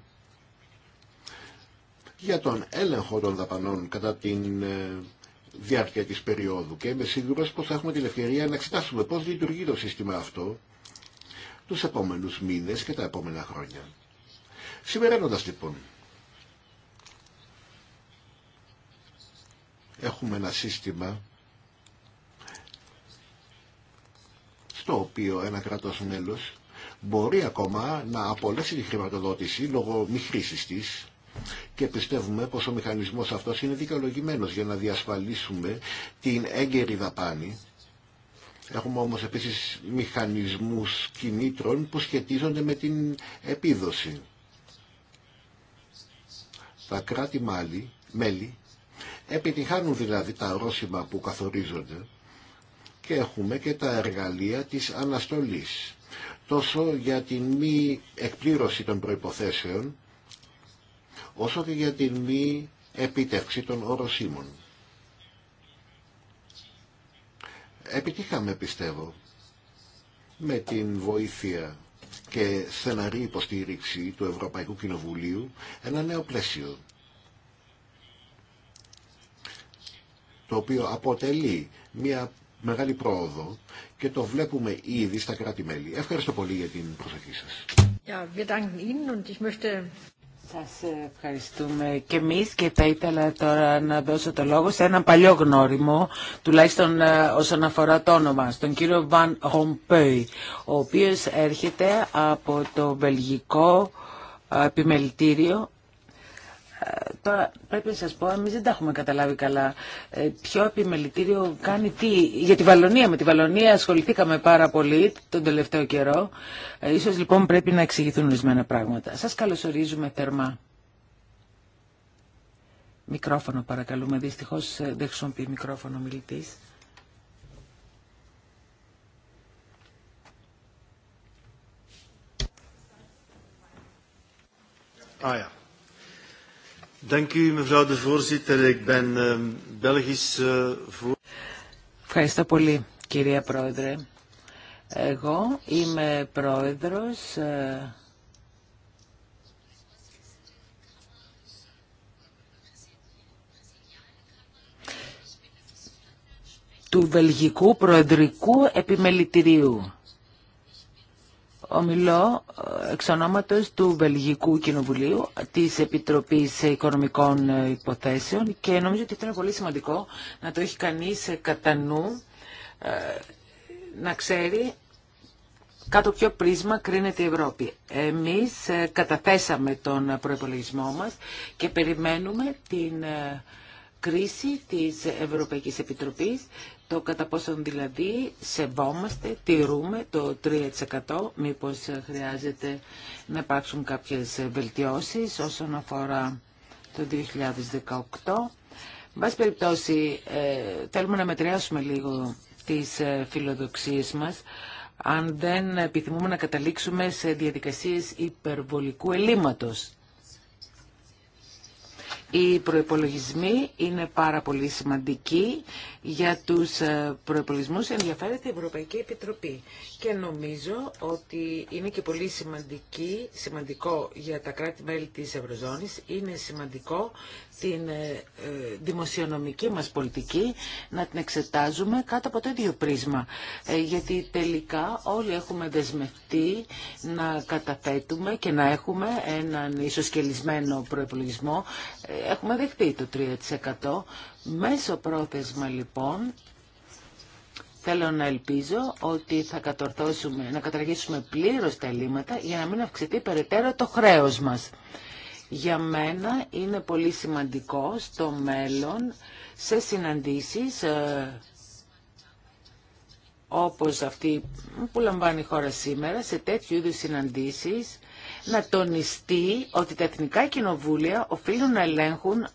για τον έλεγχο των δαπανών κατά την ε, διάρκεια της περίοδου και είμαι σίγουρος πως θα έχουμε την ευκαιρία να εξετάσουμε πώς λειτουργεί το σύστημα αυτό τους επόμενους μήνες και τα επόμενα χρόνια. Συμπεραίνοντας λοιπόν, έχουμε ένα σύστημα στο οποίο ένα κράτος μέλος μπορεί ακόμα να απολέσει τη χρηματοδότηση λόγω μη χρήση τη και πιστεύουμε πως ο μηχανισμός αυτός είναι δικαιολογημένος για να διασφαλίσουμε την έγκαιρη δαπάνη. Έχουμε όμως επίσης μηχανισμούς κινήτρων που σχετίζονται με την επίδοση. Τα κράτη μέλη επιτυχάνουν δηλαδή τα ορόσημα που καθορίζονται και έχουμε και τα εργαλεία της αναστολής τόσο για την μη εκπλήρωση των προϋποθέσεων όσο και για την μη επίτευξη των οροσίμων. Επιτύχαμε πιστεύω με την βοήθεια και στεναρή υποστήριξη του Ευρωπαϊκού Κοινοβουλίου ένα νέο πλαίσιο το οποίο αποτελεί μια μεγάλη πρόοδο και το βλέπουμε ήδη στα κράτη-μέλη. Ευχαριστώ πολύ για την προσοχή σας. Σας ευχαριστούμε και εμείς και θα ήθελα τώρα να δώσω το λόγο σε έναν παλιό γνώριμο, τουλάχιστον ε, όσον αφορά το όνομα, στον κύριο Βαν Ρομπέι, ο οποίος έρχεται από το Βελγικό ε, Επιμελητήριο Τώρα πρέπει να σας πω, εμείς δεν τα έχουμε καταλάβει καλά. Ε, ποιο επιμελητήριο κάνει τι. Για τη Βαλονία, με τη Βαλονία ασχοληθήκαμε πάρα πολύ τον τελευταίο καιρό. Ε, ίσως λοιπόν πρέπει να εξηγηθούν ορισμένα πράγματα. Σας καλωσορίζουμε θερμά. Μικρόφωνο παρακαλούμε. Δυστυχώς ε, δεν χρησιμοποιεί μικρόφωνο ο μιλητής. Ευχαριστώ πολύ, κυρία Πρόεδρε. Εγώ είμαι πρόεδρος ε, του Βελγικού Προεδρικού Επιμελητηρίου. Ομιλώ ε, εξ ονόματος του Βελγικού Κοινοβουλίου της Επιτροπής Οικονομικών ε, Υποθέσεων και νομίζω ότι αυτό είναι πολύ σημαντικό να το έχει κανείς ε, κατά νου, να ξέρει κάτω ποιο πρίσμα κρίνεται η Ευρώπη. Εμείς καταθέσαμε τον προϋπολογισμό μας και περιμένουμε την κρίση της Ευρωπαϊκής Επιτροπής το κατά πόσον δηλαδή σεβόμαστε, τηρούμε το 3%, μήπως χρειάζεται να υπάρξουν κάποιες βελτιώσεις όσον αφορά το 2018. Βάση περιπτώσει, ε, θέλουμε να μετριάσουμε λίγο τις ε, φιλοδοξίες μας, αν δεν επιθυμούμε να καταλήξουμε σε διαδικασίες υπερβολικού ελλείμματος. Οι προϋπολογισμοί είναι πάρα πολύ σημαντικοί για τους ε, προϋπολογισμούς ενδιαφέρεται η Ευρωπαϊκή Επιτροπή και νομίζω ότι είναι και πολύ σημαντικό για τα κράτη-μέλη της Ευρωζώνης, είναι σημαντικό την ε, ε, δημοσιονομική μας πολιτική να την εξετάζουμε κάτω από το ίδιο πρίσμα. Ε, γιατί τελικά όλοι έχουμε δεσμευτεί να καταθέτουμε και να έχουμε έναν ισοσκελισμένο προϋπολογισμό. Έχουμε δεχτεί το 3%. Μέσω πρόθεσμα λοιπόν Θέλω να ελπίζω ότι θα κατορθώσουμε να καταργήσουμε πλήρως τα ελλείμματα για να μην αυξηθεί περαιτέρω το χρέος μας. Για μένα είναι πολύ σημαντικό στο μέλλον σε συναντήσεις ε, όπως αυτή που λαμβάνει η χώρα σήμερα, σε τέτοιου είδους συναντήσεις, να τονιστεί ότι τα εθνικά κοινοβούλια οφείλουν να ελέγχουν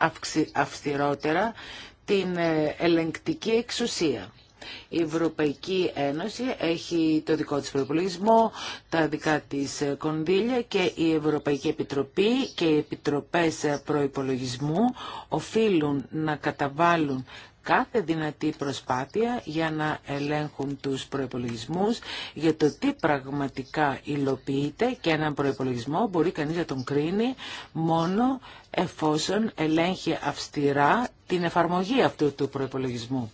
αυστηρότερα την ε, ελεγκτική εξουσία. Η Ευρωπαϊκή Ένωση έχει το δικό της προπολογισμό, τα δικά της κονδύλια και η Ευρωπαϊκή Επιτροπή και οι Επιτροπές Προϋπολογισμού οφείλουν να καταβάλουν κάθε δυνατή προσπάθεια για να ελέγχουν τους προϋπολογισμούς για το τι πραγματικά υλοποιείται και έναν προϋπολογισμό μπορεί κανείς να τον κρίνει μόνο εφόσον ελέγχει αυστηρά την εφαρμογή αυτού του προϋπολογισμού.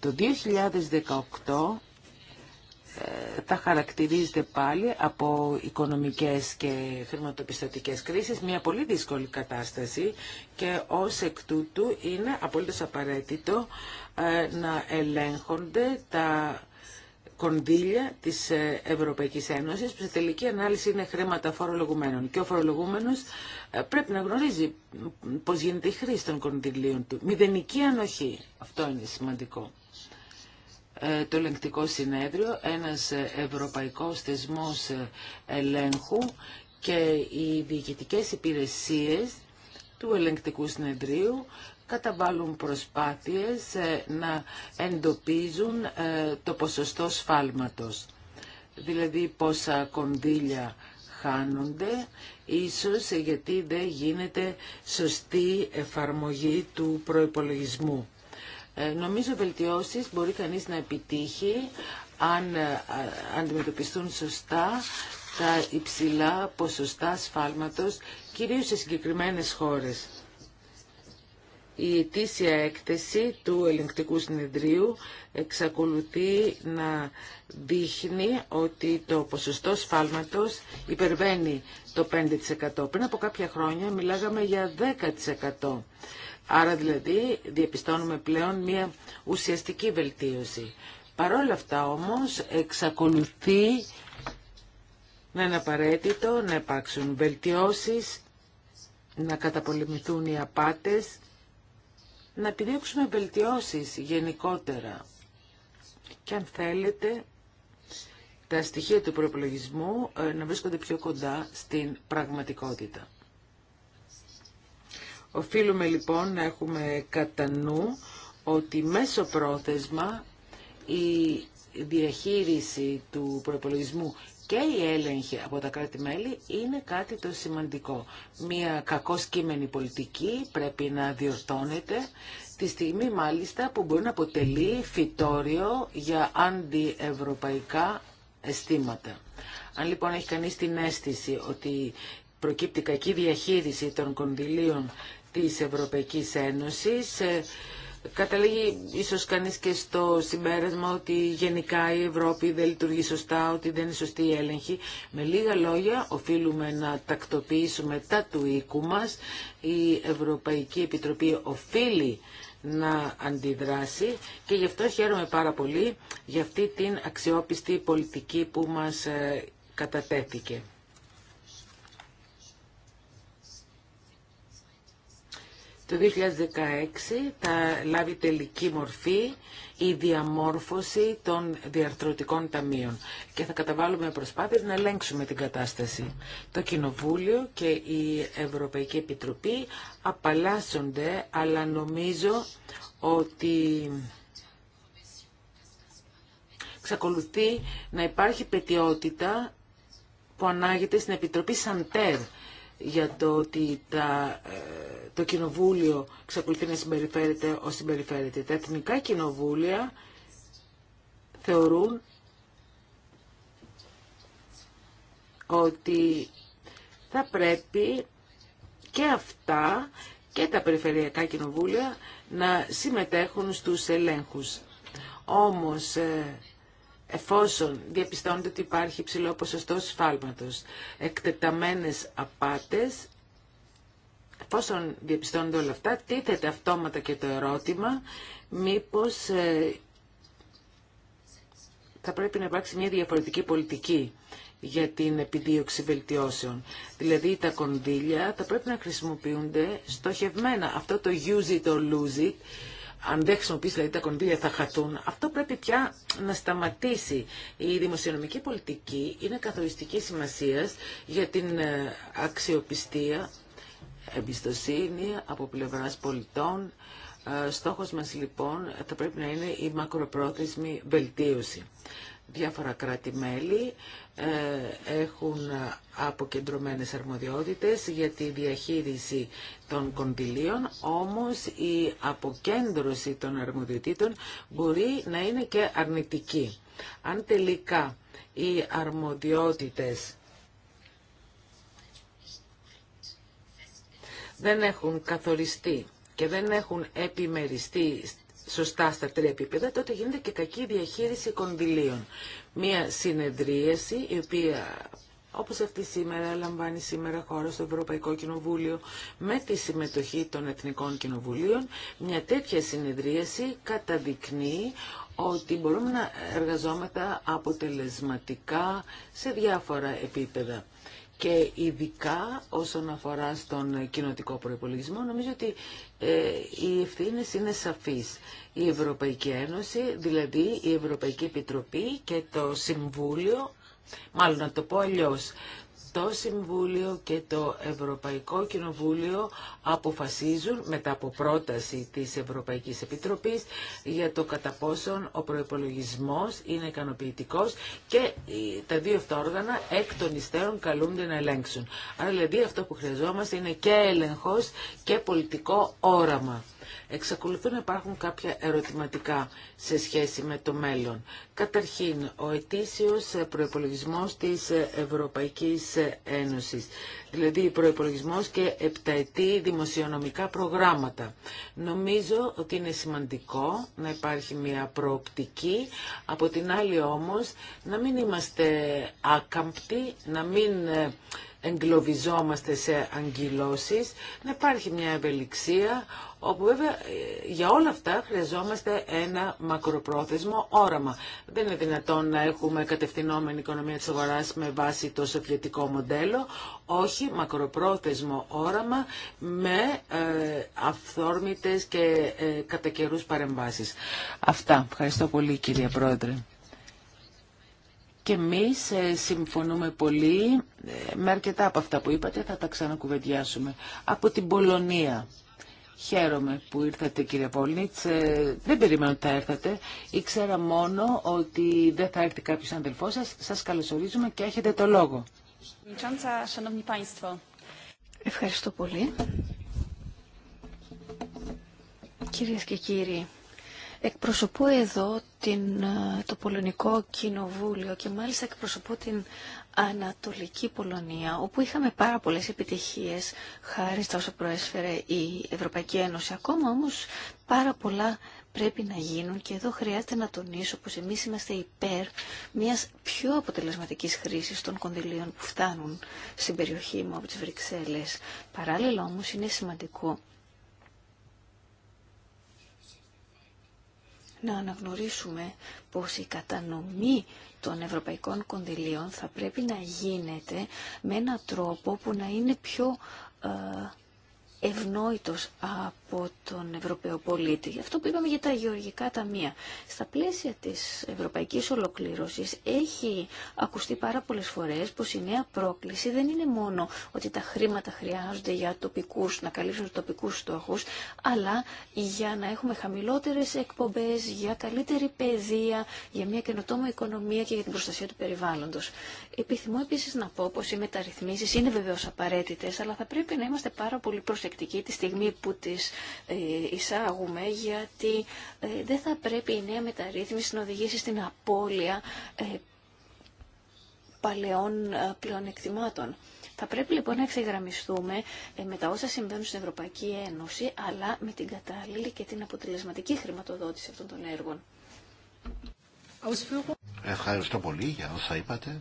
Το 2018 ε, θα χαρακτηρίζεται πάλι από οικονομικές και χρηματοπιστωτικές κρίσεις μια πολύ δύσκολη κατάσταση και ως εκ τούτου είναι απολύτως απαραίτητο ε, να ελέγχονται τα κονδύλια της ε, Ευρωπαϊκής Ένωσης που σε τελική ανάλυση είναι χρήματα φορολογουμένων και ο φορολογούμενος πρέπει να γνωρίζει πώς γίνεται η χρήση των κονδυλίων του. Μηδενική ανοχή, αυτό είναι σημαντικό. Ε, το ελεγκτικό συνέδριο, ένας ε, ευρωπαϊκός θεσμός ε, ελέγχου και οι διοικητικές υπηρεσίες του ελεγκτικού συνεδρίου καταβάλουν προσπάθειες να εντοπίζουν το ποσοστό σφάλματος. Δηλαδή πόσα κονδύλια χάνονται, ίσως γιατί δεν γίνεται σωστή εφαρμογή του προϋπολογισμού. Ε, νομίζω βελτιώσεις μπορεί κανείς να επιτύχει αν ε, αντιμετωπιστούν σωστά τα υψηλά ποσοστά σφάλματος, κυρίως σε συγκεκριμένες χώρες. Η ετήσια έκθεση του ελεγκτικού συνεδρίου εξακολουθεί να δείχνει ότι το ποσοστό σφάλματος υπερβαίνει το 5%. Πριν από κάποια χρόνια μιλάγαμε για 10%. Άρα δηλαδή διαπιστώνουμε πλέον μια ουσιαστική βελτίωση. Παρόλα αυτά όμως εξακολουθεί να είναι απαραίτητο να υπάρξουν βελτιώσεις, να καταπολεμηθούν οι απάτες, να επιδιώξουμε βελτιώσεις γενικότερα. Και αν θέλετε, τα στοιχεία του προπολογισμού ε, να βρίσκονται πιο κοντά στην πραγματικότητα. Οφείλουμε λοιπόν να έχουμε κατά νου ότι μέσω πρόθεσμα η διαχείριση του προπολογισμού και η έλεγχη από τα κράτη-μέλη είναι κάτι το σημαντικό. Μία κακό κείμενη πολιτική πρέπει να διορθώνεται τη στιγμή μάλιστα που μπορεί να αποτελεί φυτόριο για αντιευρωπαϊκά αισθήματα. Αν λοιπόν έχει κανείς την αίσθηση ότι προκύπτει κακή διαχείριση των κονδυλίων της Ευρωπαϊκής Ένωσης ε, καταλήγει ίσως κανείς και στο συμπέρασμα ότι γενικά η Ευρώπη δεν λειτουργεί σωστά, ότι δεν είναι σωστή η έλεγχη. Με λίγα λόγια οφείλουμε να τακτοποιήσουμε τα του οίκου μας. Η Ευρωπαϊκή Επιτροπή οφείλει να αντιδράσει και γι' αυτό χαίρομαι πάρα πολύ για αυτή την αξιόπιστη πολιτική που μας ε, κατατέθηκε. Το 2016 θα λάβει τελική μορφή η διαμόρφωση των διαρθρωτικών ταμείων και θα καταβάλουμε προσπάθειες να ελέγξουμε την κατάσταση. Το Κοινοβούλιο και η Ευρωπαϊκή Επιτροπή απαλλάσσονται, αλλά νομίζω ότι ξεκολουθεί να υπάρχει πετιότητα που ανάγεται στην Επιτροπή Σαντέρ για το ότι τα, ε, το κοινοβούλιο ξεκολουθεί να συμπεριφέρεται ως συμπεριφέρεται. Τα εθνικά κοινοβούλια θεωρούν ότι θα πρέπει και αυτά και τα περιφερειακά κοινοβούλια να συμμετέχουν στους ελέγχους. Όμως ε, εφόσον διαπιστώνεται ότι υπάρχει ψηλό ποσοστό σφάλματος, εκτεταμένες απάτες, εφόσον διαπιστώνεται όλα αυτά, τίθεται αυτόματα και το ερώτημα μήπως ε, θα πρέπει να υπάρξει μια διαφορετική πολιτική για την επιδίωξη βελτιώσεων. Δηλαδή τα κονδύλια θα πρέπει να χρησιμοποιούνται στοχευμένα. Αυτό το use it or lose it αν δεν χρησιμοποιήσει δηλαδή, τα κονδύλια θα χαθούν. Αυτό πρέπει πια να σταματήσει. Η δημοσιονομική πολιτική είναι καθοριστική σημασία για την ε, αξιοπιστία, εμπιστοσύνη από πλευράς πολιτών. Ε, στόχος μας λοιπόν θα πρέπει να είναι η μακροπρόθεσμη βελτίωση. Διάφορα κράτη-μέλη ε, έχουν αποκεντρωμένες αρμοδιότητες για τη διαχείριση των κονδυλίων, όμως η αποκέντρωση των αρμοδιοτήτων μπορεί να είναι και αρνητική. Αν τελικά οι αρμοδιότητες δεν έχουν καθοριστεί και δεν έχουν επιμεριστεί σωστά στα τρία επίπεδα, τότε γίνεται και κακή διαχείριση κονδυλίων μία συνεδρίαση η οποία όπως αυτή σήμερα λαμβάνει σήμερα χώρα στο Ευρωπαϊκό Κοινοβούλιο με τη συμμετοχή των Εθνικών Κοινοβουλίων. Μια τέτοια συνεδρίαση καταδεικνύει ότι μπορούμε να εργαζόμεθα αποτελεσματικά σε διάφορα επίπεδα και ειδικά όσον αφορά στον κοινοτικό προϋπολογισμό, νομίζω ότι ε, οι ευθύνε είναι σαφείς. Η Ευρωπαϊκή Ένωση, δηλαδή η Ευρωπαϊκή Επιτροπή και το Συμβούλιο, μάλλον να το πω το Συμβούλιο και το Ευρωπαϊκό Κοινοβούλιο αποφασίζουν μετά από πρόταση της Ευρωπαϊκής Επιτροπής για το κατά πόσον ο προϋπολογισμός είναι ικανοποιητικό και τα δύο αυτά όργανα εκ των υστέρων καλούνται να ελέγξουν. Άρα δηλαδή αυτό που χρειαζόμαστε είναι και έλεγχος και πολιτικό όραμα εξακολουθούν να υπάρχουν κάποια ερωτηματικά σε σχέση με το μέλλον. Καταρχήν, ο ετήσιος προϋπολογισμός της Ευρωπαϊκής Ένωσης, δηλαδή προϋπολογισμός και επταετή δημοσιονομικά προγράμματα. Νομίζω ότι είναι σημαντικό να υπάρχει μια προοπτική, από την άλλη όμως να μην είμαστε άκαμπτοι, να μην εγκλωβιζόμαστε σε αγκυλώσεις, να υπάρχει μια ευελιξία, όπου βέβαια ε, για όλα αυτά χρειαζόμαστε ένα μακροπρόθεσμο όραμα. Δεν είναι δυνατόν να έχουμε κατευθυνόμενη οικονομία της αγοράς με βάση το σοβιετικό μοντέλο, όχι μακροπρόθεσμο όραμα με ε, αυθόρμητες και ε, παρεμβάσεις. Αυτά. Ευχαριστώ πολύ κύριε Πρόεδρε. Και εμείς ε, συμφωνούμε πολύ ε, με αρκετά από αυτά που είπατε, θα τα ξανακουβεντιάσουμε. Από την Πολωνία. Χαίρομαι που ήρθατε κύριε Πόλνιτς. Ε, δεν περίμενα ότι θα έρθατε. Ήξερα μόνο ότι δεν θα έρθει κάποιος αδελφός σας. Σας καλωσορίζουμε και έχετε το λόγο. Ευχαριστώ πολύ. Κυρίες και κύριοι, Εκπροσωπώ εδώ την, ε, το Πολωνικό Κοινοβούλιο και μάλιστα εκπροσωπώ την Ανατολική Πολωνία, όπου είχαμε πάρα πολλές επιτυχίες χάρη στα όσα προέσφερε η Ευρωπαϊκή Ένωση. Ακόμα όμως πάρα πολλά πρέπει να γίνουν και εδώ χρειάζεται να τονίσω πως εμείς είμαστε υπέρ μιας πιο αποτελεσματικής χρήσης των κονδυλίων που φτάνουν στην περιοχή μου από τις Βρυξέλλες. Παράλληλα όμως είναι σημαντικό να αναγνωρίσουμε πως η κατανομή των ευρωπαϊκών κονδυλίων θα πρέπει να γίνεται με έναν τρόπο που να είναι πιο ε, ευνόητος από τον Ευρωπαίο πολίτη. αυτό που είπαμε για τα γεωργικά ταμεία. Στα πλαίσια της ευρωπαϊκής ολοκλήρωσης έχει ακουστεί πάρα πολλές φορές πως η νέα πρόκληση δεν είναι μόνο ότι τα χρήματα χρειάζονται για τοπικούς, να καλύψουν τους τοπικούς στόχους, αλλά για να έχουμε χαμηλότερες εκπομπές, για καλύτερη παιδεία, για μια καινοτόμο οικονομία και για την προστασία του περιβάλλοντος. Επιθυμώ επίσης να πω πως οι μεταρρυθμίσεις είναι βεβαίως απαραίτητες, αλλά θα πρέπει να είμαστε πάρα πολύ προσεκτικοί προσεκτική τη στιγμή που τις ε, εισάγουμε γιατί ε, δεν θα πρέπει η νέα μεταρρύθμιση να οδηγήσει στην απώλεια ε, παλαιών εκτιμάτων. Θα πρέπει λοιπόν να ευθυγραμμιστούμε με τα όσα συμβαίνουν στην Ευρωπαϊκή Ένωση, αλλά με την κατάλληλη και την αποτελεσματική χρηματοδότηση αυτών των έργων. Ευχαριστώ πολύ για όσα είπατε.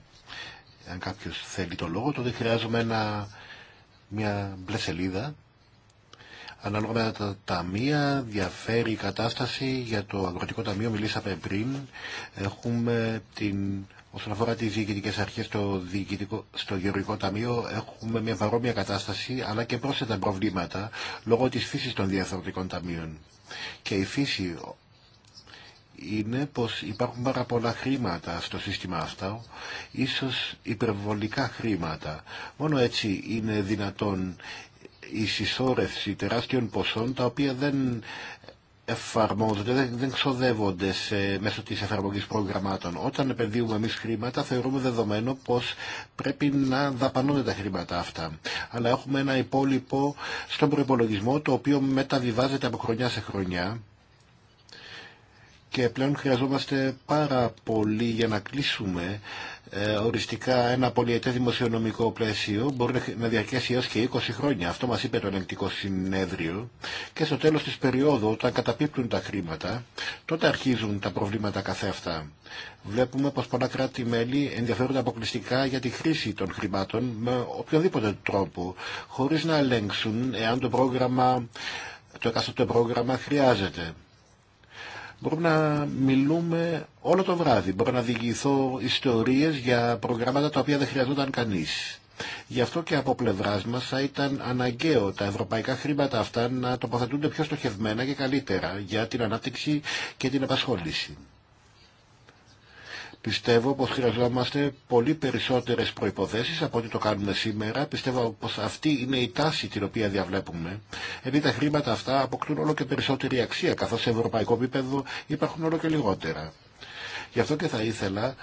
Αν κάποιος θέλει το λόγο, τότε χρειάζομαι ένα, μια μπλε σελίδα Ανάλογα με τα ταμεία διαφέρει η κατάσταση. Για το Αγροτικό Ταμείο μιλήσαμε πριν. Έχουμε την Όσον αφορά τι διοικητικέ αρχέ στο, στο Γεωργικό Ταμείο, έχουμε μια παρόμοια κατάσταση, αλλά και πρόσθετα προβλήματα λόγω τη φύση των διαφορετικών ταμείων. Και η φύση είναι πως υπάρχουν πάρα πολλά χρήματα στο σύστημα αυτό, ίσως υπερβολικά χρήματα. Μόνο έτσι είναι δυνατόν η συσσόρευση τεράστιων ποσών τα οποία δεν εφαρμόζονται, δεν, ξοδεύονται σε, μέσω της εφαρμογής προγραμμάτων. Όταν επενδύουμε εμείς χρήματα θεωρούμε δεδομένο πως πρέπει να δαπανώνται τα χρήματα αυτά. Αλλά έχουμε ένα υπόλοιπο στον προπολογισμό το οποίο μεταβιβάζεται από χρονιά σε χρονιά και πλέον χρειαζόμαστε πάρα πολύ για να κλείσουμε ε, οριστικά ένα πολιετές δημοσιονομικό πλαίσιο μπορεί να διαρκέσει έως και 20 χρόνια. Αυτό μας είπε το ελεγκτικό συνέδριο. Και στο τέλος της περίοδου, όταν καταπίπτουν τα χρήματα, τότε αρχίζουν τα προβλήματα καθέφτα. Βλέπουμε πως πολλά κράτη-μέλη ενδιαφέρονται αποκλειστικά για τη χρήση των χρημάτων με οποιοδήποτε τρόπο, χωρίς να ελέγξουν εάν το πρόγραμμα το εκάστοτε πρόγραμμα χρειάζεται μπορούμε να μιλούμε όλο το βράδυ. Μπορώ να διηγηθώ ιστορίες για προγράμματα τα οποία δεν χρειαζόταν κανείς. Γι' αυτό και από πλευρά μα θα ήταν αναγκαίο τα ευρωπαϊκά χρήματα αυτά να τοποθετούνται πιο στοχευμένα και καλύτερα για την ανάπτυξη και την απασχόληση. Πιστεύω πως χρειαζόμαστε πολύ περισσότερες προϋποθέσεις από ό,τι το κάνουμε σήμερα. Πιστεύω πως αυτή είναι η τάση την οποία διαβλέπουμε. Επειδή τα χρήματα αυτά αποκτούν όλο και περισσότερη αξία, καθώς σε ευρωπαϊκό επίπεδο υπάρχουν όλο και λιγότερα. Γι' αυτό και θα ήθελα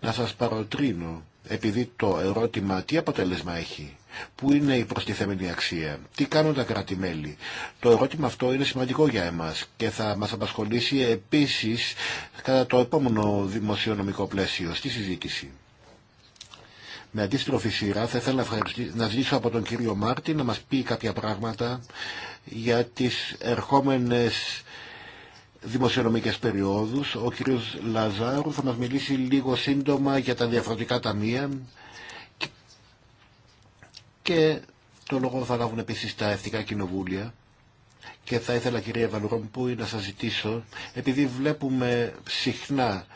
να σας παροτρύνω, επειδή το ερώτημα τι αποτέλεσμα έχει Πού είναι η προστιθέμενη αξία, τι κάνουν τα κράτη-μέλη. Το ερώτημα αυτό είναι σημαντικό για εμάς και θα μας απασχολήσει επίσης κατά το επόμενο δημοσιονομικό πλαίσιο στη συζήτηση. Με αντίστροφη σειρά θα ήθελα να ζήσω από τον κύριο Μάρτι να μας πει κάποια πράγματα για τις ερχόμενες δημοσιονομικές περιόδους. Ο κύριος Λαζάρου θα μας μιλήσει λίγο σύντομα για τα διαφορετικά ταμεία και το λόγο θα λάβουν επίσης τα εθνικά κοινοβούλια και θα ήθελα κυρία Βαλουρόμπου να σας ζητήσω επειδή βλέπουμε συχνά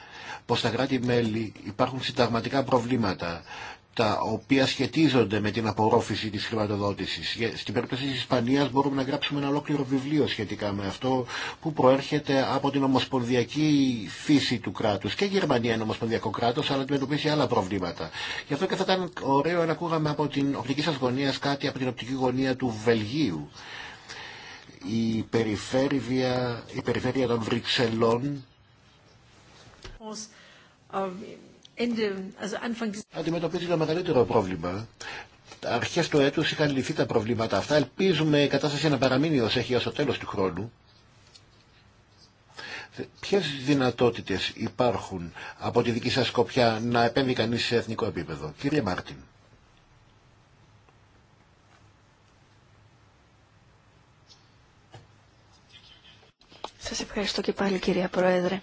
πως στα κράτη-μέλη υπάρχουν συνταγματικά προβλήματα τα οποία σχετίζονται με την απορρόφηση της χρηματοδότησης. Στην περίπτωση της Ισπανίας μπορούμε να γράψουμε ένα ολόκληρο βιβλίο σχετικά με αυτό που προέρχεται από την ομοσπονδιακή φύση του κράτους. Και η Γερμανία είναι ομοσπονδιακό κράτος αλλά αντιμετωπίζει άλλα προβλήματα. Γι' αυτό και θα ήταν ωραίο να ακούγαμε από την οπτική σας γωνία κάτι από την οπτική γωνία του Βελγίου. Η περιφέρεια, η περιφέρεια των Βρυξελών Αντιμετωπίζει το μεγαλύτερο πρόβλημα. Αρχέ του έτου είχαν λυθεί τα προβλήματα αυτά. Ελπίζουμε η κατάσταση να παραμείνει ω έχει ω το τέλο του χρόνου. Ποιε δυνατότητε υπάρχουν από τη δική σα σκοπιά να επέμβει κανεί σε εθνικό επίπεδο, κύριε Μάρτιν. Σας ευχαριστώ και πάλι κυρία Πρόεδρε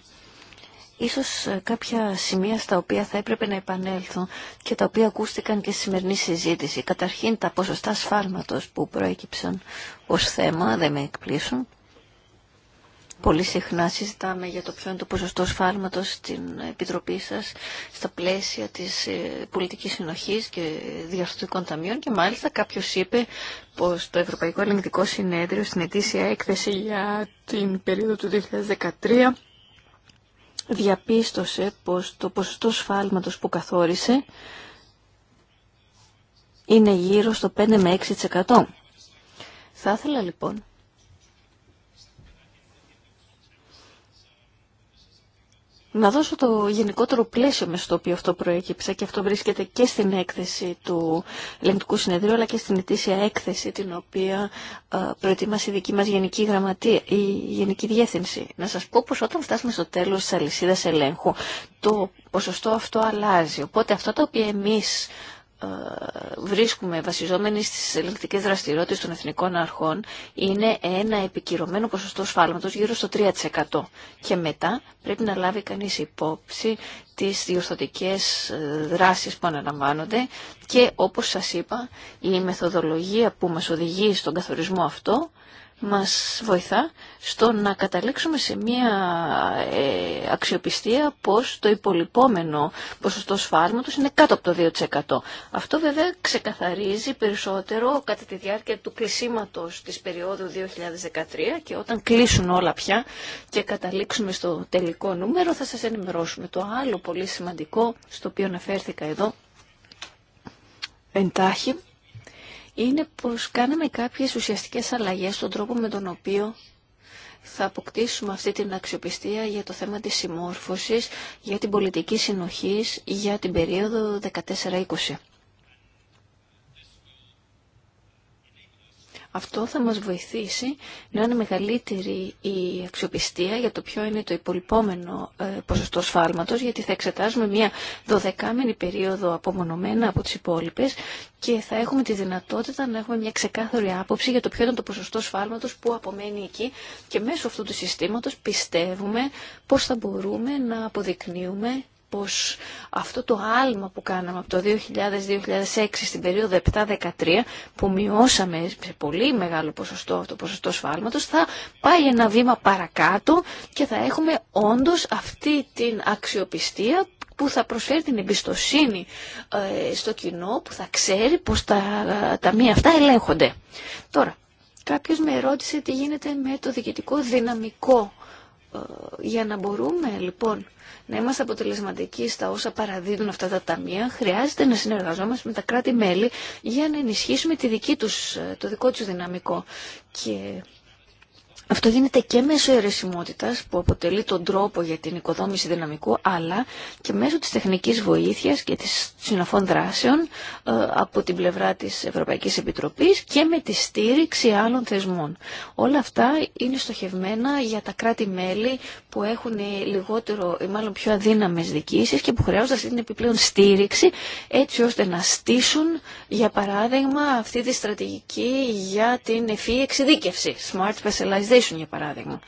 ίσως ε, κάποια σημεία στα οποία θα έπρεπε να επανέλθω και τα οποία ακούστηκαν και στη σημερινή συζήτηση. Καταρχήν τα ποσοστά σφάλματος που προέκυψαν ως θέμα δεν με εκπλήσουν. Πολύ συχνά συζητάμε για το ποιο είναι το ποσοστό σφάλματος στην Επιτροπή σας στα πλαίσια της ε, πολιτικής συνοχής και διαρθωτικών ταμείων και μάλιστα κάποιο είπε πως το Ευρωπαϊκό Ελληνικό Συνέδριο στην ετήσια έκθεση για την περίοδο του 2013 διαπίστωσε πως το ποσοστό σφάλματος που καθόρισε είναι γύρω στο 5 με 6%. Θα ήθελα λοιπόν Να δώσω το γενικότερο πλαίσιο με στο οποίο αυτό προέκυψε και αυτό βρίσκεται και στην έκθεση του Ελεγκτικού Συνεδρίου αλλά και στην ετήσια έκθεση την οποία ε, προετοίμασε η δική μας Γενική Γραμματεία, η Γενική Διεύθυνση. Να σας πω πως όταν φτάσουμε στο τέλος της αλυσίδας ελέγχου το ποσοστό αυτό αλλάζει. Οπότε αυτό το οποία εμείς ε, βρίσκουμε βασιζόμενοι στις ελεγκτικές δραστηριότητες των εθνικών αρχών είναι ένα επικυρωμένο ποσοστό σφάλματος γύρω στο 3% και μετά πρέπει να λάβει κανείς υπόψη τις διορθωτικές ε, δράσεις που αναλαμβάνονται και όπως σας είπα η μεθοδολογία που μας οδηγεί στον καθορισμό αυτό μας βοηθά στο να καταλήξουμε σε μια ε, αξιοπιστία πως το υπολοιπόμενο ποσοστό σφάλματος είναι κάτω από το 2%. Αυτό βέβαια ξεκαθαρίζει περισσότερο κατά τη διάρκεια του κλεισίματος της περίοδου 2013 και όταν κλείσουν όλα πια και καταλήξουμε στο τελικό νούμερο θα σας ενημερώσουμε. Το άλλο πολύ σημαντικό στο οποίο αναφέρθηκα εδώ εντάχει είναι πως κάναμε κάποιες ουσιαστικές αλλαγές στον τρόπο με τον οποίο θα αποκτήσουμε αυτή την αξιοπιστία για το θέμα της συμμόρφωσης, για την πολιτική συνοχής, για την περίοδο 14-20. Αυτό θα μας βοηθήσει να είναι μεγαλύτερη η αξιοπιστία για το ποιο είναι το υπολοιπόμενο ε, ποσοστό σφάλματος, γιατί θα εξετάζουμε μια δωδεκάμενη περίοδο απομονωμένα από τις υπόλοιπες και θα έχουμε τη δυνατότητα να έχουμε μια ξεκάθαρη άποψη για το ποιο ήταν το ποσοστό σφάλματος που απομένει εκεί και μέσω αυτού του συστήματος πιστεύουμε πώς θα μπορούμε να αποδεικνύουμε πως αυτό το άλμα που κάναμε από το 2000-2006 στην περίοδο 7-13 που μειώσαμε σε πολύ μεγάλο ποσοστό το ποσοστό σφάλματος θα πάει ένα βήμα παρακάτω και θα έχουμε όντως αυτή την αξιοπιστία που θα προσφέρει την εμπιστοσύνη ε, στο κοινό που θα ξέρει πως τα ταμεία αυτά ελέγχονται. Τώρα, κάποιος με ρώτησε τι γίνεται με το διοικητικό δυναμικό ε, για να μπορούμε λοιπόν να είμαστε αποτελεσματικοί στα όσα παραδίδουν αυτά τα ταμεία, χρειάζεται να συνεργαζόμαστε με τα κράτη-μέλη για να ενισχύσουμε τη δική τους, ε, το δικό τους δυναμικό. Και αυτό γίνεται και μέσω αιρεσιμότητα που αποτελεί τον τρόπο για την οικοδόμηση δυναμικού αλλά και μέσω τη τεχνική βοήθεια και της συναφών δράσεων ε, από την πλευρά τη Ευρωπαϊκή Επιτροπή και με τη στήριξη άλλων θεσμών. Όλα αυτά είναι στοχευμένα για τα κράτη-μέλη που έχουν λιγότερο ή μάλλον πιο αδύναμε δικήσει και που χρειάζονται αυτή την επιπλέον στήριξη έτσι ώστε να στήσουν για παράδειγμα αυτή τη στρατηγική για την ευφύ εξειδίκευση, Smart για παράδειγμα.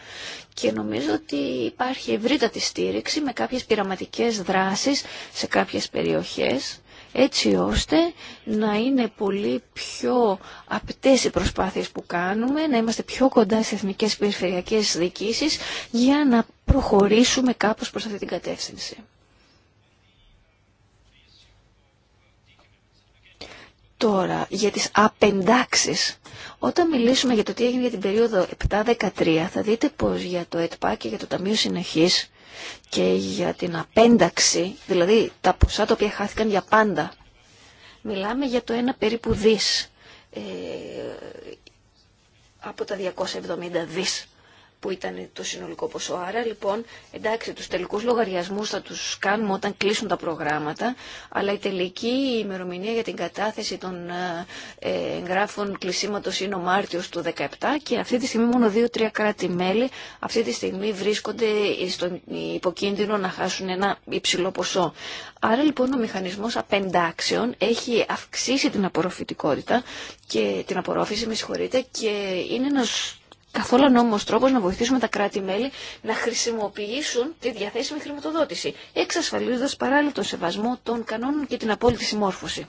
Και νομίζω ότι υπάρχει ευρύτατη στήριξη με κάποιες πειραματικές δράσεις σε κάποιες περιοχές έτσι ώστε να είναι πολύ πιο απτές οι προσπάθειες που κάνουμε, να είμαστε πιο κοντά στις εθνικές περιφερειακές διοικήσεις για να προχωρήσουμε κάπως προς αυτή την κατεύθυνση. Τώρα, για τις απεντάξεις. Όταν μιλήσουμε για το τι έγινε για την περίοδο 7-13, θα δείτε πως για το ΕΤΠΑ και για το Ταμείο Συνεχής και για την απένταξη, δηλαδή τα ποσά τα οποία χάθηκαν για πάντα, μιλάμε για το ένα περίπου δις ε, από τα 270 δις που ήταν το συνολικό ποσό. Άρα λοιπόν, εντάξει, τους τελικούς λογαριασμούς θα τους κάνουμε όταν κλείσουν τα προγράμματα, αλλά η τελική ημερομηνία για την κατάθεση των ε, ε, εγγράφων κλεισίματος είναι ο Μάρτιος του 2017 και αυτή τη στιγμή μόνο δύο-τρία κράτη-μέλη αυτή τη στιγμή βρίσκονται στον υποκίνδυνο να χάσουν ένα υψηλό ποσό. Άρα λοιπόν ο μηχανισμός απεντάξεων έχει αυξήσει την απορροφητικότητα και την απορρόφηση, με συγχωρείτε, και είναι ένας καθόλου νόμιμος τρόπο να βοηθήσουμε τα κράτη-μέλη να χρησιμοποιήσουν τη διαθέσιμη χρηματοδότηση, εξασφαλίζοντα παράλληλα τον σεβασμό των κανόνων και την απόλυτη συμμόρφωση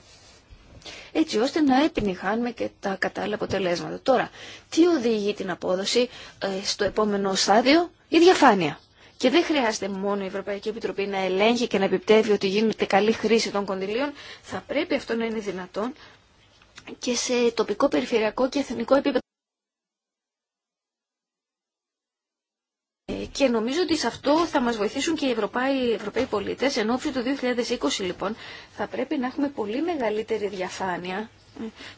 έτσι ώστε να επινηχάνουμε και τα κατάλληλα αποτελέσματα. Τώρα, τι οδηγεί την απόδοση ε, στο επόμενο στάδιο, η διαφάνεια. Και δεν χρειάζεται μόνο η Ευρωπαϊκή Επιτροπή να ελέγχει και να επιπτεύει ότι γίνεται καλή χρήση των κονδυλίων. Θα πρέπει αυτό να είναι δυνατόν και σε τοπικό, περιφερειακό και εθνικό επίπεδο. και νομίζω ότι σε αυτό θα μας βοηθήσουν και οι Ευρωπαίοι, Ευρωπαίοι πολίτες. Εν ώψη του 2020 λοιπόν θα πρέπει να έχουμε πολύ μεγαλύτερη διαφάνεια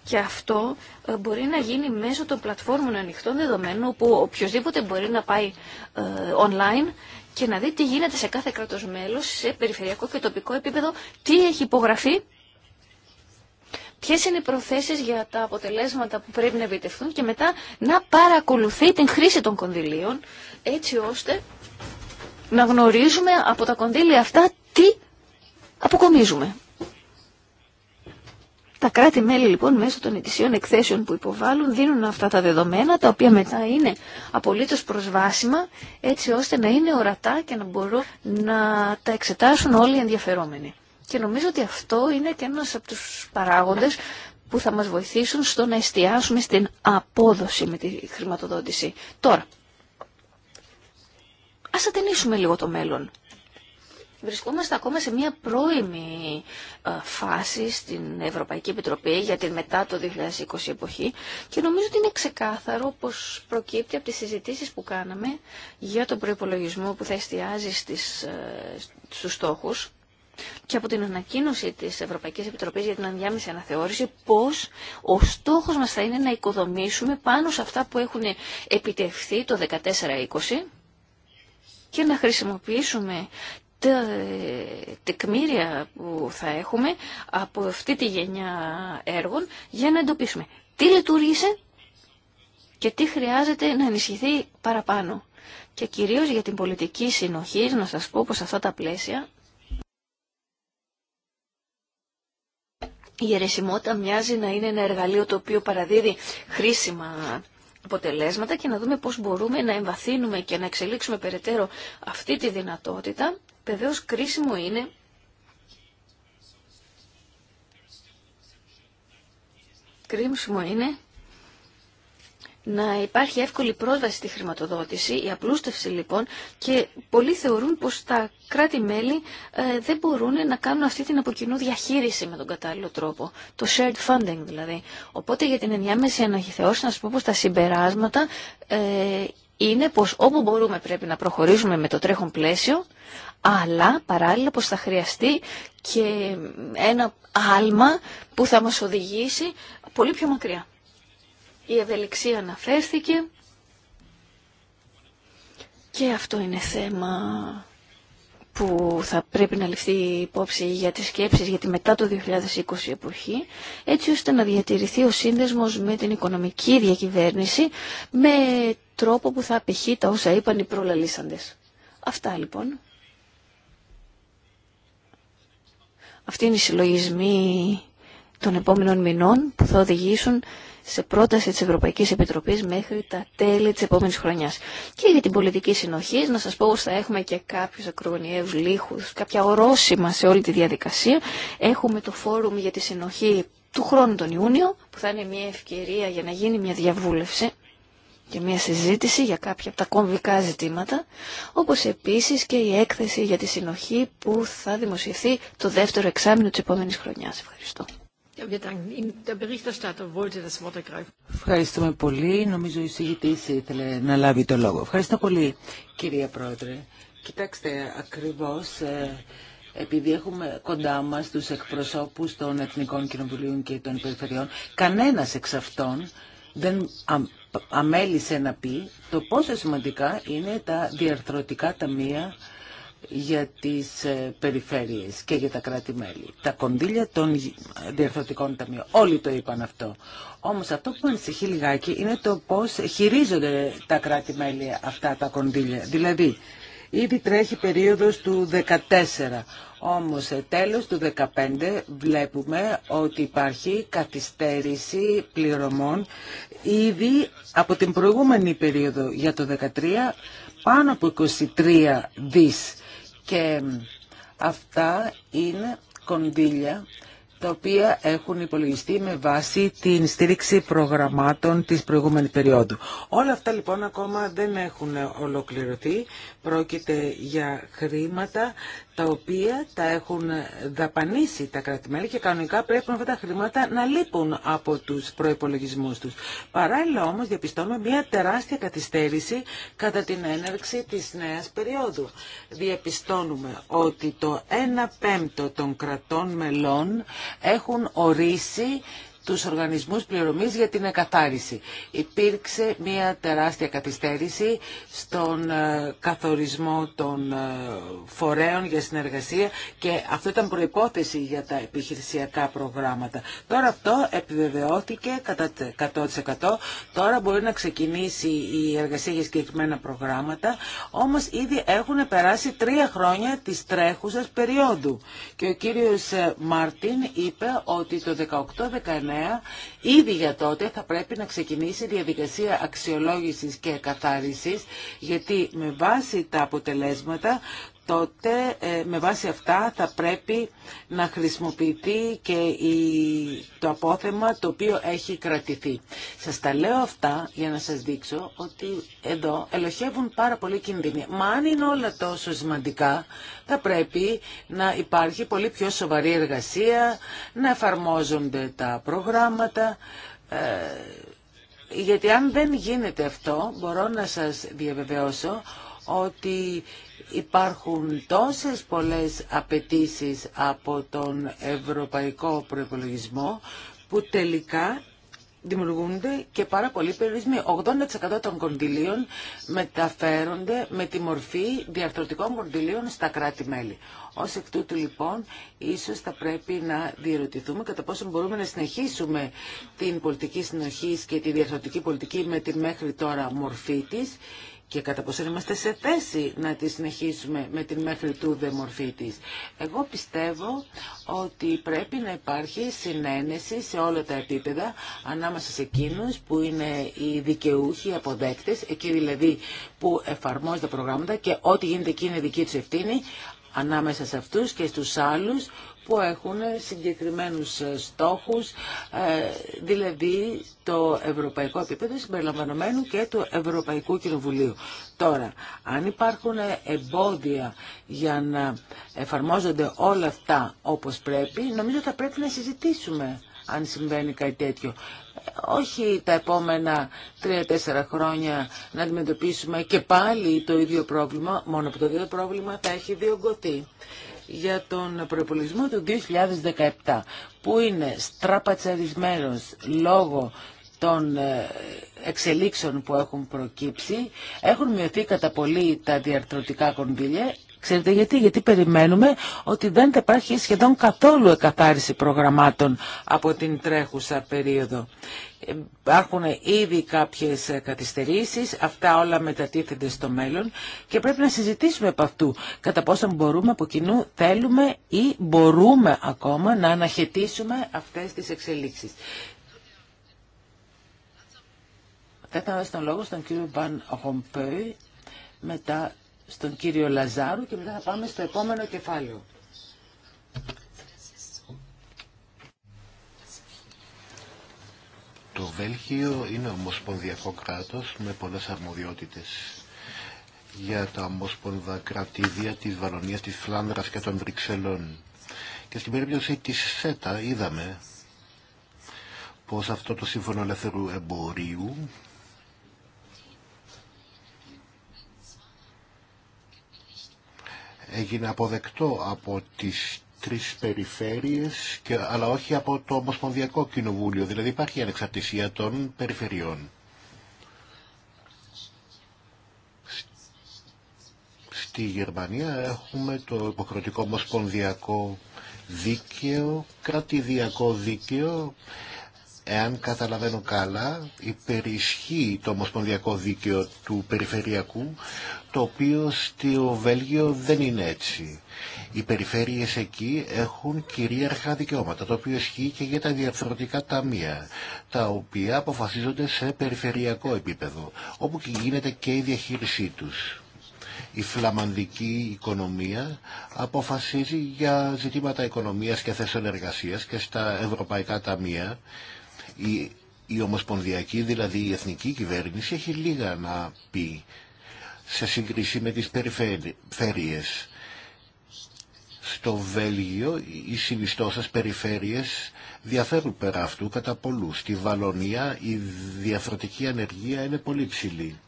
και αυτό ε, μπορεί να γίνει μέσω των πλατφόρμων ανοιχτών δεδομένων όπου οποιοδήποτε μπορεί να πάει ε, online και να δει τι γίνεται σε κάθε κράτος μέλος, σε περιφερειακό και τοπικό επίπεδο, τι έχει υπογραφεί ποιε είναι οι προθέσει για τα αποτελέσματα που πρέπει να επιτευχθούν και μετά να παρακολουθεί την χρήση των κονδυλίων έτσι ώστε να γνωρίζουμε από τα κονδύλια αυτά τι αποκομίζουμε. Τα κράτη-μέλη λοιπόν μέσω των ετησίων εκθέσεων που υποβάλλουν δίνουν αυτά τα δεδομένα τα οποία μετά είναι απολύτως προσβάσιμα έτσι ώστε να είναι ορατά και να μπορούν να τα εξετάσουν όλοι οι ενδιαφερόμενοι. Και νομίζω ότι αυτό είναι και ένας από τους παράγοντες που θα μας βοηθήσουν στο να εστιάσουμε στην απόδοση με τη χρηματοδότηση. Τώρα, ας ατενίσουμε λίγο το μέλλον. Βρισκόμαστε ακόμα σε μια πρώιμη ε, φάση στην Ευρωπαϊκή Επιτροπή για την μετά το 2020 εποχή και νομίζω ότι είναι ξεκάθαρο πως προκύπτει από τις συζητήσεις που κάναμε για τον προϋπολογισμό που θα εστιάζει στις, ε, στους στόχους και από την ανακοίνωση της Ευρωπαϊκής Επιτροπής για την Ανδιάμεση Αναθεώρηση πως ο στόχος μας θα είναι να οικοδομήσουμε πάνω σε αυτά που έχουν επιτευχθεί το 14-20 και να χρησιμοποιήσουμε τα τεκμήρια που θα έχουμε από αυτή τη γενιά έργων για να εντοπίσουμε τι λειτουργήσε και τι χρειάζεται να ενισχυθεί παραπάνω. Και κυρίως για την πολιτική συνοχή, να σας πω πως αυτά τα πλαίσια η αιρεσιμότητα μοιάζει να είναι ένα εργαλείο το οποίο παραδίδει χρήσιμα αποτελέσματα και να δούμε πώς μπορούμε να εμβαθύνουμε και να εξελίξουμε περαιτέρω αυτή τη δυνατότητα. Βεβαίως κρίσιμο είναι κρίσιμο είναι να υπάρχει εύκολη πρόσβαση στη χρηματοδότηση, η απλούστευση λοιπόν, και πολλοί θεωρούν πως τα κράτη-μέλη ε, δεν μπορούν να κάνουν αυτή την αποκοινού διαχείριση με τον κατάλληλο τρόπο, το shared funding δηλαδή. Οπότε για την ενδιάμεση αναχυθεώση να σας πω πως τα συμπεράσματα ε, είναι πως όπου μπορούμε πρέπει να προχωρήσουμε με το τρέχον πλαίσιο, αλλά παράλληλα πως θα χρειαστεί και ένα άλμα που θα μας οδηγήσει πολύ πιο μακριά η ευελιξία αναφέρθηκε και αυτό είναι θέμα που θα πρέπει να ληφθεί υπόψη για τις σκέψεις για τη μετά το 2020 εποχή, έτσι ώστε να διατηρηθεί ο σύνδεσμος με την οικονομική διακυβέρνηση με τρόπο που θα απηχεί τα όσα είπαν οι προλαλήσαντες. Αυτά λοιπόν. Αυτοί είναι οι συλλογισμοί των επόμενων μηνών που θα οδηγήσουν σε πρόταση της Ευρωπαϊκής Επιτροπής μέχρι τα τέλη της επόμενης χρονιάς. Και για την πολιτική συνοχή να σας πω ότι θα έχουμε και κάποιους ακρογωνιαίους λίχους, κάποια ορόσημα σε όλη τη διαδικασία. Έχουμε το φόρουμ για τη συνοχή του χρόνου τον Ιούνιο, που θα είναι μια ευκαιρία για να γίνει μια διαβούλευση και μια συζήτηση για κάποια από τα κομβικά ζητήματα, όπως επίσης και η έκθεση για τη συνοχή που θα δημοσιευθεί το δεύτερο εξάμεινο της επόμενης χρονιάς. Ευχαριστώ. Ευχαριστούμε πολύ. Νομίζω η συζητήση ήθελε να λάβει το λόγο. Ευχαριστώ πολύ κυρία Πρόεδρε. Κοιτάξτε, ακριβώς ε, επειδή έχουμε κοντά μας τους εκπροσώπους των Εθνικών Κοινοβουλίων και των Περιφερειών, κανένας εξ αυτών δεν αμέλησε να πει το πόσο σημαντικά είναι τα διαρθρωτικά ταμεία για τις ε, περιφέρειες και για τα κράτη-μέλη. Τα κονδύλια των διαρθρωτικών ταμείων. Όλοι το είπαν αυτό. Όμως αυτό που ανησυχεί λιγάκι είναι το πώς χειρίζονται τα κράτη-μέλη αυτά τα κονδύλια. Δηλαδή, ήδη τρέχει περίοδος του 2014. Όμως ε, τέλος του 2015 βλέπουμε ότι υπάρχει καθυστέρηση πληρωμών ήδη από την προηγούμενη περίοδο για το 2013 πάνω από 23 δις και αυτά είναι κονδύλια τα οποία έχουν υπολογιστεί με βάση την στήριξη προγραμμάτων της προηγούμενης περίοδου. Όλα αυτά λοιπόν ακόμα δεν έχουν ολοκληρωθεί. Πρόκειται για χρήματα τα οποία τα έχουν δαπανίσει τα κρατημέλη και κανονικά πρέπει αυτά τα χρήματα να λείπουν από τους προϋπολογισμούς τους. Παράλληλα όμως διαπιστώνουμε μια τεράστια καθυστέρηση κατά την έναρξη της νέας περίοδου. Διαπιστώνουμε ότι το 1 πέμπτο των κρατών μελών έχουν ορίσει τους οργανισμούς πληρωμής για την εκαθάριση. Υπήρξε μια τεράστια καθυστέρηση στον ε, καθορισμό των ε, φορέων για συνεργασία και αυτό ήταν προϋπόθεση για τα επιχειρησιακά προγράμματα. Τώρα αυτό επιβεβαιώθηκε κατά 100%. Τώρα μπορεί να ξεκινήσει η εργασία για συγκεκριμένα προγράμματα, όμως ήδη έχουν περάσει τρία χρόνια της τρέχουσας περίοδου. Και ο κύριος ε, Μάρτιν είπε ότι το 18-19 ήδη για τότε θα πρέπει να ξεκινήσει η διαδικασία αξιολόγησης και καθάρισης, γιατί με βάση τα αποτελέσματα τότε ε, με βάση αυτά θα πρέπει να χρησιμοποιηθεί και το απόθεμα το οποίο έχει κρατηθεί. Σας τα λέω αυτά για να σας δείξω ότι εδώ ελοχεύουν πάρα πολλοί κινδύνοι. Μα αν είναι όλα τόσο σημαντικά θα πρέπει να υπάρχει πολύ πιο σοβαρή εργασία, να εφαρμόζονται τα προγράμματα, ε, γιατί αν δεν γίνεται αυτό μπορώ να σας διαβεβαιώσω ότι Υπάρχουν τόσες πολλές απαιτήσει από τον ευρωπαϊκό Προπολογισμό που τελικά δημιουργούνται και πάρα πολλοί περιορισμοί. 80% των κοντιλίων μεταφέρονται με τη μορφή διαρθρωτικών κοντιλίων στα κράτη-μέλη. Ως εκ τούτου λοιπόν, ίσως θα πρέπει να διερωτηθούμε κατά πόσο μπορούμε να συνεχίσουμε την πολιτική συνοχή και τη διαρθρωτική πολιτική με τη μέχρι τώρα μορφή της και κατά πόσο είμαστε σε θέση να τη συνεχίσουμε με την μέχρι του μορφή της. Εγώ πιστεύω ότι πρέπει να υπάρχει συνένεση σε όλα τα επίπεδα ανάμεσα σε εκείνους που είναι οι δικαιούχοι, οι αποδέκτες, εκεί δηλαδή που εφαρμόζουν τα προγράμματα και ό,τι γίνεται εκεί είναι δική τους ευθύνη, ανάμεσα σε αυτούς και στους άλλους που έχουν συγκεκριμένους ε, στόχους, ε, δηλαδή το ευρωπαϊκό επίπεδο συμπεριλαμβανομένου και του Ευρωπαϊκού Κοινοβουλίου. Τώρα, αν υπάρχουν ε, εμπόδια για να εφαρμόζονται όλα αυτά όπως πρέπει, νομίζω θα πρέπει να συζητήσουμε αν συμβαίνει κάτι τέτοιο. Όχι τα επόμενα τρία-τέσσερα χρόνια να αντιμετωπίσουμε και πάλι το ίδιο πρόβλημα, μόνο που το ίδιο πρόβλημα θα έχει διωγκωθεί για τον προπολογισμό του 2017 που είναι στραπατσαρισμένος λόγω των ε, εξελίξεων που έχουν προκύψει έχουν μειωθεί κατά πολύ τα διαρθρωτικά κονδύλια Ξέρετε γιατί, γιατί περιμένουμε ότι δεν θα υπάρχει σχεδόν καθόλου εκαθάριση προγραμμάτων από την τρέχουσα περίοδο. Υπάρχουν ήδη κάποιες καθυστερήσεις, αυτά όλα μετατίθενται στο μέλλον και πρέπει να συζητήσουμε από αυτού κατά πόσο μπορούμε από κοινού, θέλουμε ή μπορούμε ακόμα να αναχαιτήσουμε αυτές τις εξελίξεις. Θα ήθελα να δώσω τον λόγο στον κύριο Μπαν με μετά στον κύριο Λαζάρου και μετά θα πάμε στο επόμενο κεφάλαιο. Το Βέλγιο είναι ομοσπονδιακό κράτος με πολλές αρμοδιότητες για τα ομοσπονδα κρατήδια της Βαλονίας, της Φλάνδρας και των Βρυξελών. Και στην περίπτωση της ΣΕΤΑ είδαμε πως αυτό το Σύμφωνο Ελεύθερου Εμπορίου έγινε αποδεκτό από τις τρεις περιφέρειες, και, αλλά όχι από το Ομοσπονδιακό Κοινοβούλιο. Δηλαδή υπάρχει ανεξαρτησία των περιφερειών. Στη Γερμανία έχουμε το υποχρεωτικό Ομοσπονδιακό Δίκαιο, κρατηδιακό δίκαιο, Εάν καταλαβαίνω καλά, υπερισχύει το ομοσπονδιακό δίκαιο του περιφερειακού, το οποίο στο Βέλγιο δεν είναι έτσι οι περιφέρειες εκεί έχουν κυρίαρχα δικαιώματα, το οποίο ισχύει και για τα διαφορετικά ταμεία, τα οποία αποφασίζονται σε περιφερειακό επίπεδο, όπου και γίνεται και η διαχείρισή τους η φλαμανδική οικονομία αποφασίζει για ζητήματα οικονομίας και θέσεων εργασίας και στα ευρωπαϊκά ταμεία. Η, η ομοσπονδιακή, δηλαδή η εθνική κυβέρνηση, έχει λίγα να πει σε σύγκριση με τις περιφέρειες στο Βέλγιο οι συνιστώσεις περιφέρειες διαφέρουν πέρα αυτού κατά πολλού. Στη Βαλονία η διαφορετική ανεργία είναι πολύ ψηλή.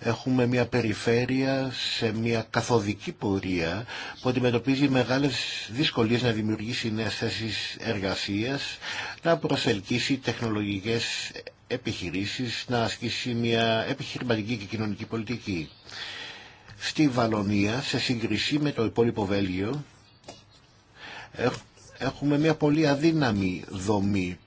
Έχουμε μια περιφέρεια σε μια καθοδική πορεία που αντιμετωπίζει μεγάλες δυσκολίες να δημιουργήσει νέες θέσεις εργασίας, να προσελκύσει τεχνολογικές επιχειρήσεις, να ασκήσει μια επιχειρηματική και κοινωνική πολιτική στη Βαλονία σε σύγκριση με το υπόλοιπο Βέλγιο ε, έχουμε μια πολύ αδύναμη δομή.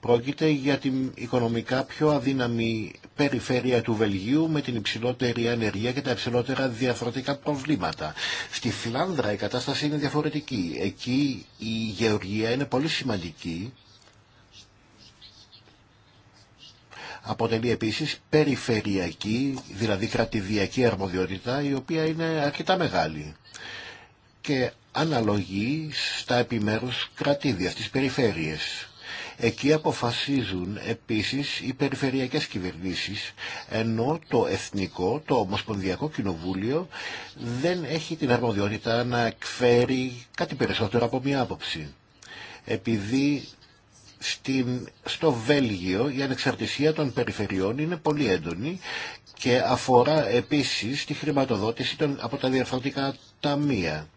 Πρόκειται για την οικονομικά πιο αδύναμη περιφέρεια του Βελγίου με την υψηλότερη ανεργία και τα υψηλότερα διαφορετικά προβλήματα. Στη Φιλάνδρα η κατάσταση είναι διαφορετική. Εκεί η γεωργία είναι πολύ σημαντική αποτελεί επίσης περιφερειακή, δηλαδή κρατηδιακή αρμοδιότητα, η οποία είναι αρκετά μεγάλη και αναλογεί στα επιμέρους κρατήδια, στις περιφέρειες. Εκεί αποφασίζουν επίσης οι περιφερειακές κυβερνήσεις, ενώ το Εθνικό, το Ομοσπονδιακό Κοινοβούλιο δεν έχει την αρμοδιότητα να εκφέρει κάτι περισσότερο από μία άποψη. Επειδή στην, στο Βέλγιο η ανεξαρτησία των περιφερειών είναι πολύ έντονη και αφορά επίσης τη χρηματοδότηση των, από τα διαφορετικά ταμεία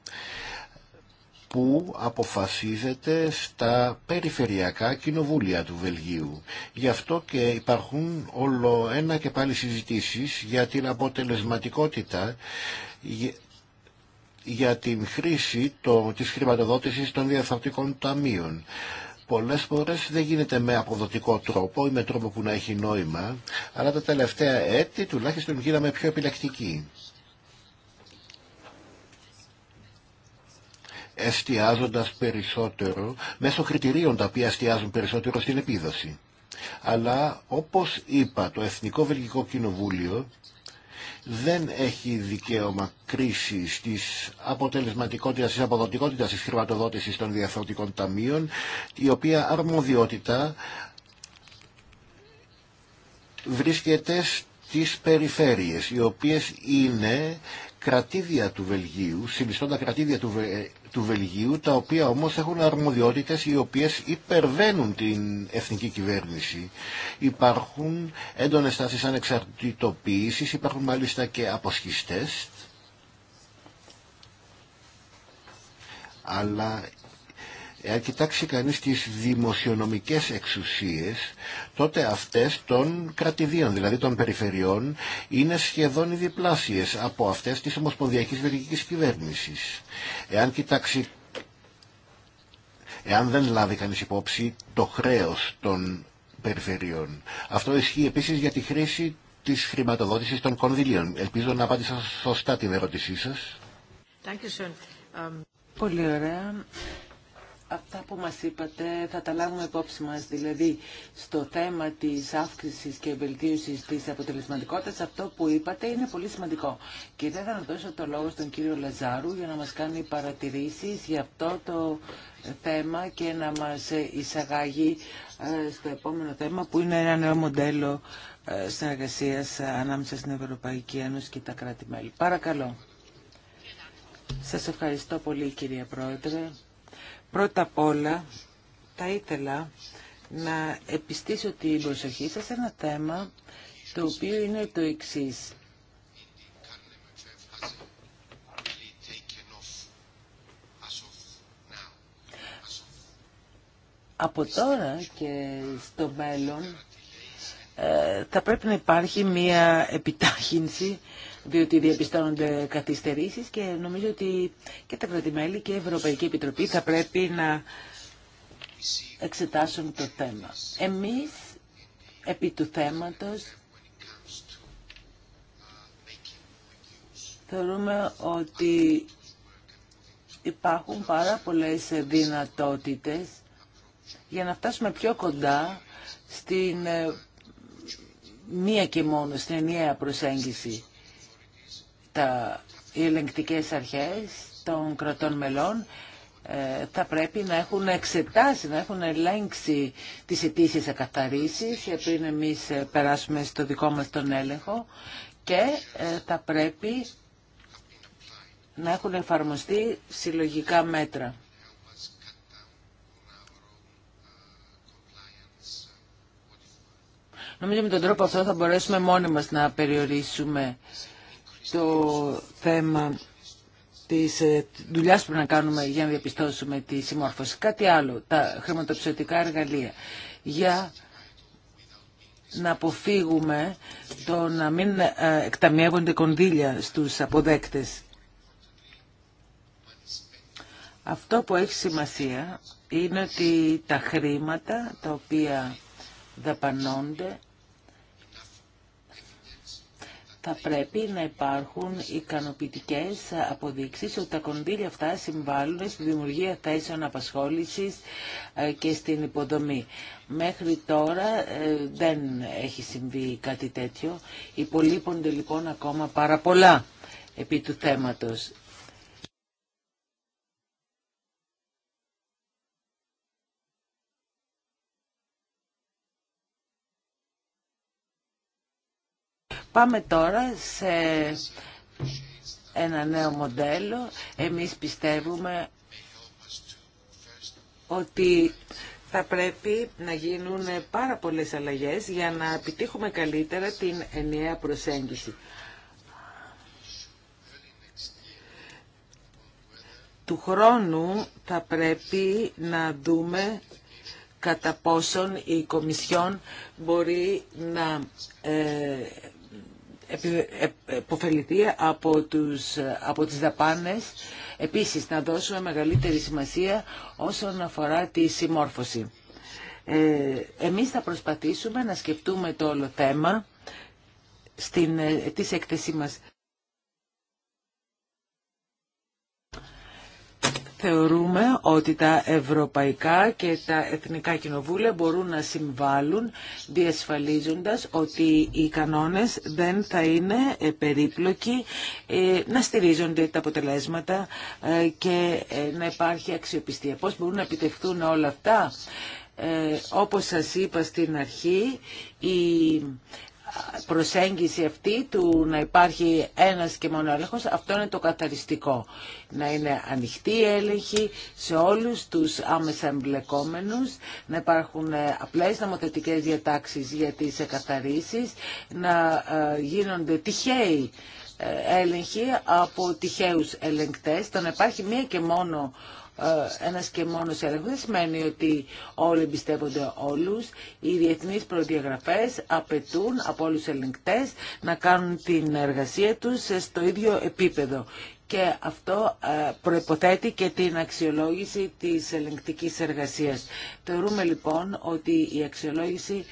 που αποφασίζεται στα περιφερειακά κοινοβούλια του Βελγίου. Γι' αυτό και υπάρχουν όλο ένα και πάλι συζητήσεις για την αποτελεσματικότητα για την χρήση το, της χρηματοδότησης των διαθαρτικών ταμείων πολλές φορές δεν γίνεται με αποδοτικό τρόπο ή με τρόπο που να έχει νόημα, αλλά τα τελευταία έτη τουλάχιστον γίναμε πιο επιλεκτικοί. εστιάζοντας περισσότερο, μέσω κριτηρίων τα οποία εστιάζουν περισσότερο στην επίδοση. Αλλά όπως είπα, το Εθνικό Βελγικό Κοινοβούλιο δεν έχει δικαίωμα κρίση τη αποτελεσματικότητα, τη αποδοτικότητα τη χρηματοδότηση των διαθροτικών ταμείων, η οποία αρμοδιότητα βρίσκεται στις περιφέρειες, οι οποίες είναι κρατήδια του Βελγίου, συνιστώντα κρατήδια του του Βελγίου, τα οποία όμως έχουν αρμοδιότητες οι οποίες υπερβαίνουν την εθνική κυβέρνηση. Υπάρχουν έντονες τάσεις ανεξαρτητοποίησης, υπάρχουν μάλιστα και αποσχιστές, αλλά Εάν κοιτάξει κανείς τις δημοσιονομικές εξουσίες, τότε αυτές των κρατηδίων, δηλαδή των περιφερειών, είναι σχεδόν οι διπλάσιες από αυτές της Ομοσπονδιακής Βελγικής Κυβέρνησης. Εάν κοιτάξει εάν δεν λάβει κανείς υπόψη το χρέος των περιφερειών. Αυτό ισχύει επίσης για τη χρήση της χρηματοδότησης των κονδυλίων. Ελπίζω να απάντησα σωστά την ερώτησή σας. Um, Πολύ ωραία αυτά που μας είπατε θα τα λάβουμε υπόψη μας. Δηλαδή, στο θέμα της αύξησης και βελτίωσης της αποτελεσματικότητας, αυτό που είπατε είναι πολύ σημαντικό. Και δεν θα δώσω το λόγο στον κύριο Λαζάρου για να μας κάνει παρατηρήσεις για αυτό το θέμα και να μας εισαγάγει ε, στο επόμενο θέμα που είναι ένα νέο μοντέλο ε, συνεργασίας ε, ανάμεσα στην Ευρωπαϊκή Ένωση και τα κράτη-μέλη. Παρακαλώ. Σας ευχαριστώ πολύ κυρία Πρόεδρε. Πρώτα απ' όλα θα ήθελα να επιστήσω την προσοχή σας σε ένα θέμα το οποίο είναι το εξής. Από τώρα και στο μέλλον ε, θα πρέπει να υπάρχει μία επιτάχυνση διότι διαπιστώνονται καθυστερήσεις και νομίζω ότι και τα κρατημέλη και η Ευρωπαϊκή Επιτροπή θα πρέπει να εξετάσουν το θέμα. Εμείς, επί του θέματος, θεωρούμε ότι υπάρχουν πάρα πολλές δυνατότητες για να φτάσουμε πιο κοντά στην ε, μία και μόνο, στην ενιαία προσέγγιση τα, οι ελεγκτικές αρχές των κρατών μελών ε, θα πρέπει να έχουν εξετάσει, να έχουν ελέγξει τις αιτήσεις ακαθαρίσεις πριν εμείς ε, περάσουμε στο δικό μας τον έλεγχο και ε, θα πρέπει να έχουν εφαρμοστεί συλλογικά μέτρα. Νομίζω με τον τρόπο αυτό θα μπορέσουμε μόνοι μας να περιορίσουμε το θέμα της ε, δουλειά που να κάνουμε για να διαπιστώσουμε τη συμμόρφωση. Κάτι άλλο, τα χρηματοψηφιακά εργαλεία. Για να αποφύγουμε το να μην ε, εκταμιεύονται κονδύλια στους αποδέκτες. Αυτό που έχει σημασία είναι ότι τα χρήματα τα οποία δαπανώνται θα πρέπει να υπάρχουν ικανοποιητικές αποδείξεις ότι τα κονδύλια αυτά συμβάλλουν στη δημιουργία θέσεων απασχόλησης ε, και στην υποδομή. Μέχρι τώρα ε, δεν έχει συμβεί κάτι τέτοιο. Υπολείπονται λοιπόν ακόμα πάρα πολλά επί του θέματος. Πάμε τώρα σε ένα νέο μοντέλο. Εμείς πιστεύουμε ότι θα πρέπει να γίνουν πάρα πολλές αλλαγές για να επιτύχουμε καλύτερα την ενιαία προσέγγιση. Του χρόνου θα πρέπει να δούμε κατά πόσον η Κομισιόν μπορεί να ε, επωφεληθεί από, τους, από τις δαπάνες. Επίσης, να δώσουμε μεγαλύτερη σημασία όσον αφορά τη συμμόρφωση. Ε, εμείς θα προσπαθήσουμε να σκεφτούμε το όλο θέμα στην, ε, της έκθεσή μας θεωρούμε ότι τα ευρωπαϊκά και τα εθνικά κοινοβούλια μπορούν να συμβάλλουν διασφαλίζοντας ότι οι κανόνες δεν θα είναι ε, περίπλοκοι, ε, να στηρίζονται τα αποτελέσματα ε, και να υπάρχει αξιοπιστία. Πώς μπορούν να επιτευχθούν όλα αυτά. Ε, όπως σας είπα στην αρχή, η προσέγγιση αυτή του να υπάρχει ένας και μόνο έλεγχος, αυτό είναι το καθαριστικό. Να είναι ανοιχτή η έλεγχη σε όλους τους άμεσα εμπλεκόμενους, να υπάρχουν ε, απλές νομοθετικές διατάξεις για τις εκαθαρίσεις, να ε, γίνονται τυχαίοι ε, έλεγχοι από τυχαίους ελεγκτές, το να υπάρχει μία και μόνο ε, ένας και μόνος έλεγχο δεν σημαίνει ότι όλοι εμπιστεύονται όλους. Οι διεθνείς προδιαγραφές απαιτούν από όλους τους ελεγκτές να κάνουν την εργασία τους στο ίδιο επίπεδο. Και αυτό ε, προϋποθέτει και την αξιολόγηση της ελεγκτικής εργασίας. Θεωρούμε λοιπόν ότι η αξιολόγηση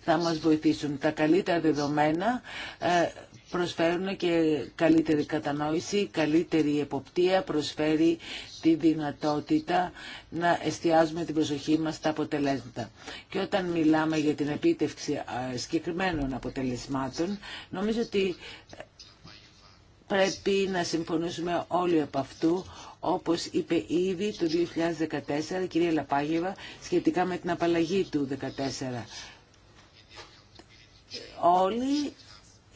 θα μας βοηθήσουν. Τα καλύτερα δεδομένα ε, προσφέρουν και καλύτερη κατανόηση, καλύτερη εποπτεία, προσφέρει τη δυνατότητα να εστιάζουμε την προσοχή μας στα αποτελέσματα. Και όταν μιλάμε για την επίτευξη συγκεκριμένων αποτελεσμάτων, νομίζω ότι πρέπει να συμφωνήσουμε όλοι από αυτού, όπως είπε ήδη το 2014 η κυρία Λαπάγεβα σχετικά με την απαλλαγή του 2014. Όλοι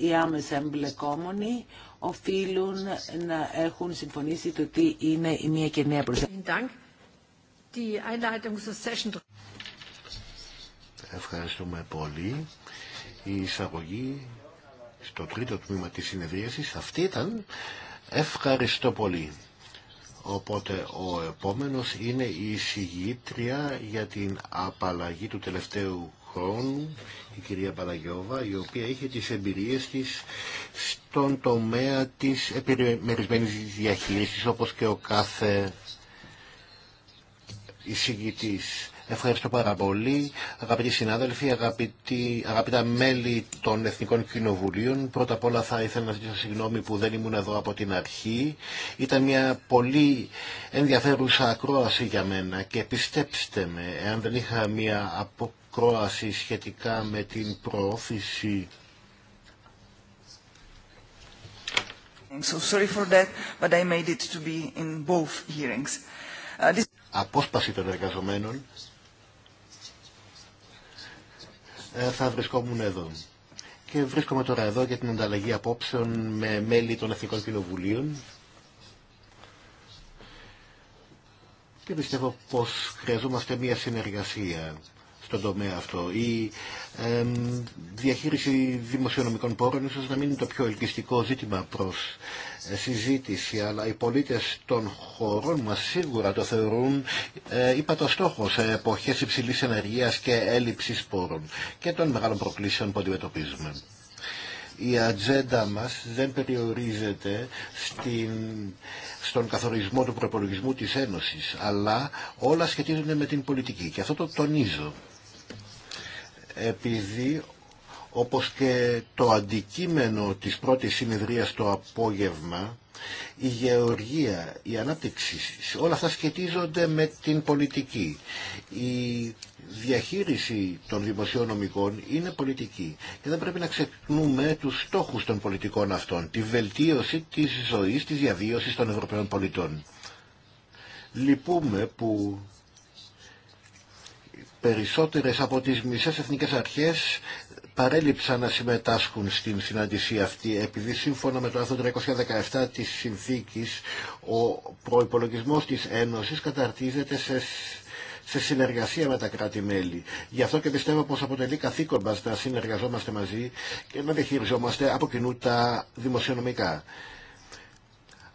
οι άμεσα εμπλεκόμενοι οφείλουν να έχουν συμφωνήσει το τι είναι η μία και νέα προσέγγιση. Ευχαριστούμε πολύ. Η εισαγωγή στο τρίτο τμήμα της συνεδρίασης αυτή ήταν ευχαριστώ πολύ. Οπότε ο επόμενος είναι η εισηγήτρια για την απαλλαγή του τελευταίου χρόνου η κυρία Παναγιώβα, η οποία είχε τις εμπειρίες της στον τομέα της επιμερισμένης διαχείρισης, όπως και ο κάθε εισηγητής. Ευχαριστώ πάρα πολύ. Αγαπητοί συνάδελφοι, αγαπητοί, αγαπητά μέλη των Εθνικών Κοινοβουλίων, πρώτα απ' όλα θα ήθελα να ζητήσω συγγνώμη που δεν ήμουν εδώ από την αρχή. Ήταν μια πολύ ενδιαφέρουσα ακρόαση για μένα και πιστέψτε με, εάν δεν είχα μια απο ακρόαση σχετικά με την προώθηση απόσπαση των εργαζομένων ε, θα βρισκόμουν εδώ. Και βρίσκομαι τώρα εδώ για την ανταλλαγή απόψεων με μέλη των Εθνικών Κοινοβουλίων. Και πιστεύω πως χρειαζόμαστε μία συνεργασία τον τομέα αυτό. Η διαχείριση δημοσιονομικών πόρων ίσως να μην είναι το πιο ελκυστικό ζήτημα προς ε, συζήτηση, αλλά οι πολίτες των χωρών μας σίγουρα το θεωρούν ε, υπατοστόχο σε εποχές υψηλής ενεργείας και έλλειψης πόρων και των μεγάλων προκλήσεων που αντιμετωπίζουμε η ατζέντα μας δεν περιορίζεται στην, στον καθορισμό του προπολογισμού της Ένωσης, αλλά όλα σχετίζονται με την πολιτική. Και αυτό το τονίζω επειδή όπως και το αντικείμενο της πρώτης συνεδρίας το απόγευμα, η γεωργία, η ανάπτυξη, όλα αυτά σχετίζονται με την πολιτική. Η διαχείριση των δημοσιονομικών είναι πολιτική και δεν πρέπει να ξεχνούμε τους στόχους των πολιτικών αυτών, τη βελτίωση της ζωής, της διαβίωσης των Ευρωπαίων πολιτών. Λυπούμε που Περισσότερες από τις μισές εθνικές αρχές παρέλειψαν να συμμετάσχουν στην συνάντηση αυτή επειδή σύμφωνα με το άρθρο 317 της συνθήκης ο προϋπολογισμός της Ένωσης καταρτίζεται σε σε συνεργασία με τα κράτη-μέλη. Γι' αυτό και πιστεύω πως αποτελεί καθήκον μας να συνεργαζόμαστε μαζί και να διαχειριζόμαστε από κοινού τα δημοσιονομικά.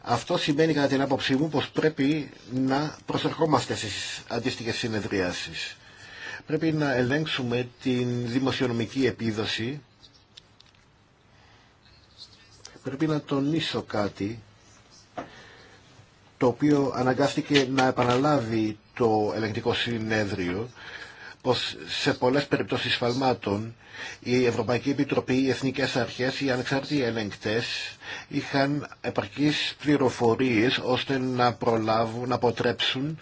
Αυτό σημαίνει κατά την άποψή μου πως πρέπει να προσερχόμαστε στις αντίστοιχες συνεδριάσεις. Πρέπει να ελέγξουμε την δημοσιονομική επίδοση. Πρέπει να τονίσω κάτι το οποίο αναγκάστηκε να επαναλάβει το ελεγκτικό συνέδριο πως σε πολλές περιπτώσεις σφαλμάτων η Ευρωπαϊκή Επιτροπή, οι Εθνικές Αρχές, οι ανεξάρτητοι ελεγκτές είχαν επαρκείς πληροφορίες ώστε να προλάβουν, να αποτρέψουν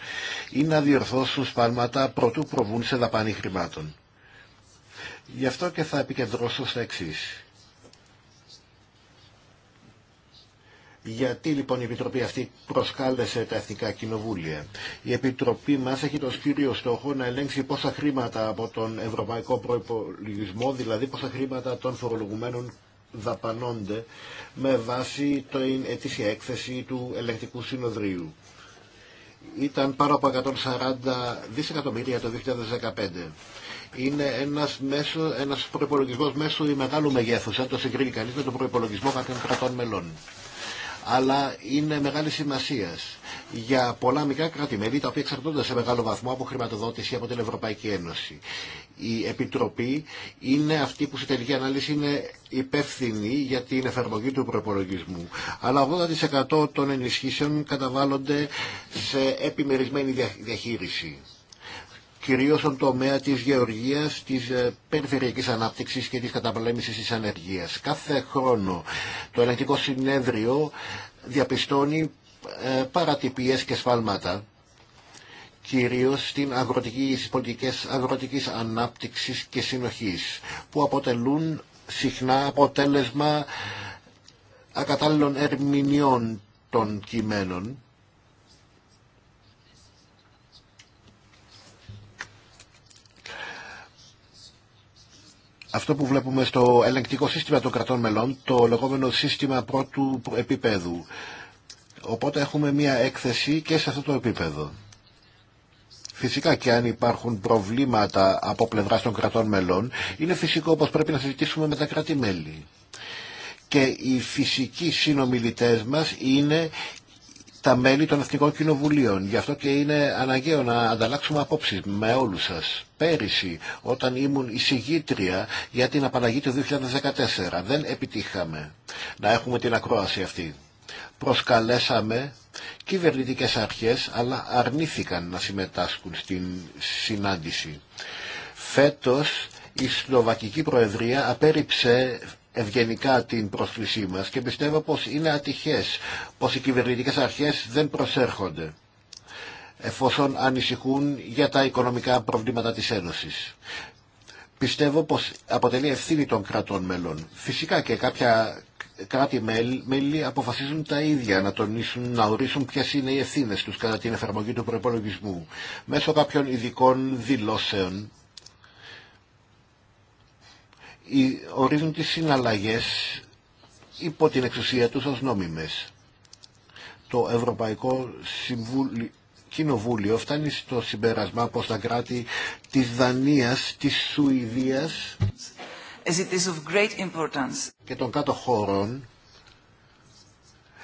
ή να διορθώσουν σφάλματα προτού προβούν σε δαπάνη χρημάτων. Γι' αυτό και θα επικεντρώσω στα εξής. Γιατί λοιπόν η Επιτροπή αυτή προσκάλεσε τα Εθνικά Κοινοβούλια. Η Επιτροπή μας έχει το κύριο στόχο να ελέγξει πόσα χρήματα από τον Ευρωπαϊκό Προϋπολογισμό, δηλαδή πόσα χρήματα των φορολογουμένων δαπανώνται με βάση την ετήσια έκθεση του Ελεκτικού συνοδρίου. Ήταν πάνω από 140 δισεκατομμύρια το 2015 είναι ένας, μέσο, ένας προϋπολογισμός μέσω μεγάλου μεγέθους, αν το συγκρίνει κανείς με τον προϋπολογισμό κάποιων κρατών μελών αλλά είναι μεγάλη σημασία για πολλά μικρά κράτη-μέλη, τα οποία εξαρτώνται σε μεγάλο βαθμό από χρηματοδότηση από την Ευρωπαϊκή Ένωση. Η Επιτροπή είναι αυτή που σε τελική ανάλυση είναι υπεύθυνη για την εφαρμογή του προπολογισμού. Αλλά 80% των ενισχύσεων καταβάλλονται σε επιμερισμένη διαχείριση κυρίως στον τομέα της γεωργίας, της ε, περιφερειακής ανάπτυξης και της καταπολέμησης της ανεργίας. Κάθε χρόνο το ελεγκτικό συνέδριο διαπιστώνει ε, παρατυπίες και σφάλματα κυρίως στην αγροτική, στις πολιτικές αγροτικής ανάπτυξης και συνοχής, που αποτελούν συχνά αποτέλεσμα ακατάλληλων ερμηνεών των κειμένων αυτό που βλέπουμε στο ελεγκτικό σύστημα των κρατών μελών, το λεγόμενο σύστημα πρώτου επίπεδου. Οπότε έχουμε μια έκθεση και σε αυτό το επίπεδο. Φυσικά και αν υπάρχουν προβλήματα από πλευρά των κρατών μελών, είναι φυσικό πως πρέπει να συζητήσουμε με τα κράτη-μέλη. Και οι φυσικοί συνομιλητές μας είναι τα μέλη των Εθνικών Κοινοβουλίων. Γι' αυτό και είναι αναγκαίο να ανταλλάξουμε απόψεις με όλους σας. Πέρυσι, όταν ήμουν εισηγήτρια για την απαλλαγή του 2014, δεν επιτύχαμε να έχουμε την ακρόαση αυτή. Προσκαλέσαμε κυβερνητικές αρχές, αλλά αρνήθηκαν να συμμετάσχουν στην συνάντηση. Φέτος, η Σλοβακική Προεδρία απέρριψε ευγενικά την πρόσκλησή μας και πιστεύω πως είναι ατυχές πως οι κυβερνητικές αρχές δεν προσέρχονται εφόσον ανησυχούν για τα οικονομικά προβλήματα της Ένωσης. Πιστεύω πως αποτελεί ευθύνη των κρατών μέλων. Φυσικά και κάποια κράτη μέλη αποφασίζουν τα ίδια να τονίσουν, να ορίσουν ποιες είναι οι ευθύνες τους κατά την εφαρμογή του προπολογισμού μέσω κάποιων ειδικών δηλώσεων ορίζουν τις συναλλαγές υπό την εξουσία τους ως νόμιμες. Το Ευρωπαϊκό Κοινοβούλιο φτάνει στο συμπέρασμα πως τα κράτη της Δανίας, της Σουηδίας και των κάτω χώρων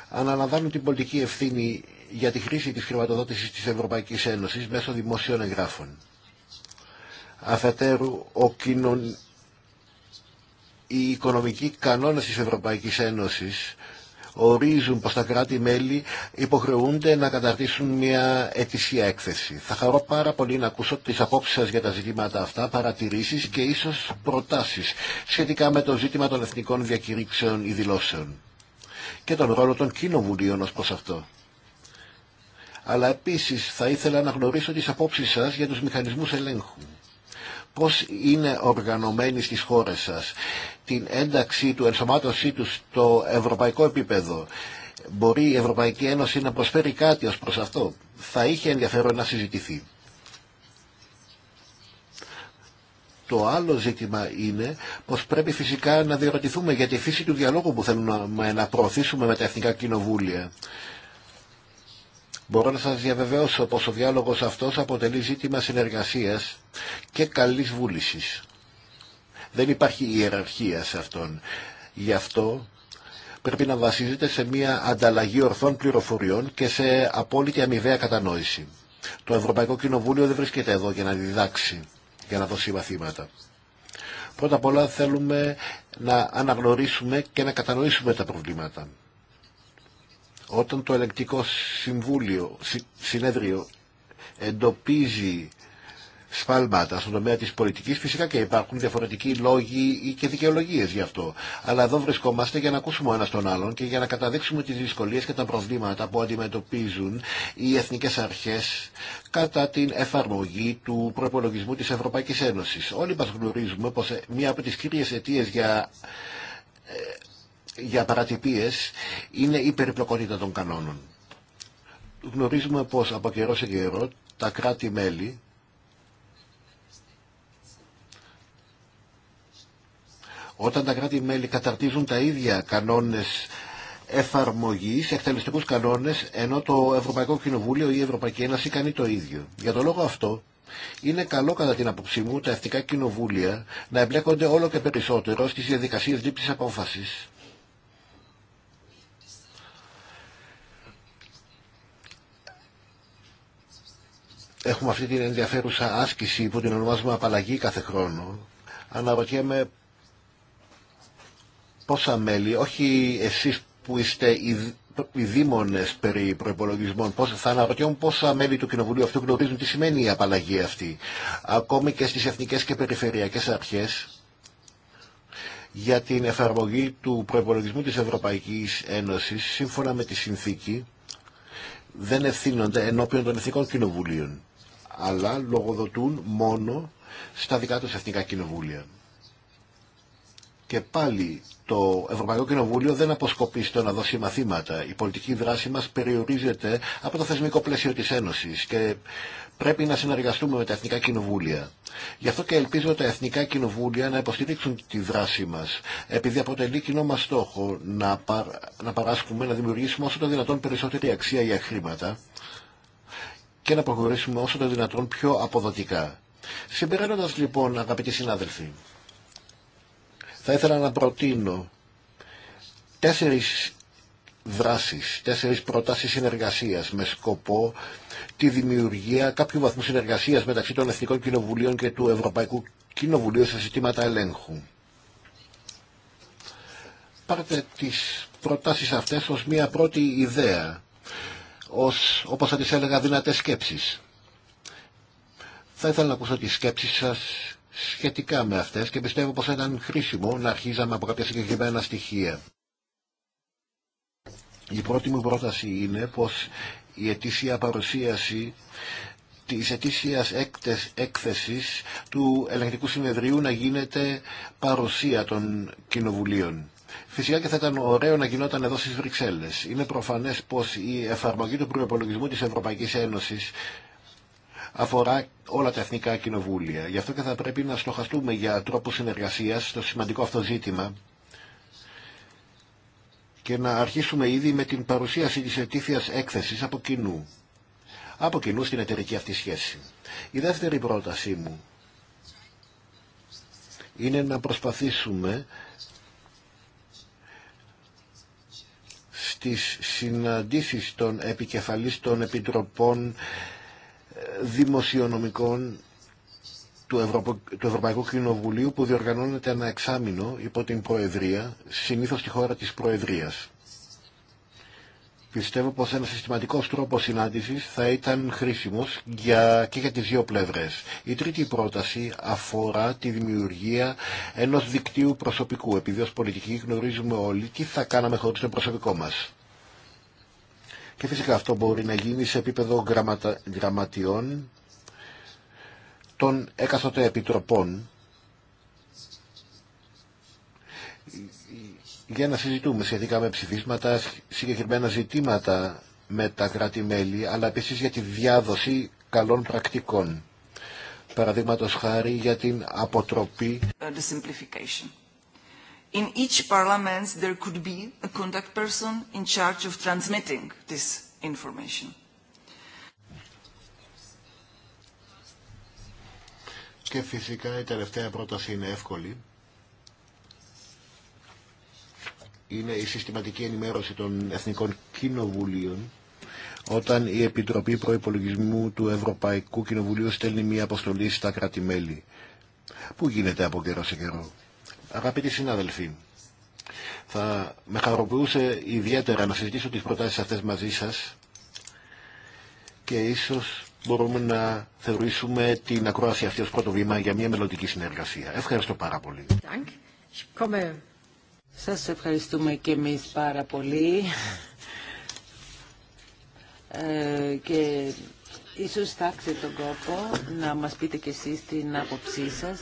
αναλαμβάνουν την πολιτική ευθύνη για τη χρήση της χρηματοδότησης της Ευρωπαϊκής Ένωσης μέσω δημοσίων εγγράφων. Αφετέρου, ο κοινων οι οικονομικοί κανόνες της Ευρωπαϊκής Ένωσης ορίζουν πως τα κράτη-μέλη υποχρεούνται να καταρτήσουν μια ετησία έκθεση. Θα χαρώ πάρα πολύ να ακούσω τις απόψεις σας για τα ζητήματα αυτά, παρατηρήσεις και ίσως προτάσεις σχετικά με το ζήτημα των εθνικών διακηρύξεων ή δηλώσεων και τον ρόλο των κοινοβουλίων ως προς αυτό. Αλλά επίσης θα ήθελα να γνωρίσω τις απόψεις σας για τους μηχανισμούς ελέγχου πώς είναι οργανωμένοι στις χώρες σας, την ένταξή του, ενσωμάτωσή του στο ευρωπαϊκό επίπεδο. Μπορεί η Ευρωπαϊκή Ένωση να προσφέρει κάτι ως προς αυτό. Θα είχε ενδιαφέρον να συζητηθεί. Το άλλο ζήτημα είναι πως πρέπει φυσικά να διερωτηθούμε για τη φύση του διαλόγου που θέλουμε να προωθήσουμε με τα Εθνικά Κοινοβούλια. Μπορώ να σας διαβεβαιώσω πως ο διάλογος αυτός αποτελεί ζήτημα συνεργασίας και καλής βούλησης. Δεν υπάρχει ιεραρχία σε αυτόν. Γι' αυτό πρέπει να βασίζεται σε μια ανταλλαγή ορθών πληροφοριών και σε απόλυτη αμοιβαία κατανόηση. Το Ευρωπαϊκό Κοινοβούλιο δεν βρίσκεται εδώ για να διδάξει, για να δώσει μαθήματα. Πρώτα απ' όλα θέλουμε να αναγνωρίσουμε και να κατανοήσουμε τα προβλήματα. Όταν το Ελεκτικό συμβούλιο, συνέδριο εντοπίζει σφάλματα στον τομέα της πολιτικής φυσικά και υπάρχουν διαφορετικοί λόγοι και δικαιολογίες γι' αυτό. Αλλά εδώ βρισκόμαστε για να ακούσουμε ο ένας τον άλλον και για να καταδείξουμε τις δυσκολίες και τα προβλήματα που αντιμετωπίζουν οι εθνικές αρχές κατά την εφαρμογή του προπολογισμού της Ευρωπαϊκής Ένωσης. Όλοι μας γνωρίζουμε πως ε, μία από τις κύριες αιτίες για ε, για παρατυπίες είναι η περιπλοκότητα των κανόνων. Γνωρίζουμε πως από καιρό σε καιρό τα κράτη-μέλη όταν τα κράτη-μέλη καταρτίζουν τα ίδια κανόνες εφαρμογής, εκτελεστικούς κανόνες, ενώ το Ευρωπαϊκό Κοινοβούλιο ή η Ευρωπαϊκή Ένωση κάνει το ίδιο. Για τον λόγο αυτό, είναι καλό κατά την άποψή μου τα ευτικά κοινοβούλια να εμπλέκονται όλο και περισσότερο στις διαδικασίες λήψης απόφασης έχουμε αυτή την ενδιαφέρουσα άσκηση που την ονομάζουμε απαλλαγή κάθε χρόνο. Αναρωτιέμαι πόσα μέλη, όχι εσείς που είστε οι, οι περί προϋπολογισμών, πόσα, θα αναρωτιέμαι πόσα μέλη του Κοινοβουλίου αυτού γνωρίζουν τι σημαίνει η απαλλαγή αυτή. Ακόμη και στις εθνικές και περιφερειακές αρχές για την εφαρμογή του προϋπολογισμού της Ευρωπαϊκής Ένωσης σύμφωνα με τη συνθήκη δεν ευθύνονται ενώπιον των εθνικών κοινοβουλίων αλλά λογοδοτούν μόνο στα δικά τους εθνικά κοινοβούλια. Και πάλι το Ευρωπαϊκό Κοινοβούλιο δεν αποσκοπεί στο να δώσει μαθήματα. Η πολιτική δράση μας περιορίζεται από το θεσμικό πλαίσιο της Ένωσης και πρέπει να συνεργαστούμε με τα εθνικά κοινοβούλια. Γι' αυτό και ελπίζω τα εθνικά κοινοβούλια να υποστηρίξουν τη δράση μας, επειδή αποτελεί κοινό μας στόχο να, να παράσχουμε, να δημιουργήσουμε όσο το δυνατόν περισσότερη αξία για χρήματα και να προχωρήσουμε όσο το δυνατόν πιο αποδοτικά. Συμπεραίνοντα λοιπόν αγαπητοί συνάδελφοι, θα ήθελα να προτείνω τέσσερις δράσεις, τέσσερις προτάσεις συνεργασίας με σκοπό τη δημιουργία κάποιου βαθμού συνεργασίας μεταξύ των Εθνικών Κοινοβουλίων και του Ευρωπαϊκού Κοινοβουλίου σε ζητήματα ελέγχου. Πάρτε τις προτάσεις αυτές ως μια πρώτη ιδέα ως, όπως θα τις έλεγα, δυνατές σκέψεις. Θα ήθελα να ακούσω τις σκέψεις σας σχετικά με αυτές και πιστεύω πως ήταν χρήσιμο να αρχίζαμε από κάποια συγκεκριμένα στοιχεία. Η πρώτη μου πρόταση είναι πως η ετήσια παρουσίαση της ετήσιας έκθεσης του ελεγκτικού συνεδρίου να γίνεται παρουσία των κοινοβουλίων. Φυσικά και θα ήταν ωραίο να γινόταν εδώ στι Βρυξέλλε. Είναι προφανέ πω η εφαρμογή του προπολογισμού τη Ευρωπαϊκή Ένωση αφορά όλα τα εθνικά κοινοβούλια. Γι' αυτό και θα πρέπει να στοχαστούμε για τρόπους συνεργασία στο σημαντικό αυτό ζήτημα και να αρχίσουμε ήδη με την παρουσίαση τη ετήθεια έκθεση από κοινού. Από κοινού στην εταιρική αυτή σχέση. Η δεύτερη πρότασή μου είναι να προσπαθήσουμε στις συναντήσεις των επικεφαλής των επιτροπών ε, δημοσιονομικών του, Ευρωπαϊκού Κοινοβουλίου που διοργανώνεται ένα εξάμεινο υπό την Προεδρία, συνήθως στη χώρα της Προεδρίας. Πιστεύω πως ένα συστηματικός τρόπος συνάντησης θα ήταν χρήσιμος για, και για τις δύο πλευρές. Η τρίτη πρόταση αφορά τη δημιουργία ενός δικτύου προσωπικού. Επειδή ως πολιτικοί γνωρίζουμε όλοι τι θα κάναμε χωρίς το προσωπικό μας. Και φυσικά αυτό μπορεί να γίνει σε επίπεδο γραμματιών των εκαθοτε επιτροπών για να συζητούμε σχετικά με ψηφίσματα, συγκεκριμένα ζητήματα με τα κράτη-μέλη, αλλά επίση για τη διάδοση καλών πρακτικών. Παραδείγματο χάρη για την αποτροπή. Uh, in each parliament there could be a contact person in charge of transmitting this information. Και φυσικά η τελευταία πρόταση είναι εύκολη. είναι η συστηματική ενημέρωση των Εθνικών Κοινοβουλίων όταν η Επιτροπή Προϋπολογισμού του Ευρωπαϊκού Κοινοβουλίου στέλνει μια αποστολή στα κράτη-μέλη, που γίνεται από καιρό σε καιρό. Αγαπητοί συνάδελφοι, θα με χαροποιούσε ιδιαίτερα να συζητήσω τις προτάσεις αυτές μαζί σας και ίσως μπορούμε να θεωρήσουμε την ακρόαση αυτή ως πρώτο βήμα για μια μελλοντική συνεργασία. Ευχαριστώ πάρα πολύ. Σας ευχαριστούμε και εμείς πάρα πολύ. Ε, και ίσως θα τον κόπο να μας πείτε και εσείς την άποψή σας.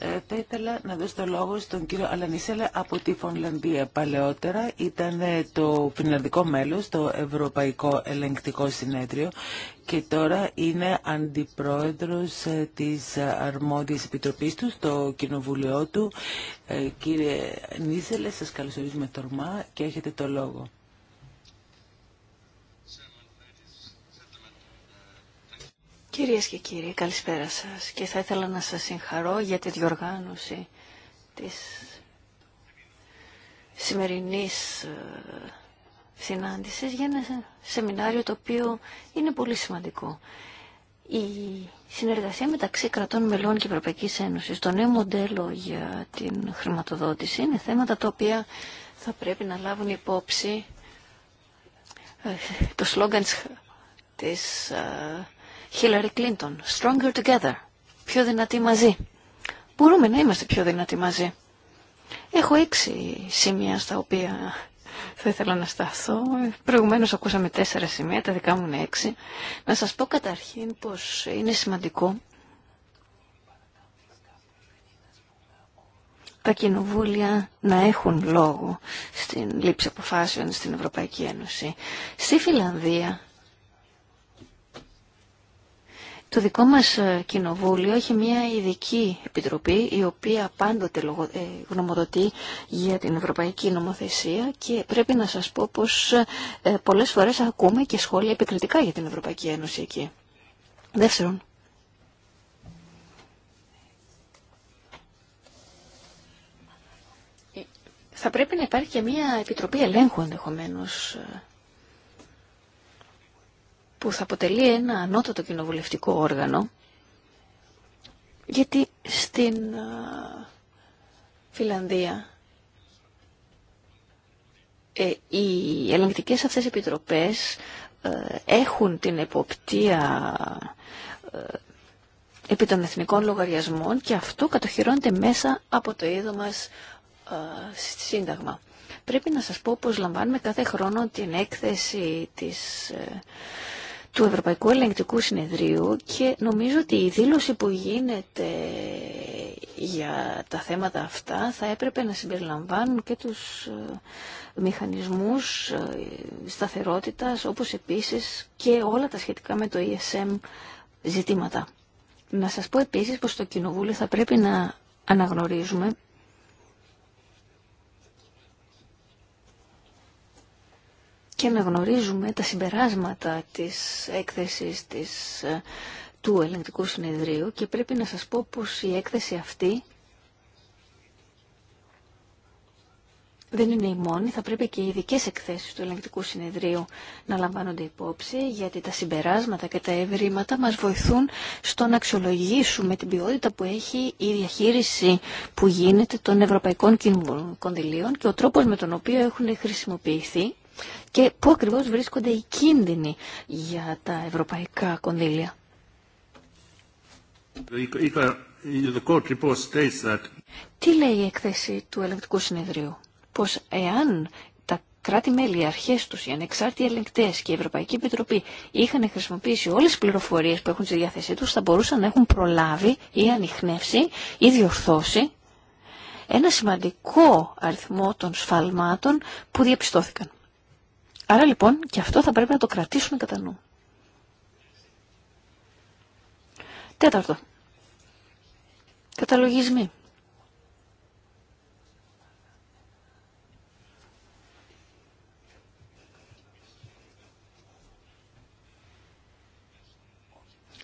Ε, θα ήθελα να δώσω το λόγο στον κύριο Αλανίσελε από τη Φονλανδία. Παλαιότερα ήταν ε, το φιλανδικό μέλος το Ευρωπαϊκό Ελεγκτικό Συνέδριο και τώρα είναι αντιπρόεδρος ε, της αρμόδιας επιτροπής του στο κοινοβουλίο του. Κύριε Νίσελε, σας καλωσορίζουμε τορμά και έχετε το λόγο. Κυρίες και κύριοι, καλησπέρα σας και θα ήθελα να σας συγχαρώ για τη διοργάνωση της σημερινής ε, συνάντησης για ένα σεμινάριο το οποίο είναι πολύ σημαντικό. Η συνεργασία μεταξύ κρατών μελών και Ευρωπαϊκής Ένωσης, το νέο μοντέλο για την χρηματοδότηση είναι θέματα τα οποία θα πρέπει να λάβουν υπόψη ε, το σλόγγαν της ε, Χίλαρη Κλίντον, Stronger Together, πιο δυνατοί μαζί. Μπορούμε να είμαστε πιο δυνατοί μαζί. Έχω έξι σημεία στα οποία θα ήθελα να σταθώ. Προηγουμένω ακούσαμε τέσσερα σημεία, τα δικά μου είναι έξι. Να σας πω καταρχήν πως είναι σημαντικό τα κοινοβούλια να έχουν λόγο στην λήψη αποφάσεων στην Ευρωπαϊκή Ένωση. Στη Φιλανδία το δικό μας ε, κοινοβούλιο έχει μια ειδική επιτροπή η οποία πάντοτε ε, γνωμοδοτεί για την ευρωπαϊκή νομοθεσία και πρέπει να σας πω πως ε, πολλές φορές ακούμε και σχόλια επικριτικά για την Ευρωπαϊκή Ένωση εκεί. Δεύτερον, θα πρέπει να υπάρχει και μια επιτροπή ελέγχου ενδεχομένω που θα αποτελεί ένα ανώτατο κοινοβουλευτικό όργανο, γιατί στην Φιλανδία ε, οι ελεγκτικές αυτές επιτροπές ε, έχουν την εποπτεία ε, επί των εθνικών λογαριασμών και αυτό κατοχυρώνεται μέσα από το είδο μας σύνταγμα. Πρέπει να σας πω πως λαμβάνουμε κάθε χρόνο την έκθεση της του Ευρωπαϊκού Ελεγκτικού Συνεδρίου και νομίζω ότι η δήλωση που γίνεται για τα θέματα αυτά θα έπρεπε να συμπεριλαμβάνουν και τους ε, μηχανισμούς ε, σταθερότητας όπως επίσης και όλα τα σχετικά με το ESM ζητήματα. Να σας πω επίσης πως το Κοινοβούλιο θα πρέπει να αναγνωρίζουμε και να γνωρίζουμε τα συμπεράσματα της έκθεσης της, ε, του Ελληνικού συνεδρίου και πρέπει να σας πω πως η έκθεση αυτή δεν είναι η μόνη, θα πρέπει και οι ειδικέ εκθέσεις του Ελληνικού συνεδρίου να λαμβάνονται υπόψη, γιατί τα συμπεράσματα και τα ευρήματα μας βοηθούν στο να αξιολογήσουμε την ποιότητα που έχει η διαχείριση που γίνεται των ευρωπαϊκών κονδυλίων και ο τρόπος με τον οποίο έχουν χρησιμοποιηθεί και πού ακριβώς βρίσκονται οι κίνδυνοι για τα ευρωπαϊκά κονδύλια. Τι λέει η εκθέση του ελεγκτικού συνεδρίου, πως εάν τα κράτη-μέλη, οι αρχές τους, οι ανεξάρτητοι ελεγκτές και η Ευρωπαϊκή Επιτροπή είχαν χρησιμοποιήσει όλες τις πληροφορίες που έχουν στη διάθεσή τους, θα μπορούσαν να έχουν προλάβει ή ανοιχνεύσει ή διορθώσει ένα σημαντικό αριθμό των σφαλμάτων που διαπιστώθηκαν. Άρα λοιπόν και αυτό θα πρέπει να το κρατήσουμε κατά νου. Τέταρτο. Καταλογισμοί.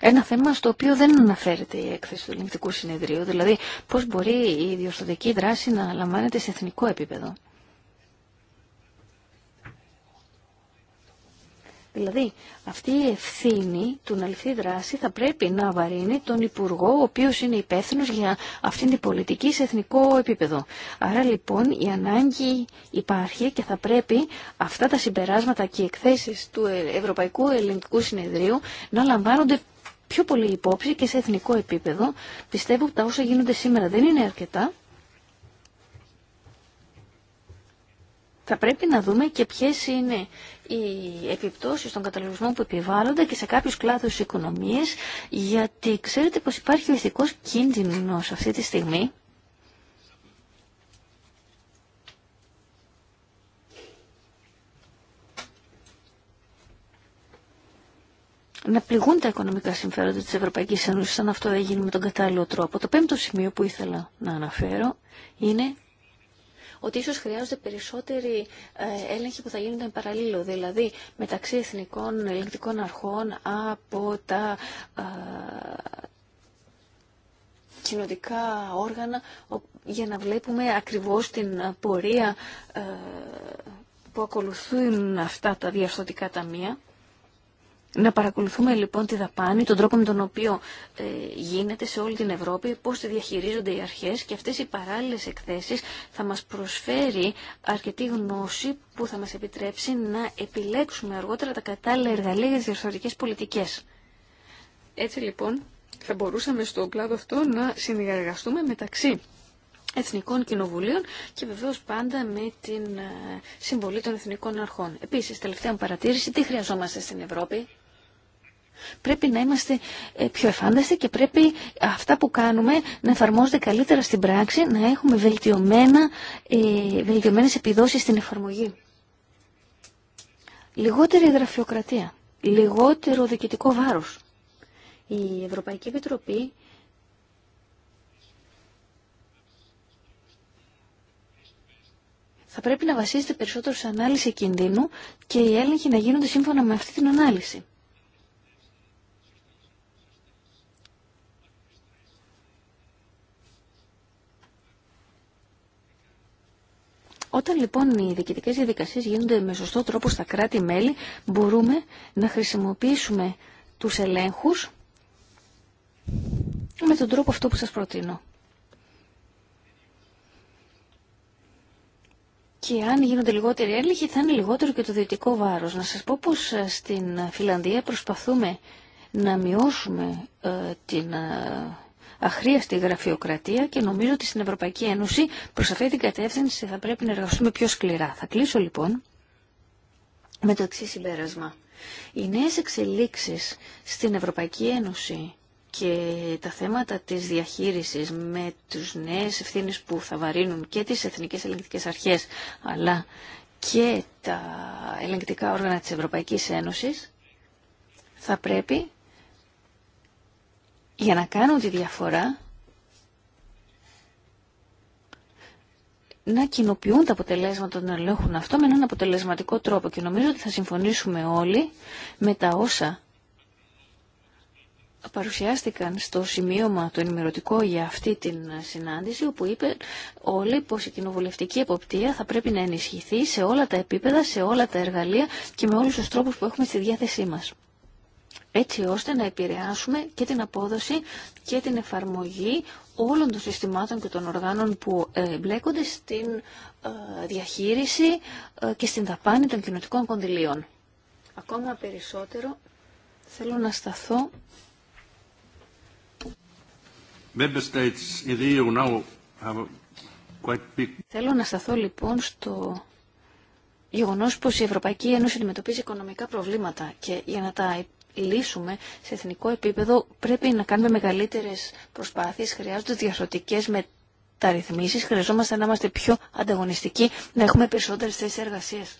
Ένα θέμα στο οποίο δεν αναφέρεται η έκθεση του Ελληνικού Συνεδρίου, δηλαδή πώς μπορεί η διορθωτική δράση να λαμβάνεται σε εθνικό επίπεδο. Δηλαδή, αυτή η ευθύνη του να ληφθεί δράση θα πρέπει να βαρύνει τον Υπουργό, ο οποίος είναι υπεύθυνο για αυτήν την πολιτική σε εθνικό επίπεδο. Άρα λοιπόν η ανάγκη υπάρχει και θα πρέπει αυτά τα συμπεράσματα και οι εκθέσεις του ε- Ευρωπαϊκού Ελληνικού Συνεδρίου να λαμβάνονται πιο πολύ υπόψη και σε εθνικό επίπεδο. Πιστεύω ότι τα όσα γίνονται σήμερα δεν είναι αρκετά θα πρέπει να δούμε και ποιες είναι οι επιπτώσεις των καταλογισμών που επιβάλλονται και σε κάποιους κλάδους της οικονομίας, γιατί ξέρετε πως υπάρχει ο ηθικός κίνδυνος αυτή τη στιγμή. να πληγούν τα οικονομικά συμφέροντα της Ευρωπαϊκής Ένωσης αν αυτό έγινε με τον κατάλληλο τρόπο. Το πέμπτο σημείο που ήθελα να αναφέρω είναι ότι ίσως χρειάζονται περισσότεροι ε, έλεγχοι που θα γίνονται παραλίλω, δηλαδή μεταξύ εθνικών ελεγκτικών αρχών από τα ε, κοινοτικά όργανα για να βλέπουμε ακριβώς την πορεία ε, που ακολουθούν αυτά τα διαφθορτικά ταμεία. Να παρακολουθούμε λοιπόν τη δαπάνη, τον τρόπο με τον οποίο ε, γίνεται σε όλη την Ευρώπη, πώς τη διαχειρίζονται οι αρχές και αυτές οι παράλληλες εκθέσεις θα μας προσφέρει αρκετή γνώση που θα μας επιτρέψει να επιλέξουμε αργότερα τα κατάλληλα εργαλεία για τις διορθωτικές πολιτικές. Έτσι λοιπόν θα μπορούσαμε στον κλάδο αυτό να συνεργαστούμε μεταξύ Εθνικών Κοινοβουλίων και βεβαίως πάντα με την ε, συμβολή των Εθνικών Αρχών. Επίσης, τελευταία μου παρατήρηση, τι χρειαζόμαστε στην Ευρώπη. Πρέπει να είμαστε ε, πιο εφάνταστοι και πρέπει αυτά που κάνουμε να εφαρμόζονται καλύτερα στην πράξη, να έχουμε βελτιωμένα, ε, βελτιωμένες επιδόσεις στην εφαρμογή. Λιγότερη γραφειοκρατία, λιγότερο διοικητικό βάρος. Η Ευρωπαϊκή Επιτροπή θα πρέπει να βασίζεται περισσότερο σε ανάλυση κινδύνου και οι έλεγχοι να γίνονται σύμφωνα με αυτή την ανάλυση. Όταν λοιπόν οι διοικητικέ διαδικασίε γίνονται με σωστό τρόπο στα κράτη-μέλη, μπορούμε να χρησιμοποιήσουμε του ελέγχου με τον τρόπο αυτό που σας προτείνω. Και αν γίνονται λιγότεροι έλεγχοι θα είναι λιγότερο και το διοικητικό βάρος. Να σας πω πως ε, στην Φιλανδία προσπαθούμε να μειώσουμε ε, την ε, αχρίαστη γραφειοκρατία και νομίζω ότι στην Ευρωπαϊκή Ένωση προς αυτή την κατεύθυνση θα πρέπει να εργαστούμε πιο σκληρά. Θα κλείσω λοιπόν με το εξή συμπέρασμα. Οι νέες εξελίξεις στην Ευρωπαϊκή Ένωση και τα θέματα της διαχείρισης με τους νέες ευθύνες που θα βαρύνουν και τις εθνικές ελεγκτικές αρχές αλλά και τα ελεγκτικά όργανα της Ευρωπαϊκής Ένωσης θα πρέπει για να κάνουν τη διαφορά να κοινοποιούν τα αποτελέσματα των ελέγχων αυτό με έναν αποτελεσματικό τρόπο και νομίζω ότι θα συμφωνήσουμε όλοι με τα όσα παρουσιάστηκαν στο σημείωμα το ενημερωτικό για αυτή την συνάντηση όπου είπε όλοι πως η κοινοβουλευτική εποπτεία θα πρέπει να ενισχυθεί σε όλα τα επίπεδα, σε όλα τα εργαλεία και με όλους τους τρόπους που έχουμε στη διάθεσή μας έτσι ώστε να επηρεάσουμε και την απόδοση και την εφαρμογή όλων των συστημάτων και των οργάνων που ε, μπλέκονται στην ε, διαχείριση ε, και στην δαπάνη των κοινωτικών κονδυλίων. Ακόμα περισσότερο θέλω να σταθώ e Θέλω να σταθώ λοιπόν στο γεγονός πως η Ευρωπαϊκή Ένωση αντιμετωπίζει οικονομικά προβλήματα και για να τα λύσουμε σε εθνικό επίπεδο πρέπει να κάνουμε μεγαλύτερες προσπάθειες, χρειάζονται διαρθρωτικές μεταρρυθμίσεις, χρειαζόμαστε να είμαστε πιο ανταγωνιστικοί, να έχουμε περισσότερες θέσεις εργασίας.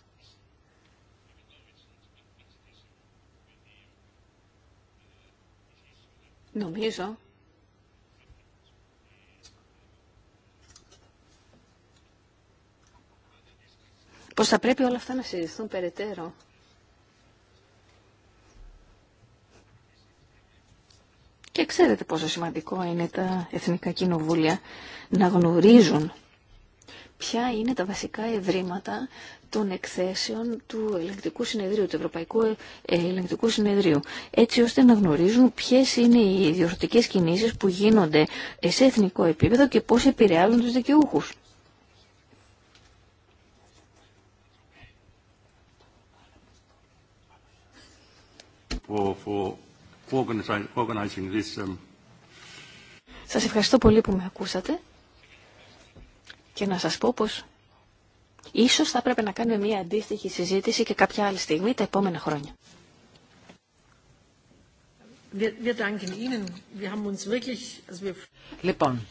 Νομίζω πως θα πρέπει όλα αυτά να συζητηθούν περαιτέρω. Και ξέρετε πόσο σημαντικό είναι τα εθνικά κοινοβούλια να γνωρίζουν ποια είναι τα βασικά ευρήματα των εκθέσεων του ελεγκτικού συνεδρίου, του Ευρωπαϊκού Ελεγκτικού Συνεδρίου, έτσι ώστε να γνωρίζουν ποιες είναι οι διορθωτικές κινήσεις που γίνονται σε εθνικό επίπεδο και πώς επηρεάζουν τους δικαιούχους. Um, σας ευχαριστώ πολύ που με ακούσατε και να σας πω πως ίσως θα πρέπει να κάνουμε μια αντίστοιχη συζήτηση και κάποια άλλη στιγμή τα επόμενα χρόνια. Λοιπόν,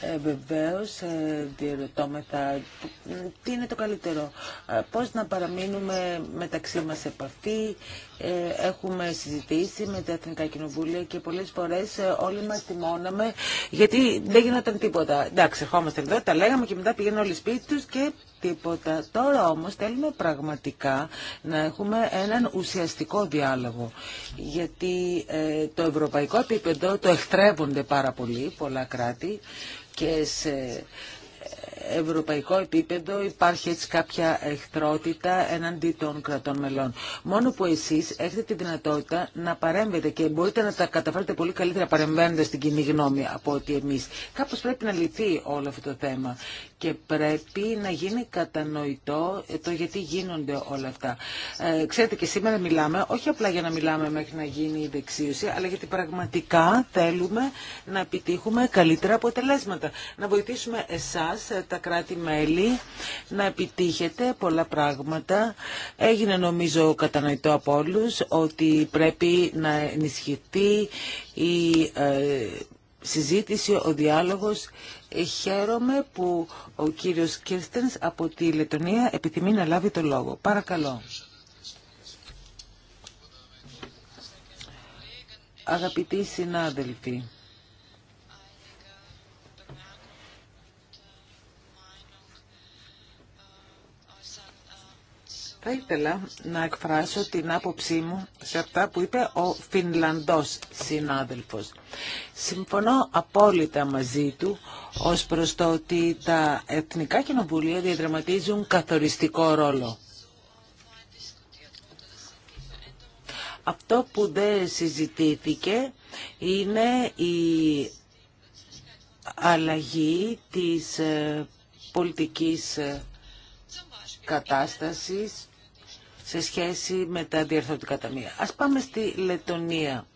ε, Βεβαίω, ε, διερωτώμεθα τι είναι το καλύτερο. Ε, πώς να παραμείνουμε μεταξύ μας σε επαφή. Ε, έχουμε συζητήσει με τα Εθνικά Κοινοβούλια και πολλές φορές ε, όλοι μας τιμώναμε γιατί δεν γινόταν τίποτα. Εντάξει, ερχόμαστε εδώ, τα λέγαμε και μετά πηγαίνουν όλοι σπίτι τους και τίποτα. Τώρα όμως θέλουμε πραγματικά να έχουμε έναν ουσιαστικό διάλογο. Γιατί ε, το ευρωπαϊκό επίπεδο το εχθρεύονται πάρα πολύ πολλά κράτη και σε ευρωπαϊκό επίπεδο υπάρχει έτσι κάποια εχθρότητα εναντί των κρατών μελών. Μόνο που εσείς έχετε τη δυνατότητα να παρέμβετε και μπορείτε να τα καταφέρετε πολύ καλύτερα παρεμβαίνοντας την κοινή γνώμη από ότι εμείς. Κάπως πρέπει να λυθεί όλο αυτό το θέμα και πρέπει να γίνει κατανοητό το γιατί γίνονται όλα αυτά. Ε, ξέρετε και σήμερα μιλάμε, όχι απλά για να μιλάμε μέχρι να γίνει η δεξίωση, αλλά γιατί πραγματικά θέλουμε να επιτύχουμε καλύτερα αποτελέσματα. Να βοηθήσουμε εσάς, ε, τα κράτη-μέλη, να επιτύχετε πολλά πράγματα. Έγινε νομίζω κατανοητό από όλου ότι πρέπει να ενισχυθεί η ε, συζήτηση, ο διάλογος. Ε, χαίρομαι που ο κύριος Κίρστενς από τη Λετωνία επιθυμεί να λάβει το λόγο. Παρακαλώ. Αγαπητοί συνάδελφοι, Θα ήθελα να εκφράσω την άποψή μου σε αυτά που είπε ο Φινλανδός συνάδελφος. Συμφωνώ απόλυτα μαζί του ως προς το ότι τα Εθνικά Κοινοβουλία διαδραματίζουν καθοριστικό ρόλο. Αυτό που δεν συζητήθηκε είναι η αλλαγή της ε, πολιτικής ε, κατάστασης σε σχέση με τα διαρθρωτικά ταμεία. Ας πάμε στη Λετωνία.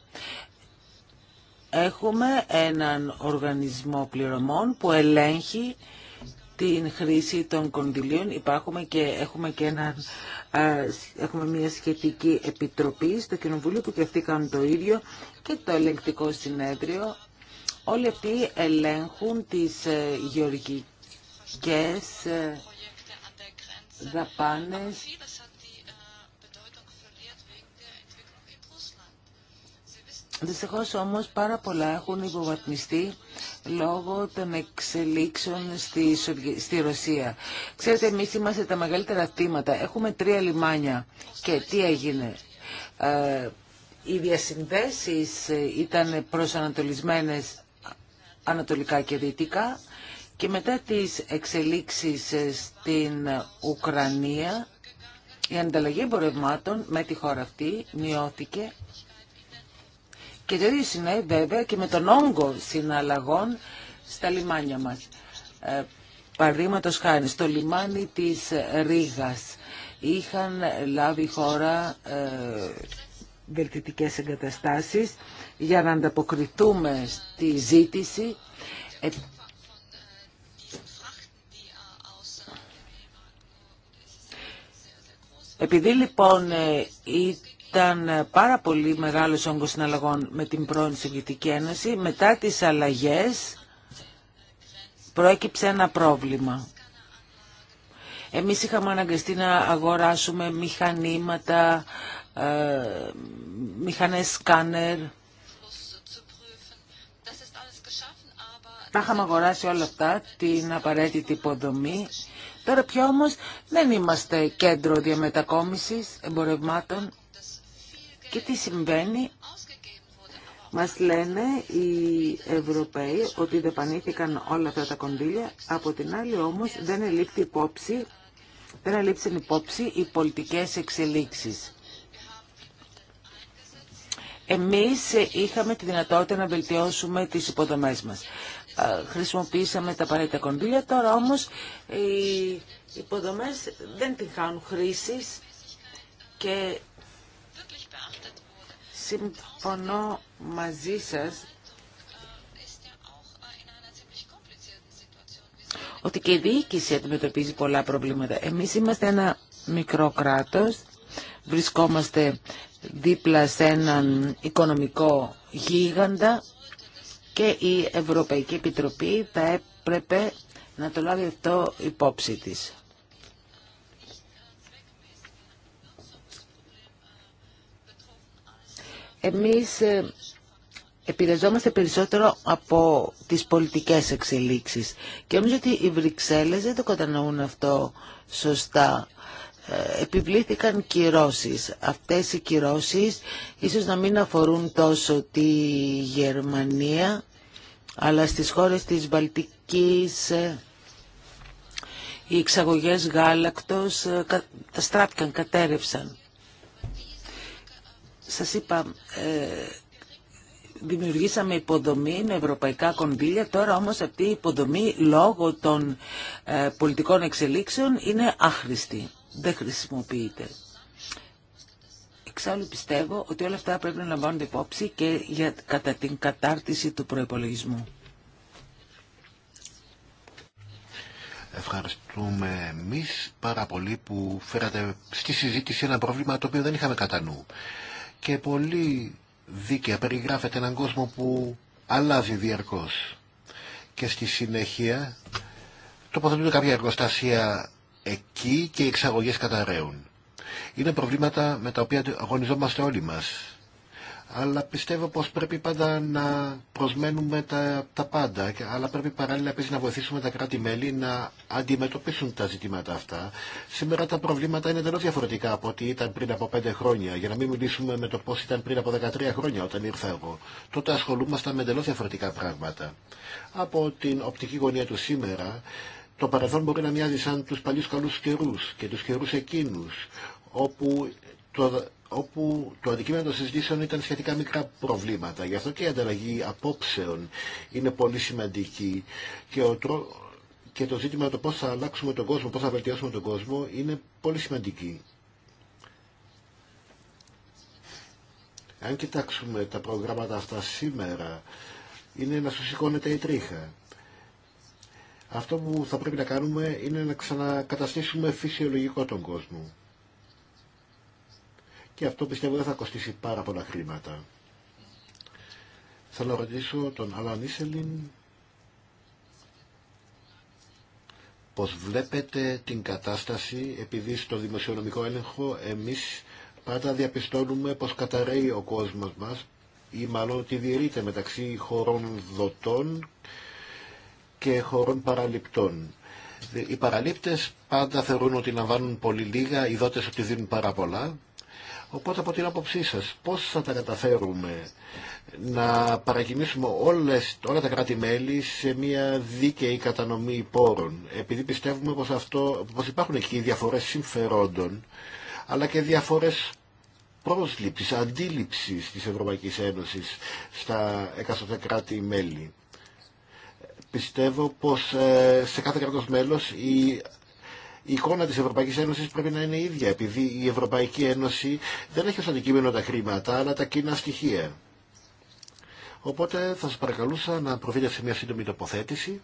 Έχουμε έναν οργανισμό πληρωμών που ελέγχει την χρήση των κονδυλίων. Υπάρχουμε και έχουμε και έναν έχουμε μια σχετική επιτροπή στο Κοινοβούλιο που και αυτοί κάνουν το ίδιο και το ελεγκτικό συνέδριο. Όλοι αυτοί ελέγχουν τις ε, γεωργικές ε, δαπάνες Δυστυχώς όμως πάρα πολλά έχουν υποβαθμιστεί λόγω των εξελίξεων στη, στη Ρωσία. Ξέρετε, εμείς είμαστε τα μεγαλύτερα θύματα. Έχουμε τρία λιμάνια. Και τι έγινε. Ε, οι διασυνδέσεις ε, ήταν προσανατολισμένες ανατολικά και δυτικά και μετά τις εξελίξεις ε, στην Ουκρανία η ανταλλαγή εμπορευμάτων με τη χώρα αυτή μειώθηκε και το ίδιο συνέβη βέβαια και με τον όγκο συναλλαγών στα λιμάνια μας. Ε, τος χάρη, στο λιμάνι της Ρήγας είχαν λάβει χώρα ε, βελτιτικές εγκαταστάσεις για να ανταποκριθούμε στη ζήτηση. Ε, επειδή λοιπόν η ε, ήταν πάρα πολύ μεγάλος όγκος συναλλαγών με την πρώην Σοβιετική Ένωση. Μετά τις αλλαγές προέκυψε ένα πρόβλημα. Εμείς είχαμε αναγκαστεί να αγοράσουμε μηχανήματα, ε, μηχανές σκάνερ. Τα είχαμε αγοράσει όλα αυτά, την απαραίτητη υποδομή. Τώρα πια όμως δεν είμαστε κέντρο διαμετακόμισης εμπορευμάτων. Και τι συμβαίνει, μας λένε οι Ευρωπαίοι ότι δεπανήθηκαν όλα αυτά τα κονδύλια, από την άλλη όμως δεν ελείπτει υπόψη, δεν ελείψαν υπόψη οι πολιτικές εξελίξεις. Εμείς είχαμε τη δυνατότητα να βελτιώσουμε τις υποδομές μας. Χρησιμοποίησαμε τα παρέτα κονδύλια, τώρα όμως οι υποδομές δεν την χάνουν χρήσης και συμφωνώ μαζί σας ότι και η διοίκηση αντιμετωπίζει πολλά προβλήματα. Εμείς είμαστε ένα μικρό κράτος, βρισκόμαστε δίπλα σε έναν οικονομικό γίγαντα και η Ευρωπαϊκή Επιτροπή θα έπρεπε να το λάβει αυτό υπόψη της. Εμείς ε, επηρεαζόμαστε περισσότερο από τις πολιτικές εξελίξεις. Και νομίζω ότι οι Βρυξέλλες δεν το κατανοούν αυτό σωστά. Ε, επιβλήθηκαν κυρώσεις. Αυτές οι κυρώσεις ίσως να μην αφορούν τόσο τη Γερμανία, αλλά στις χώρες της Βαλτικής ε, οι εξαγωγές γάλακτος καταστράφηκαν, κατέρευσαν. Σας είπα, ε, δημιουργήσαμε υποδομή με ευρωπαϊκά κονδύλια, τώρα όμως αυτή η υποδομή λόγω των ε, πολιτικών εξελίξεων είναι άχρηστη, δεν χρησιμοποιείται. Εξάλλου πιστεύω ότι όλα αυτά πρέπει να λαμβάνονται υπόψη και για, κατά την κατάρτιση του προϋπολογισμού. Ευχαριστούμε εμεί πάρα πολύ που φέρατε στη συζήτηση ένα πρόβλημα το οποίο δεν είχαμε κατά νου και πολύ δίκαια περιγράφεται έναν κόσμο που αλλάζει διαρκώς και στη συνέχεια τοποθετούνται κάποια εργοστάσια εκεί και οι εξαγωγές καταραίουν. Είναι προβλήματα με τα οποία αγωνιζόμαστε όλοι μας αλλά πιστεύω πως πρέπει πάντα να προσμένουμε τα, τα πάντα, αλλά πρέπει παράλληλα επίσης να βοηθήσουμε τα κράτη-μέλη να αντιμετωπίσουν τα ζητήματα αυτά. Σήμερα τα προβλήματα είναι εντελώς διαφορετικά από ό,τι ήταν πριν από πέντε χρόνια, για να μην μιλήσουμε με το πώς ήταν πριν από 13 χρόνια όταν ήρθα εγώ. Τότε ασχολούμασταν με εντελώς διαφορετικά πράγματα. Από την οπτική γωνία του σήμερα, το παρελθόν μπορεί να μοιάζει σαν τους παλιούς καλούς καιρούς και τους καιρούς εκείνους, όπου το, όπου το αντικείμενο των συζητήσεων ήταν σχετικά μικρά προβλήματα. Γι' αυτό και η ανταλλαγή απόψεων είναι πολύ σημαντική και, το ζήτημα το πώς θα αλλάξουμε τον κόσμο, πώς θα βελτιώσουμε τον κόσμο είναι πολύ σημαντική. Αν κοιτάξουμε τα προγράμματα αυτά σήμερα, είναι να σου σηκώνεται η τρίχα. Αυτό που θα πρέπει να κάνουμε είναι να ξανακαταστήσουμε φυσιολογικό τον κόσμο και αυτό πιστεύω δεν θα κοστίσει πάρα πολλά χρήματα. Θέλω να ρωτήσω τον Αλάν Ίσελιν πως βλέπετε την κατάσταση επειδή στο δημοσιονομικό έλεγχο εμείς πάντα διαπιστώνουμε πως καταραίει ο κόσμος μας ή μάλλον ότι διαιρείται μεταξύ χωρών δοτών και χωρών παραλειπτών. Οι παραλήπτες πάντα θεωρούν ότι λαμβάνουν πολύ λίγα, οι δότες ότι δίνουν πάρα πολλά Οπότε από την άποψή σας, πώς θα τα καταφέρουμε να παρακινήσουμε όλες, όλα τα κράτη-μέλη σε μια δίκαιη κατανομή πόρων, επειδή πιστεύουμε πως, αυτό, πως υπάρχουν εκεί διαφορές συμφερόντων, αλλά και διαφορές πρόσληψης, αντίληψης της Ευρωπαϊκής Ένωσης στα εκάστοτε κράτη-μέλη. Πιστεύω πως ε, σε κάθε κράτος μέλος η η εικόνα της Ευρωπαϊκής Ένωσης πρέπει να είναι ίδια, επειδή η Ευρωπαϊκή Ένωση δεν έχει ως αντικείμενο τα χρήματα, αλλά τα κοινά στοιχεία. Οπότε θα σας παρακαλούσα να προβείτε σε μια σύντομη τοποθέτηση.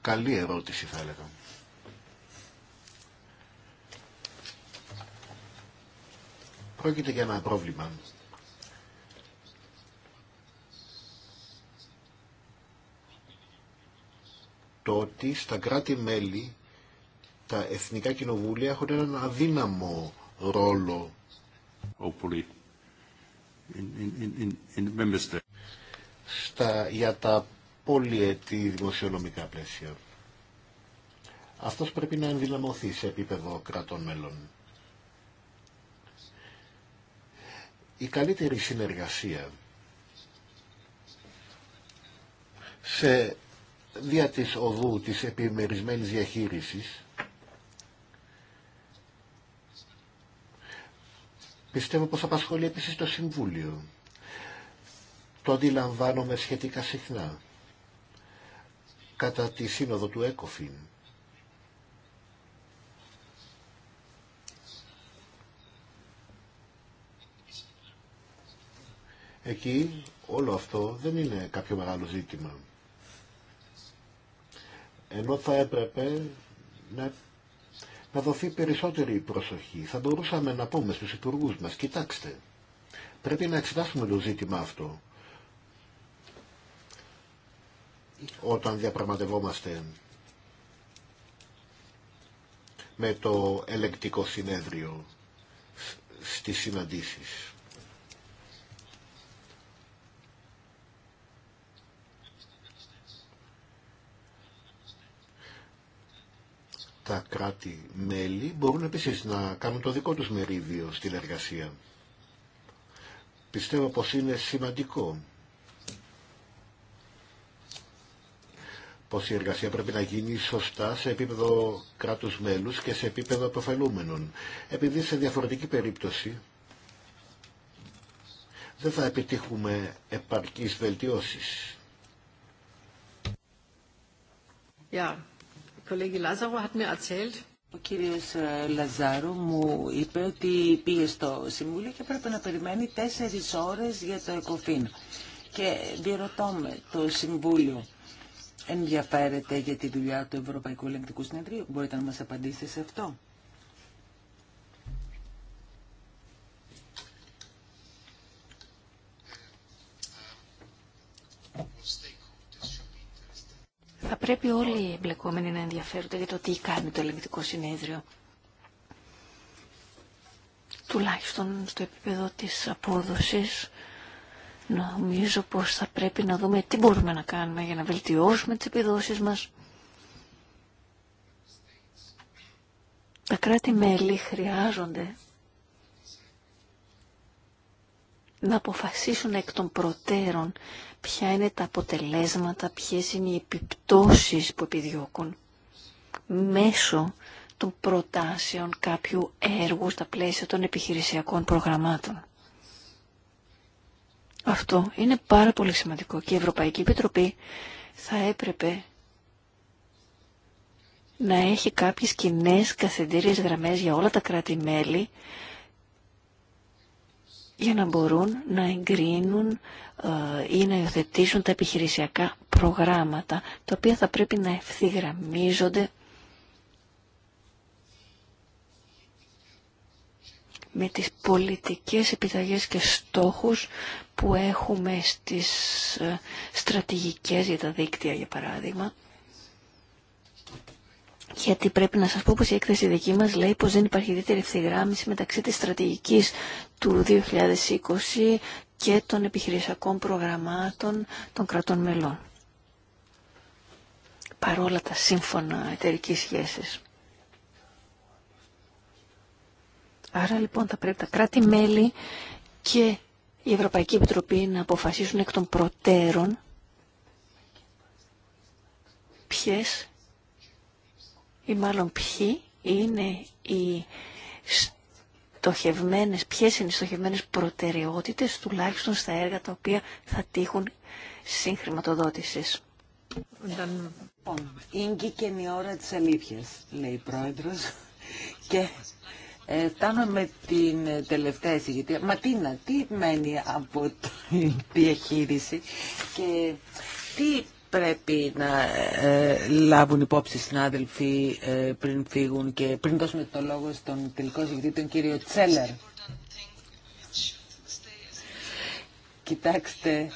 Καλή ερώτηση θα έλεγα. Πρόκειται για ένα πρόβλημα το ότι στα κράτη-μέλη τα εθνικά κοινοβούλια έχουν έναν αδύναμο ρόλο στα, για τα πολυετή δημοσιονομικά πλαίσια. Αυτός πρέπει να ενδυναμωθεί σε επίπεδο κρατών μέλων. Η καλύτερη συνεργασία σε δια της οδού της επιμερισμένης διαχείρισης πιστεύω πως απασχολεί επίσης το Συμβούλιο. Το αντιλαμβάνομαι σχετικά συχνά κατά τη σύνοδο του ΕΚΟΦΗΝ. Εκεί όλο αυτό δεν είναι κάποιο μεγάλο ζήτημα ενώ θα έπρεπε να, να δοθεί περισσότερη προσοχή. Θα μπορούσαμε να πούμε στους υπουργούς μας, κοιτάξτε, πρέπει να εξετάσουμε το ζήτημα αυτό όταν διαπραγματευόμαστε με το ελεκτικό συνέδριο στις συναντήσεις. τα κράτη-μέλη μπορούν επίσης να κάνουν το δικό τους μερίδιο στην εργασία. Πιστεύω πως είναι σημαντικό πως η εργασία πρέπει να γίνει σωστά σε επίπεδο κράτους μέλους και σε επίπεδο αποφελούμενων. Επειδή σε διαφορετική περίπτωση δεν θα επιτύχουμε επαρκείς βελτιώσεις. Ο κύριο ε, Λαζάρου μου είπε ότι πήγε στο Συμβούλιο και πρέπει να περιμένει τέσσερι ώρε για το ΕΚΟΦΗΝ. Και διερωτώ με το Συμβούλιο ενδιαφέρεται για τη δουλειά του Ευρωπαϊκού Ελεγκτικού Συνεδρίου. Μπορείτε να μα απαντήσετε σε αυτό. θα πρέπει όλοι οι εμπλεκόμενοι να ενδιαφέρονται για το τι κάνει το Ελληνικό συνέδριο. Τουλάχιστον στο επίπεδο της απόδοσης, νομίζω πως θα πρέπει να δούμε τι μπορούμε να κάνουμε για να βελτιώσουμε τις επιδόσεις μας. Τα κράτη-μέλη χρειάζονται να αποφασίσουν εκ των προτέρων ποια είναι τα αποτελέσματα, ποιες είναι οι επιπτώσεις που επιδιώκουν μέσω των προτάσεων κάποιου έργου στα πλαίσια των επιχειρησιακών προγραμμάτων. Αυτό είναι πάρα πολύ σημαντικό και η Ευρωπαϊκή Επιτροπή θα έπρεπε να έχει κάποιες κοινέ καθεντήριες γραμμές για όλα τα κράτη-μέλη για να μπορούν να εγκρίνουν ε, ή να υιοθετήσουν τα επιχειρησιακά προγράμματα, τα οποία θα πρέπει να ευθυγραμμίζονται με τις πολιτικές επιταγές και στόχους που έχουμε στις ε, στρατηγικές για τα δίκτυα, για παράδειγμα. Γιατί πρέπει να σας πω πως η έκθεση δική μας λέει πως δεν υπάρχει ιδιαίτερη ευθυγράμμιση μεταξύ της στρατηγικής του 2020, και των επιχειρησιακών προγραμμάτων των κρατών μελών. Παρόλα τα σύμφωνα εταιρικής σχέσης. Άρα λοιπόν θα πρέπει τα κράτη-μέλη και η Ευρωπαϊκή Επιτροπή να αποφασίσουν εκ των προτέρων ποιες ή μάλλον ποιοι είναι οι στοχευμένες, ποιες είναι οι στοχευμένες προτεραιότητες τουλάχιστον στα έργα τα οποία θα τύχουν συγχρηματοδότησης. Ήγκη και η ώρα της αλήθειας, λέει η πρόεδρος. Και ε, φτάνουμε την ε, τελευταία εισηγητή. Ματίνα, τι μένει από τη διαχείριση και τι πρέπει να ε, λάβουν υπόψη συνάδελφοι ε, πριν φύγουν και πριν δώσουμε το λόγο στον τελικό ζητητή, τον κύριο Τσέλερ. Κοιτάξτε,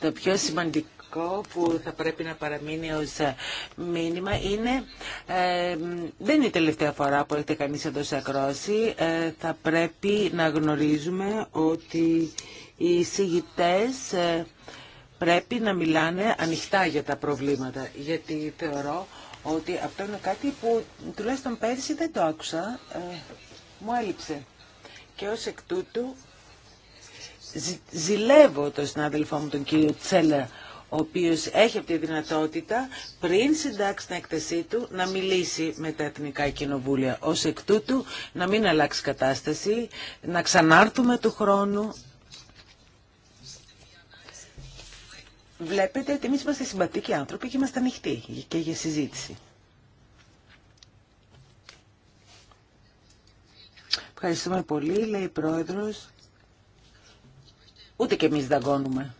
το πιο σημαντικό που θα πρέπει να παραμείνει ως ε, μήνυμα είναι ε, δεν είναι η τελευταία φορά που έχετε κανείς εδώ σε ακρόση θα πρέπει να γνωρίζουμε ότι οι συγητές πρέπει να μιλάνε ανοιχτά για τα προβλήματα, γιατί θεωρώ ότι αυτό είναι κάτι που τουλάχιστον πέρσι δεν το άκουσα, ε, μου έλειψε. Και ως εκ τούτου ζηλεύω τον συνάδελφό μου τον κύριο Τσέλα, ο οποίος έχει αυτή τη δυνατότητα πριν συντάξει την έκθεσή του να μιλήσει με τα Εθνικά Κοινοβούλια. Ως εκ τούτου να μην αλλάξει κατάσταση, να ξανάρθουμε του χρόνου Βλέπετε ότι εμείς είμαστε συμπατικοί άνθρωποι και είμαστε ανοιχτοί και για συζήτηση. Ευχαριστούμε πολύ, λέει η Πρόεδρος. Ούτε και εμείς δαγκώνουμε.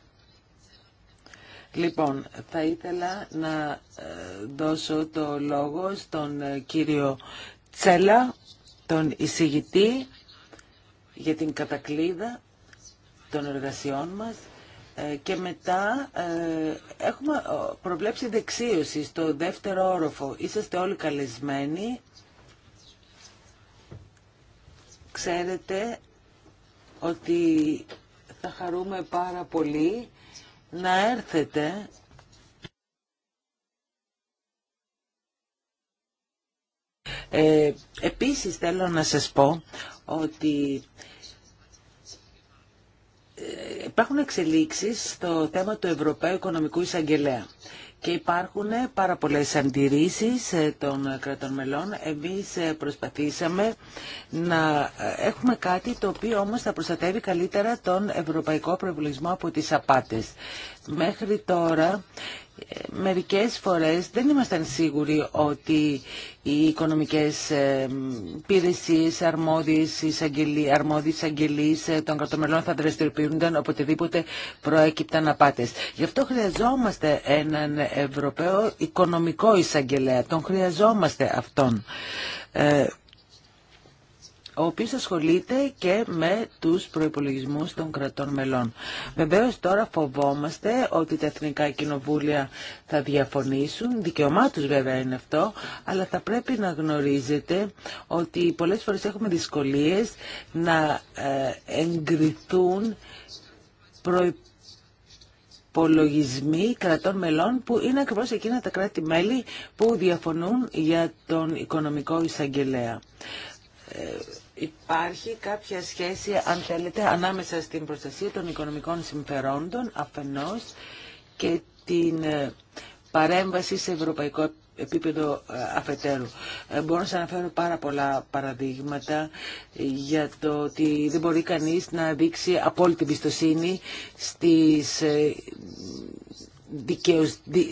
Λοιπόν, θα ήθελα να ε, δώσω το λόγο στον ε, κύριο Τσέλα, τον εισηγητή για την κατακλίδα των εργασιών μας ε, και μετά ε, έχουμε προβλέψει δεξίωση στο δεύτερο όροφο. Είσαστε όλοι καλεσμένοι. Ξέρετε ότι θα χαρούμε πάρα πολύ να έρθετε Ε, επίσης θέλω να σας πω ότι υπάρχουν εξελίξεις στο θέμα του Ευρωπαίου Οικονομικού Εισαγγελέα και υπάρχουν πάρα πολλές αντιρρήσεις ε, των κρατών μελών. Εμείς ε, προσπαθήσαμε να ε, έχουμε κάτι το οποίο όμως θα προστατεύει καλύτερα τον ευρωπαϊκό προευλογισμό από τις απάτες. Μέχρι τώρα μερικές φορές δεν ήμασταν σίγουροι ότι οι οικονομικές ε, υπηρεσίε αρμόδιες εισαγγελείς ε, των κρατομελών θα δραστηριοποιούνταν οποτεδήποτε προέκυπταν απάτες. Γι' αυτό χρειαζόμαστε έναν Ευρωπαίο οικονομικό εισαγγελέα. Τον χρειαζόμαστε αυτόν. Ε, ο οποίο ασχολείται και με τους προπολογισμού των κρατών μελών. Βεβαίω τώρα φοβόμαστε ότι τα εθνικά κοινοβούλια θα διαφωνήσουν, δικαιωμά βέβαια είναι αυτό, αλλά θα πρέπει να γνωρίζετε ότι πολλές φορές έχουμε δυσκολίες να ε, εγκριθούν προϋπολογισμοί υπολογισμοί κρατών μελών που είναι ακριβώ εκείνα τα κράτη-μέλη που διαφωνούν για τον οικονομικό εισαγγελέα. Ε, Υπάρχει κάποια σχέση, αν θέλετε, ανάμεσα στην προστασία των οικονομικών συμφερόντων αφενός και την ε, παρέμβαση σε ευρωπαϊκό επίπεδο ε, αφετέρου. Ε, μπορώ να σας αναφέρω πάρα πολλά παραδείγματα για το ότι δεν μπορεί κανείς να δείξει απόλυτη εμπιστοσύνη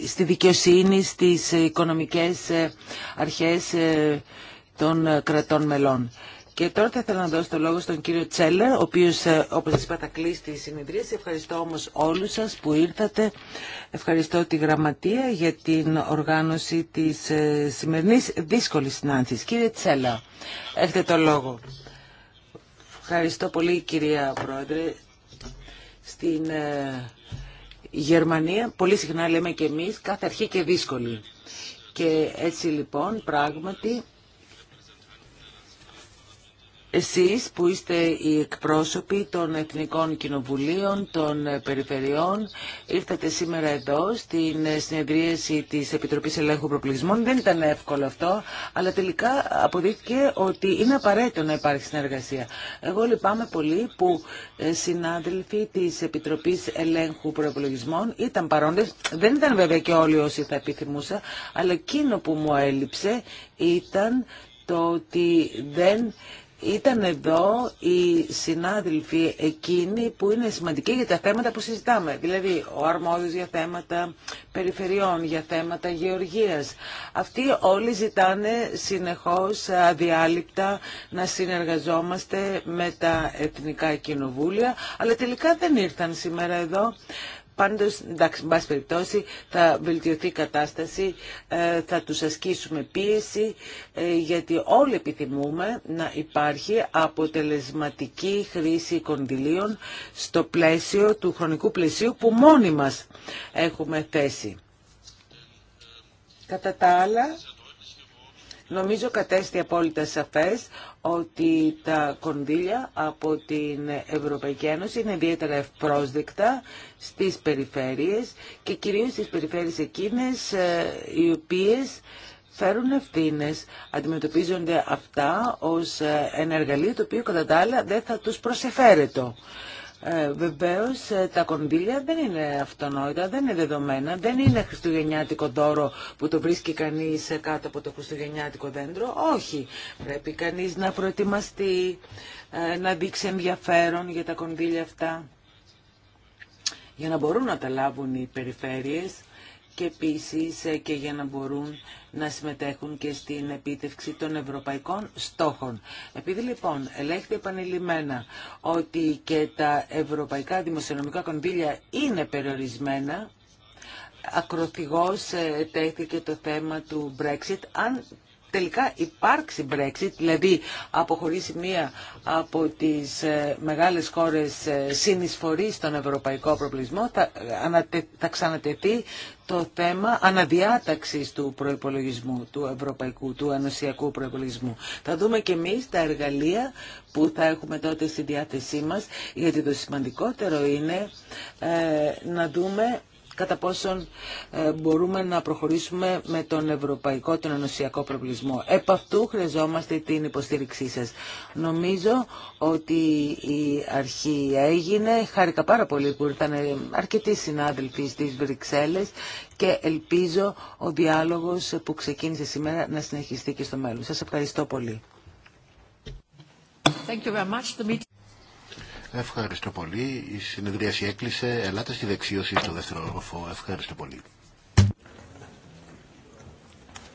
στη δικαιοσύνη, στις οικονομικές αρχές των κρατών μελών. Και τώρα θα ήθελα να δώσω το λόγο στον κύριο Τσέλλερ, ο οποίος ε, όπως σα είπα θα κλείσει τη συνεδρία. ευχαριστώ όμως όλους σας που ήρθατε. Ευχαριστώ τη Γραμματεία για την οργάνωση της ε, σημερινής δύσκολης συνάντηση. Κύριε Τσέλλα, έχετε το λόγο. Ευχαριστώ πολύ κυρία Πρόεδρε. Στην ε, Γερμανία πολύ συχνά λέμε και εμείς κάθε αρχή και δύσκολη. Και έτσι λοιπόν πράγματι εσείς που είστε οι εκπρόσωποι των Εθνικών Κοινοβουλίων, των Περιφερειών, ήρθατε σήμερα εδώ στην συνεδρίαση της Επιτροπής Ελέγχου Προπληγισμών. Δεν ήταν εύκολο αυτό, αλλά τελικά αποδείχθηκε ότι είναι απαραίτητο να υπάρχει συνεργασία. Εγώ λυπάμαι πολύ που ε, συνάδελφοι της Επιτροπής Ελέγχου Προπληγισμών ήταν παρόντες. Δεν ήταν βέβαια και όλοι όσοι θα επιθυμούσα, αλλά εκείνο που μου έλειψε ήταν το ότι δεν ήταν εδώ οι συνάδελφοι εκείνοι που είναι σημαντικοί για τα θέματα που συζητάμε. Δηλαδή ο αρμόδιος για θέματα περιφερειών, για θέματα γεωργίας. Αυτοί όλοι ζητάνε συνεχώς αδιάλειπτα να συνεργαζόμαστε με τα Εθνικά Κοινοβούλια, αλλά τελικά δεν ήρθαν σήμερα εδώ. Πάντως, εντάξει, μπας περιπτώσει, θα βελτιωθεί η κατάσταση, ε, θα τους ασκήσουμε πίεση, ε, γιατί όλοι επιθυμούμε να υπάρχει αποτελεσματική χρήση κονδυλίων στο πλαίσιο του χρονικού πλαισίου που μόνοι μας έχουμε θέσει. Κατά τα άλλα, νομίζω κατέστη απόλυτα σαφές ότι τα κονδύλια από την Ευρωπαϊκή Ένωση είναι ιδιαίτερα ευπρόσδεκτα στις περιφέρειες και κυρίως στις περιφέρειες εκείνες ε, οι οποίες φέρουν ευθύνε. Αντιμετωπίζονται αυτά ως ε, ένα εργαλείο το οποίο κατά τα άλλα δεν θα τους προσεφέρετο. Ε, βεβαίως ε, τα κονδύλια δεν είναι αυτονόητα, δεν είναι δεδομένα, δεν είναι χριστουγεννιάτικο δώρο που το βρίσκει κανεί κάτω από το χριστουγεννιάτικο δέντρο. Όχι, πρέπει κανεί να προετοιμαστεί, ε, να δείξει ενδιαφέρον για τα κονδύλια αυτά για να μπορούν να τα λάβουν οι περιφέρειες και επίσης ε, και για να μπορούν να συμμετέχουν και στην επίτευξη των ευρωπαϊκών στόχων. Επειδή λοιπόν ελέγχεται επανειλημμένα ότι και τα ευρωπαϊκά δημοσιονομικά κονδύλια είναι περιορισμένα, ακροθυγώς ε, τέθηκε το θέμα του Brexit. Αν τελικά υπάρξει Brexit, δηλαδή αποχωρήσει μία από τις ε, μεγάλες χώρες ε, συνεισφορής στον ευρωπαϊκό προβλησμό, θα, ε, θα ξανατεθεί το θέμα αναδιάταξης του προϋπολογισμού, του ευρωπαϊκού, του ανοσιακού προϋπολογισμού. Θα δούμε και εμείς τα εργαλεία που θα έχουμε τότε στη διάθεσή μας, γιατί το σημαντικότερο είναι να δούμε κατά πόσον ε, μπορούμε να προχωρήσουμε με τον ευρωπαϊκό, τον ενωσιακό προβλησμό. Επ' αυτού χρειαζόμαστε την υποστήριξή σας. Νομίζω ότι η αρχή έγινε. Χάρηκα πάρα πολύ που ήρθαν ε, αρκετοί συνάδελφοι στις Βρυξέλλες και ελπίζω ο διάλογος που ξεκίνησε σήμερα να συνεχιστεί και στο μέλλον. Σας ευχαριστώ πολύ. Thank you very much. Ευχαριστώ πολύ. Η συνεδρίαση έκλεισε. Ελάτε στη δεξίωση στο δεύτερο όροφο. Ευχαριστώ πολύ.